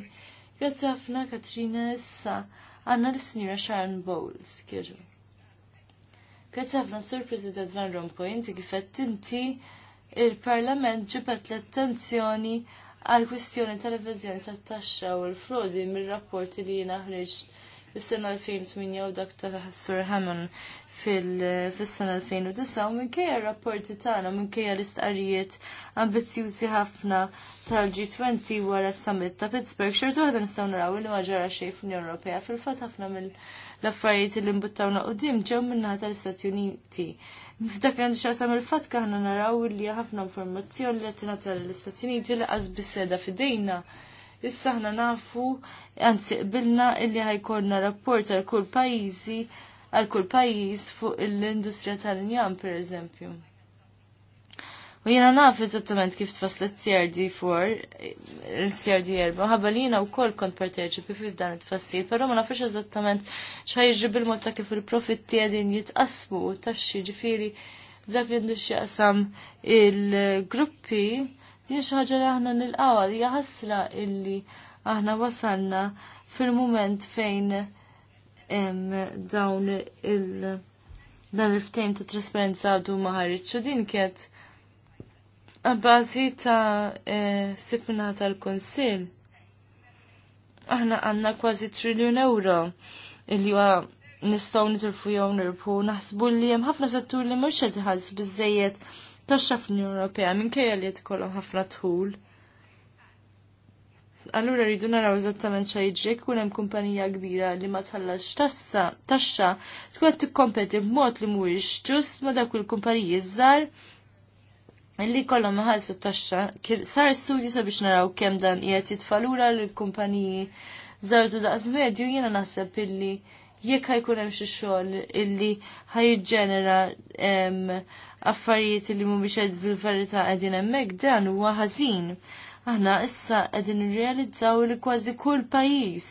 Grazzi ħafna Katrina issa għandna l-Sinjura Sharon Bowles kieġu. Grazzi ħafna Sur President Van Rompuy, inti kifet inti il-Parlament ġibet l-attenzjoni għal kwistjoni tal-evażjoni tat-taxxa u l-frodi mir-rapporti li jiena ħriġt fil sena 2008 u dak ta' ħassur Hammond fil-sena 2009 u minkejja rapporti tagħna minkejja l istqarijiet ambizjuzi ħafna tal-G20 wara s-summit ta' Pittsburgh xortu għadan nistgħu naraw li ma ġara xejn fl Ewropea fil-fatt ħafna mill-affarijiet li mbuttawna dim ġew minnaħa tal-Istati Uniti. F'dak li xasam il-fatt kaħna naraw li ħafna informazzjoni li għatina tal-Istati Uniti li qasbis seda fidejna. Issa ħna nafu, anzi qbilna illi ħajkorna rapport għal kull pajjiżi għal kull pajjiż fuq l-industrija tal-injam pereżempju. U jiena naf eżattament kif tfaslet CRD 4, il-CRD 4, ħabba li jena u koll kont parteċipi fi f'dan it-fassil, pero ma nafx eżattament xħajġi bil-mod ta' kif il profit tijedin jitqasmu u taxxi ġifiri dak l-industrija qasam il-gruppi Din xi ħaġa li aħna nilqgħuha li ħassra illi aħna wasalna fil-mument fejn dawn il dan il-ftejm ta' trasparenza għadu maħarriċ u din kiet għabbażi ta' e, sipna tal-konsil. Aħna għanna kważi triljun euro illi għa nistgħu nitilfu jew nirbu naħsbu li hemm ħafna settur li mhux qed iħallsu taxxa fl-Unjoni Ewropea minkejja li tkollhom ħafna tħul. Allura rridu naraw eżattament xi jiġri jekk hemm kumpanija kbira li ma tħallax tassa taxxa tkun qed tikkompeti b'mod li mhuwiex ġust ma dawk il-kumpaniji żgħar li kollhom iħallsu taxxa. Sar studju sabiex naraw kemm dan qiegħed jitfalura lill kumpaniji żgħar tu daqs medju jiena naħseb illi jekk ħajkun hemm xi xogħol illi ħajġġenera affarijiet li mhumiex qed bil verita qegħdin hemmhekk dan huwa ħażin. Aħna issa qegħdin realizzaw li kważi kull pajjiż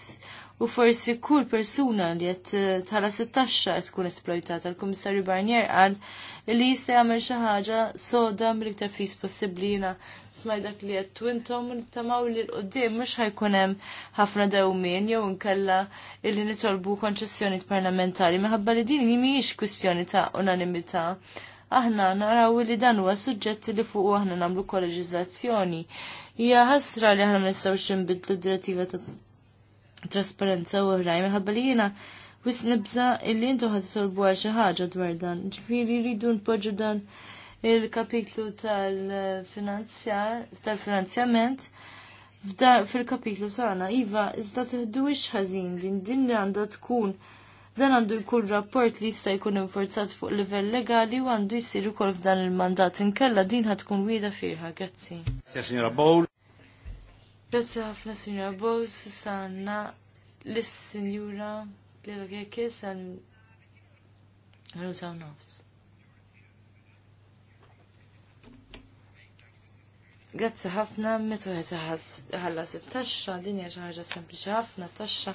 u forsi kull persuna li qed eh, tala sittaxxa qed tkun esplojtata. l kummissarju Barnier qal li se jagħmel xi ħaġa soda mill-iktar fis possiblina smaj dak li qed twintom tamaw li l qoddim mhux ħajkun hemm ħafna dewmien jew nkella li nitolbu konċessjoni parlamentari minħabba li din mhijiex kwistjoni ta' unanimità aħna naraw li dan huwa suġġett li fuq aħna nagħmlu koleġiżlazzjoni. Hija ħasra li aħna ma nistgħux nbidlu direttiva ta' trasparenza u oħrajn minħabba li jiena wis nibża illi intu ħad tolbu għal xi ħaġa dwar dan. Ġifieri jridu npoġġu dan il-kapitlu tal-finanzjament tal finanzjament fil-kapitlu tagħna iva iżda tiħdu ħażin din din li għandha tkun Dan għandu jkun rapport li jista' jkun infurzat fuq livell legali u għandu jsir ukoll f'dan il-mandat inkella din ħad tkun wieda fiha. Grazzi. Grazzi ħafna Bowl, Bowles, sanna lis-Sinjura Leva Kekis għal Għal nofs. Grazzi ħafna, metu ħalla 16, din hija xi ħaġa sempliċi ħafna, taxxa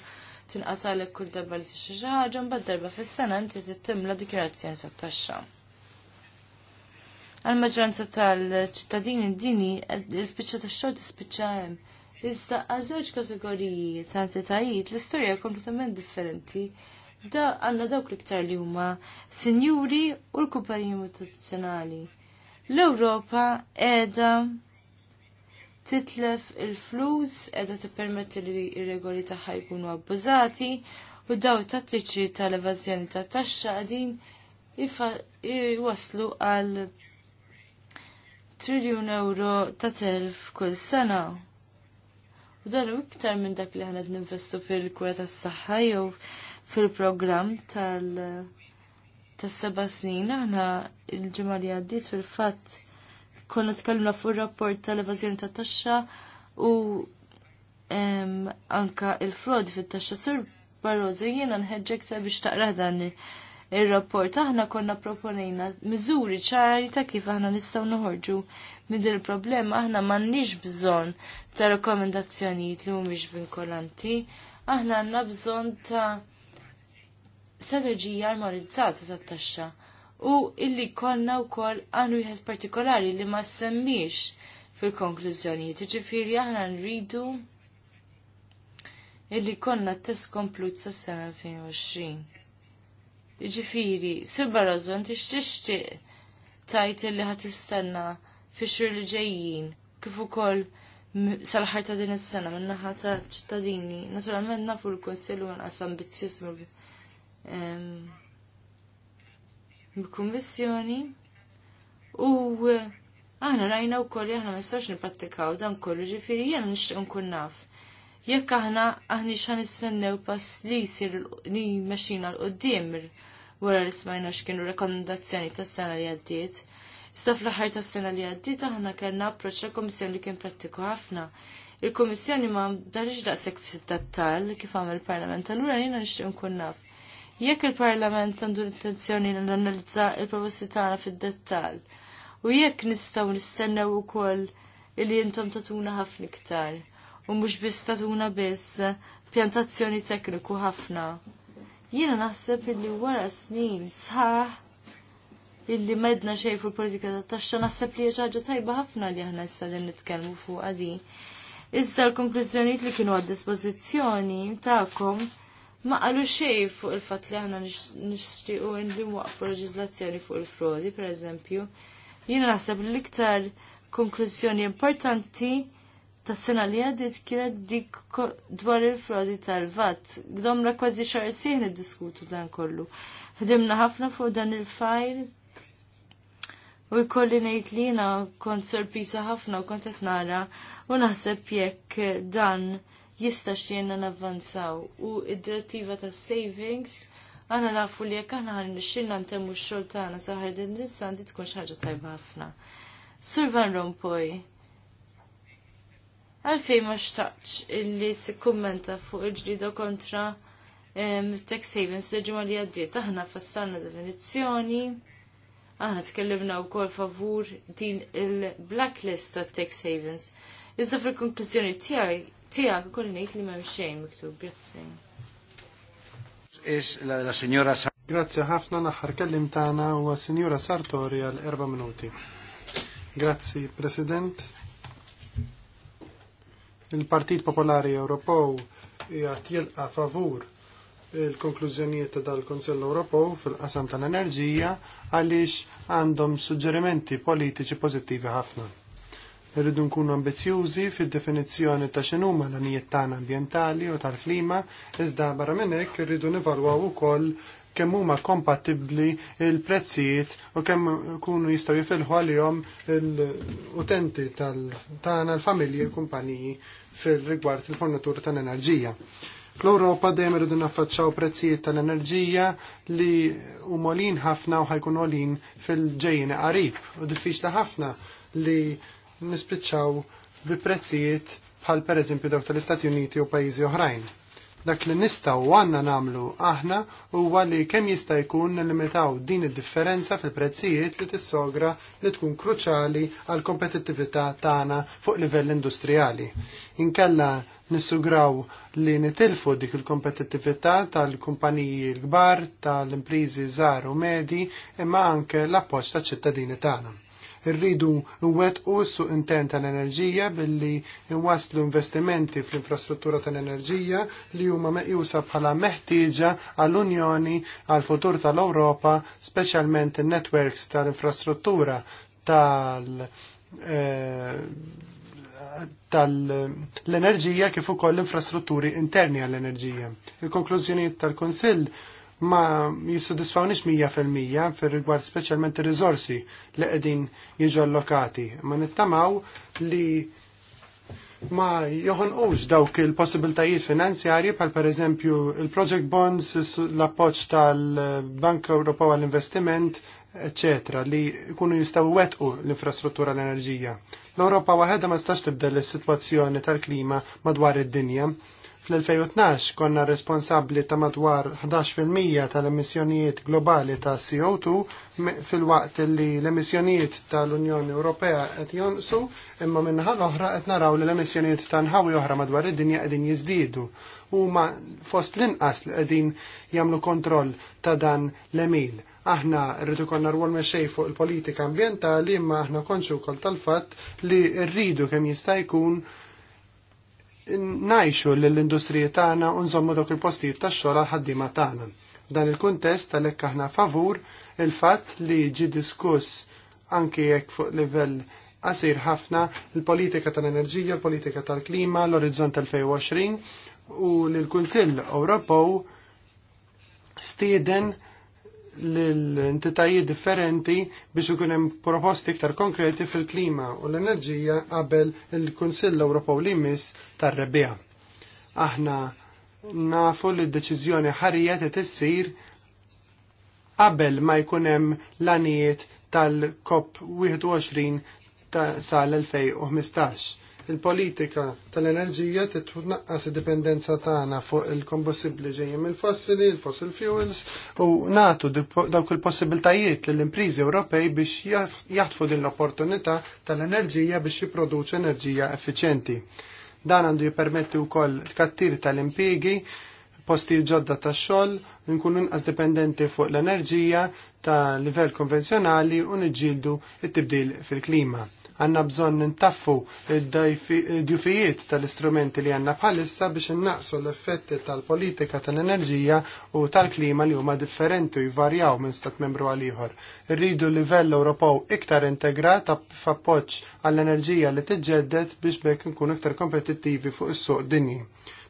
tinqatalek kull darba li tixtri xi ħaġa mbagħad darba fis-sena inti trid timla dikjarazzjoni tat-taxxa. Għal-maġġoranza tal-ċittadini dini il-biċċa tax-xogħol tispiċċa hemm. Iżda għal żewġ kategoriji ta' antitajiet l-istorja kompletament differenti. Da għandna dawk l-iktar li huma sinjuri u l-kumpaniji tradizzjonali. L-Ewropa qiegħda titlef il-flus edha tippermetti li ir-regoli tagħha jkunu abbużati u daw tattiċi tal-evażjoni ta' taxxa għadin jwaslu għal triljun euro ta' telf kull sena. U dan iktar minn dak li ħanet ninvestu fil-kura tas saxħa jew fil-programm tal- tas seba snin aħna il-ġimgħa li għaddiet fil-fatt konna tkellimna fuq ir-rapport tal-evażjoni ta' taxxa u anka il-frodi fit-taxxa sur Barroso jiena nħeġġek sabiex taqrah dan ir-rapport aħna konna proponejna miżuri ċari ta' kif aħna nistgħu noħorġu minn din il-problema aħna m'għandniex bżonn ta' rakkomendazzjonijiet li mhumiex vinkolanti, aħna għandna bżonn ta' strategija armonizzata tat-taxxa u illi konna u kol għannu jħed partikolari li ma semmix fil-konklużjoni. Tiġifiri aħna nridu illi konna test komplut sa' sena 2020. Ġifiri, surba Barroso, inti tajt illi ħat istanna fi xur li ġejjin, kif ukoll sal-ħar ta' din is-sena minn naħa ta' ċittadini. Naturalment nafu l konsilu għan nqas ambizzjuż mill-Kummissjoni u eh, aħna rajna wkoll li aħna ma nistax nipprattikaw dan kollu ġifiri jiena nixtieq nkun naf jekk aħna aħni xan nistennew pass li jisir li meċina l-qoddim wara li smajna x'kienu rekomendazzjoni tas-sena li għaddiet. Sta fl-aħħar tas-sena li għaddiet aħna kellna approċċa l-Kummissjoni li kien prattiku ħafna. Il-Kummissjoni ma darix daqshekk fit-tattal kif għamel il-Parlament, tal-ura jena nishtiqun kun naf. Jekk il-Parlament għandu l-intenzjoni l-analizza il-proposti tagħna fid-dettall. U jekk nistgħu nistennew ukoll illi intom tatuna ħafna iktar u mhux biss tatuna biss pjantazzjoni tekniku ħafna. Jiena naħseb illi wara snin sħaħ illi medna xej fuq politika ta' taxxa naħseb li ħaġa tajba ħafna li aħna issa din nitkellmu fuqha din, Iżda l-konklużjonijiet li kienu għad-dispożizzjoni tagħkom ma qalu xejn fuq il-fatt li aħna nixtiequ li waqfu leġiżlazzjoni fuq il-frodi, pereżempju. Jiena naħseb l-iktar konklużjoni importanti tas sena li għadit kienet dik dwar il-frodi tal-vat. Gdomra kważi xar siħni diskutu dan kollu. Ħdimna ħafna fuq dan il-fajl. U jkolli ngħid li jiena kont sorpisa ħafna u kont qed nara u naħseb jekk dan jista xienna navvanzaw. U id-direttiva ta' savings, għana nafu li jekk aħna ħan ntemmu x xogħol tagħna saħar din l-insan di tkun xaġa tajba ħafna. Sur Van Rompuy, għalfej ma xtaqx illi t-kommenta fuq il ġdida kontra tax savings li ġimma li għaddiet aħna fassalna definizzjoni. Aħna tkellimna u kol favur din il-blacklist ta' tax savings. Iżda fil-konklużjoni tijaj tiegħek kun ngħid li ma xejn miktub, grazzi. Is la, la signora Grazzi ħafna l-aħħar kellim tagħna u signora Sartori għal erba' minuti. Grazzi, President. Il-Partit Popolari Ewropew jgħat jilqa favur il-konklużjonijiet tal dal-Konsell Ewropew fil-qasam tal-enerġija għaliex għandhom suġġerimenti politiċi pożittivi ħafna rridu nkunu ambizjużi fid-definizzjoni ta' x'inhuma l-anijiet tagħna ambjentali u tal-klima, iżda barra minn hekk irridu nivalwaw ukoll kemm huma kompatibbli il-prezzijiet u kemm kunu jistgħu jifilħu għalihom l-utenti tagħna l-familji l-kumpaniji fil-rigward il-fornitur tal-enerġija. fl ewropa dejjem irridu naffaċċaw prezzijiet tal-enerġija li huma molin ħafna u ħajkun għolin fil-ġejjin qarib u diffiċli ħafna li nispiċċaw bi prezzijiet bħal pereżempju dawk tal-Istati Uniti u pajjiżi oħrajn. Dak li nistgħu għandna nagħmlu aħna huwa li kemm jista' jkun nilimitaw din id-differenza fil-prezzijiet li tissogra li tkun kruċali għal kompetittività tagħna fuq livell industrijali. Inkella nissugraw li nitilfu dik il-kompetittività tal-kumpaniji l-kbar, tal-imprizi żgħar u medi, imma anke l-appoġġ taċ-ċittadini tagħna. Irridu nwet u suq intern tal-enerġija billi nwaslu investimenti fl-infrastruttura tal-enerġija li huma meqjusa bħala meħtieġa għall-Unjoni għall-futur tal-Ewropa, speċjalment in-networks tal-infrastruttura tal-, eh, tal-enerġija kif ukoll l-infrastrutturi interni għall-enerġija. Il-konklużjonijiet tal-Kunsill ma jisodisfawnix 100% fil rigward speċjalment ir rizorsi li qegħdin jiġu allokati. Ma nittamaw li ma joħonqux dawk il-possibiltajiet finanzjarji bħal pereżempju il-project bonds, l-appoġġ tal-Bank Ewropew għall-Investiment, eccetera, li jkunu jistgħu wetqu l-infrastruttura l-enerġija. L-Ewropa waħedha ma stax tibdel is-sitwazzjoni tal-klima madwar id-dinja Fl-2012 konna responsabli ta' madwar 11% tal-emissjonijiet globali ta' CO2 fil-waqt li l-emissjonijiet tal-Unjoni Ewropea qed jonqsu imma minnaħa l-oħra qed naraw li l-emissjonijiet ta' nħawi oħra madwar id-dinja qegħdin jiżdiedu huma fost l-inqas li qegħdin jagħmlu kontroll ta' dan l-emil aħna rridu konna rwol mexej fuq il-politika ambientali imma aħna konxu kol tal-fatt li rridu kemm jista' jkun najxu l-industrija tagħna u nżommu dawk il-postijiet tax-xogħol għal-ħaddiema tagħna. Dan il-kuntest għalhekk aħna favur il-fatt li ġi diskuss anke jekk fuq livell qasir ħafna il-politika tal-enerġija, il-politika tal-klima, l-orizzont tal-2020 u l-Kunsill Ewropew stieden l-entitajiet differenti biex ikun hemm proposti iktar konkreti fil-klima u l-enerġija qabel il-Kunsill Ewropew li jmiss tar rebbiegħa Aħna nafu li d-deċiżjoni ħarija qed issir qabel ma jkun hemm l-anijiet tal-COP 21 ta' l-2015 Il-politika tal-enerġija titnaqqas id-dipendenza tagħna fuq il-kombustibbli ġejjin mill-fossili, il-fossil fuels, u natu dawk il-possibiltajiet lill-imprizi Ewropej biex jaħtfu din l-opportunità tal-enerġija biex jipproduċu enerġija effiċjenti. Dan għandu jippermetti wkoll tkattir tal-impjiegi posti ġodda ta' xogħol, nkun inqas dipendenti fuq l-enerġija ta' livell konvenzjonali u niġġieldu t tibdil fil-klima. Għanna bżon nintaffu id-djufijiet tal-istrumenti li għanna bħalissa biex innaqsu l-effetti tal-politika tal-enerġija u tal-klima li huma differenti u jvarjaw minn stat membru għal ieħor. Irridu livell Ewropew iktar integrat f'appoġġ għall-enerġija li tiġġedded biex bekk nkun iktar kompetittivi fuq is-suq dinji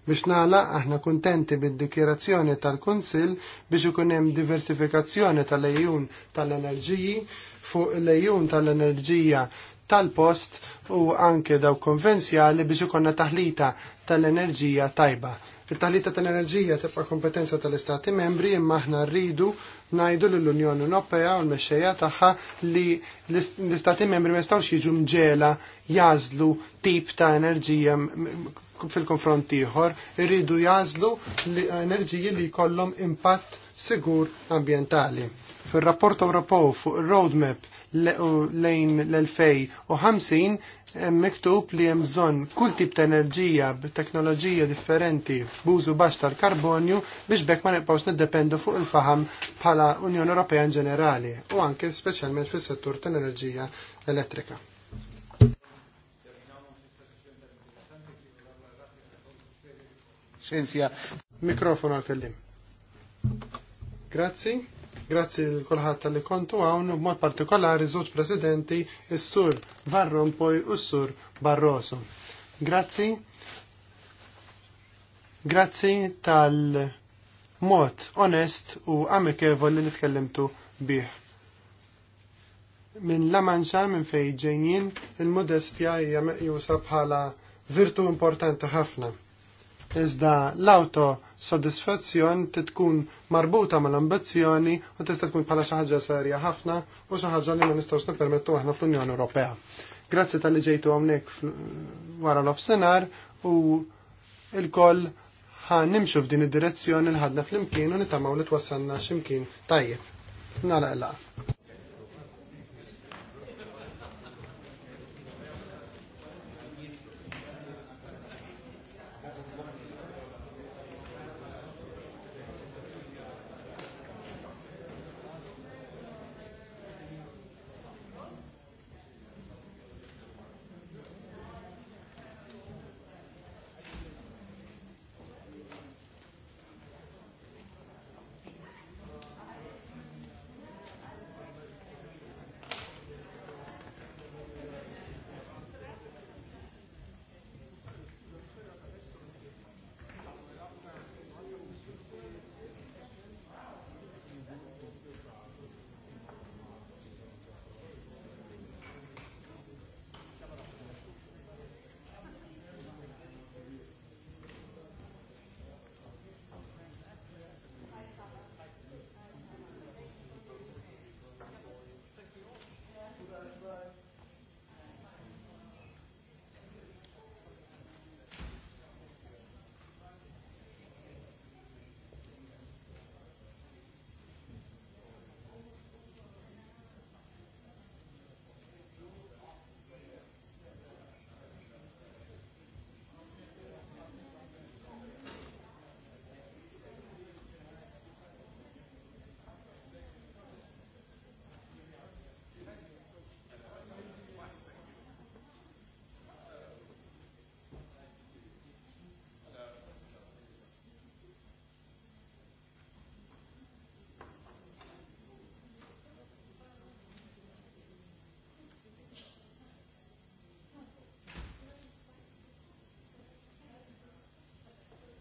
biex nala aħna kontenti bid-dikjerazzjoni tal-Kunsil biex ikun hemm diversifikazzjoni tal-ejjun tal-enerġiji fuq l-ejjun tal-enerġija tal-post u anke daw konvenzjali biex ikonna taħlita tal-enerġija tajba. Il-taħlita tal-enerġija tibqa' kompetenza tal-Istati membri imma aħna rridu ngħidu lill unjoni Ewropea u l-mexxejja tagħha li l-Istati membri ma jistgħux jiġu mġela jażlu tip ta' enerġija fil-konfront ieħor, irridu jażlu enerġiji li jkollhom impatt sigur ambjentali Fil-rapport Ewropew fuq il-roadmap lejn l-2050 hemm miktub li hemm bżonn kull tip ta' enerġija b'teknoloġija differenti b'użu baxx tal-karbonju biex bekk ma nibqgħux niddependu fuq il-faham bħala Unjoni Ewropea in ġenerali u anke speċjalment fis-settur tal-enerġija elettrika. Mikrofon għal-kellim. Grazzi. Grazzi l-kulħadd li kontu hawn u b'mod partikolari żewġ presidenti is-sur Van Rompuy u s-sur Barroso. Grazzi. Grazzi tal-mod onest u amikevol li nitkellimtu bih minn la manxa minn fej ġejnien il-modestja hija meqjusa bħala virtu importanti ħafna. Iżda l-auto soddisfazzjon tkun marbuta mal-ambizzjoni u tista' tkun bħala xi ħaġa serja ħafna u xi ħaġa li ma nistgħux nippermettu aħna fl-Unjoni Ewropea. Grazzi tal-li ġejtu hawnhekk wara l-offsenar u il-koll nimxu f'din id-direzzjoni li ħadna fl-imkien u nitamaw li twassalna x'imkien tajjeb. Nara illa.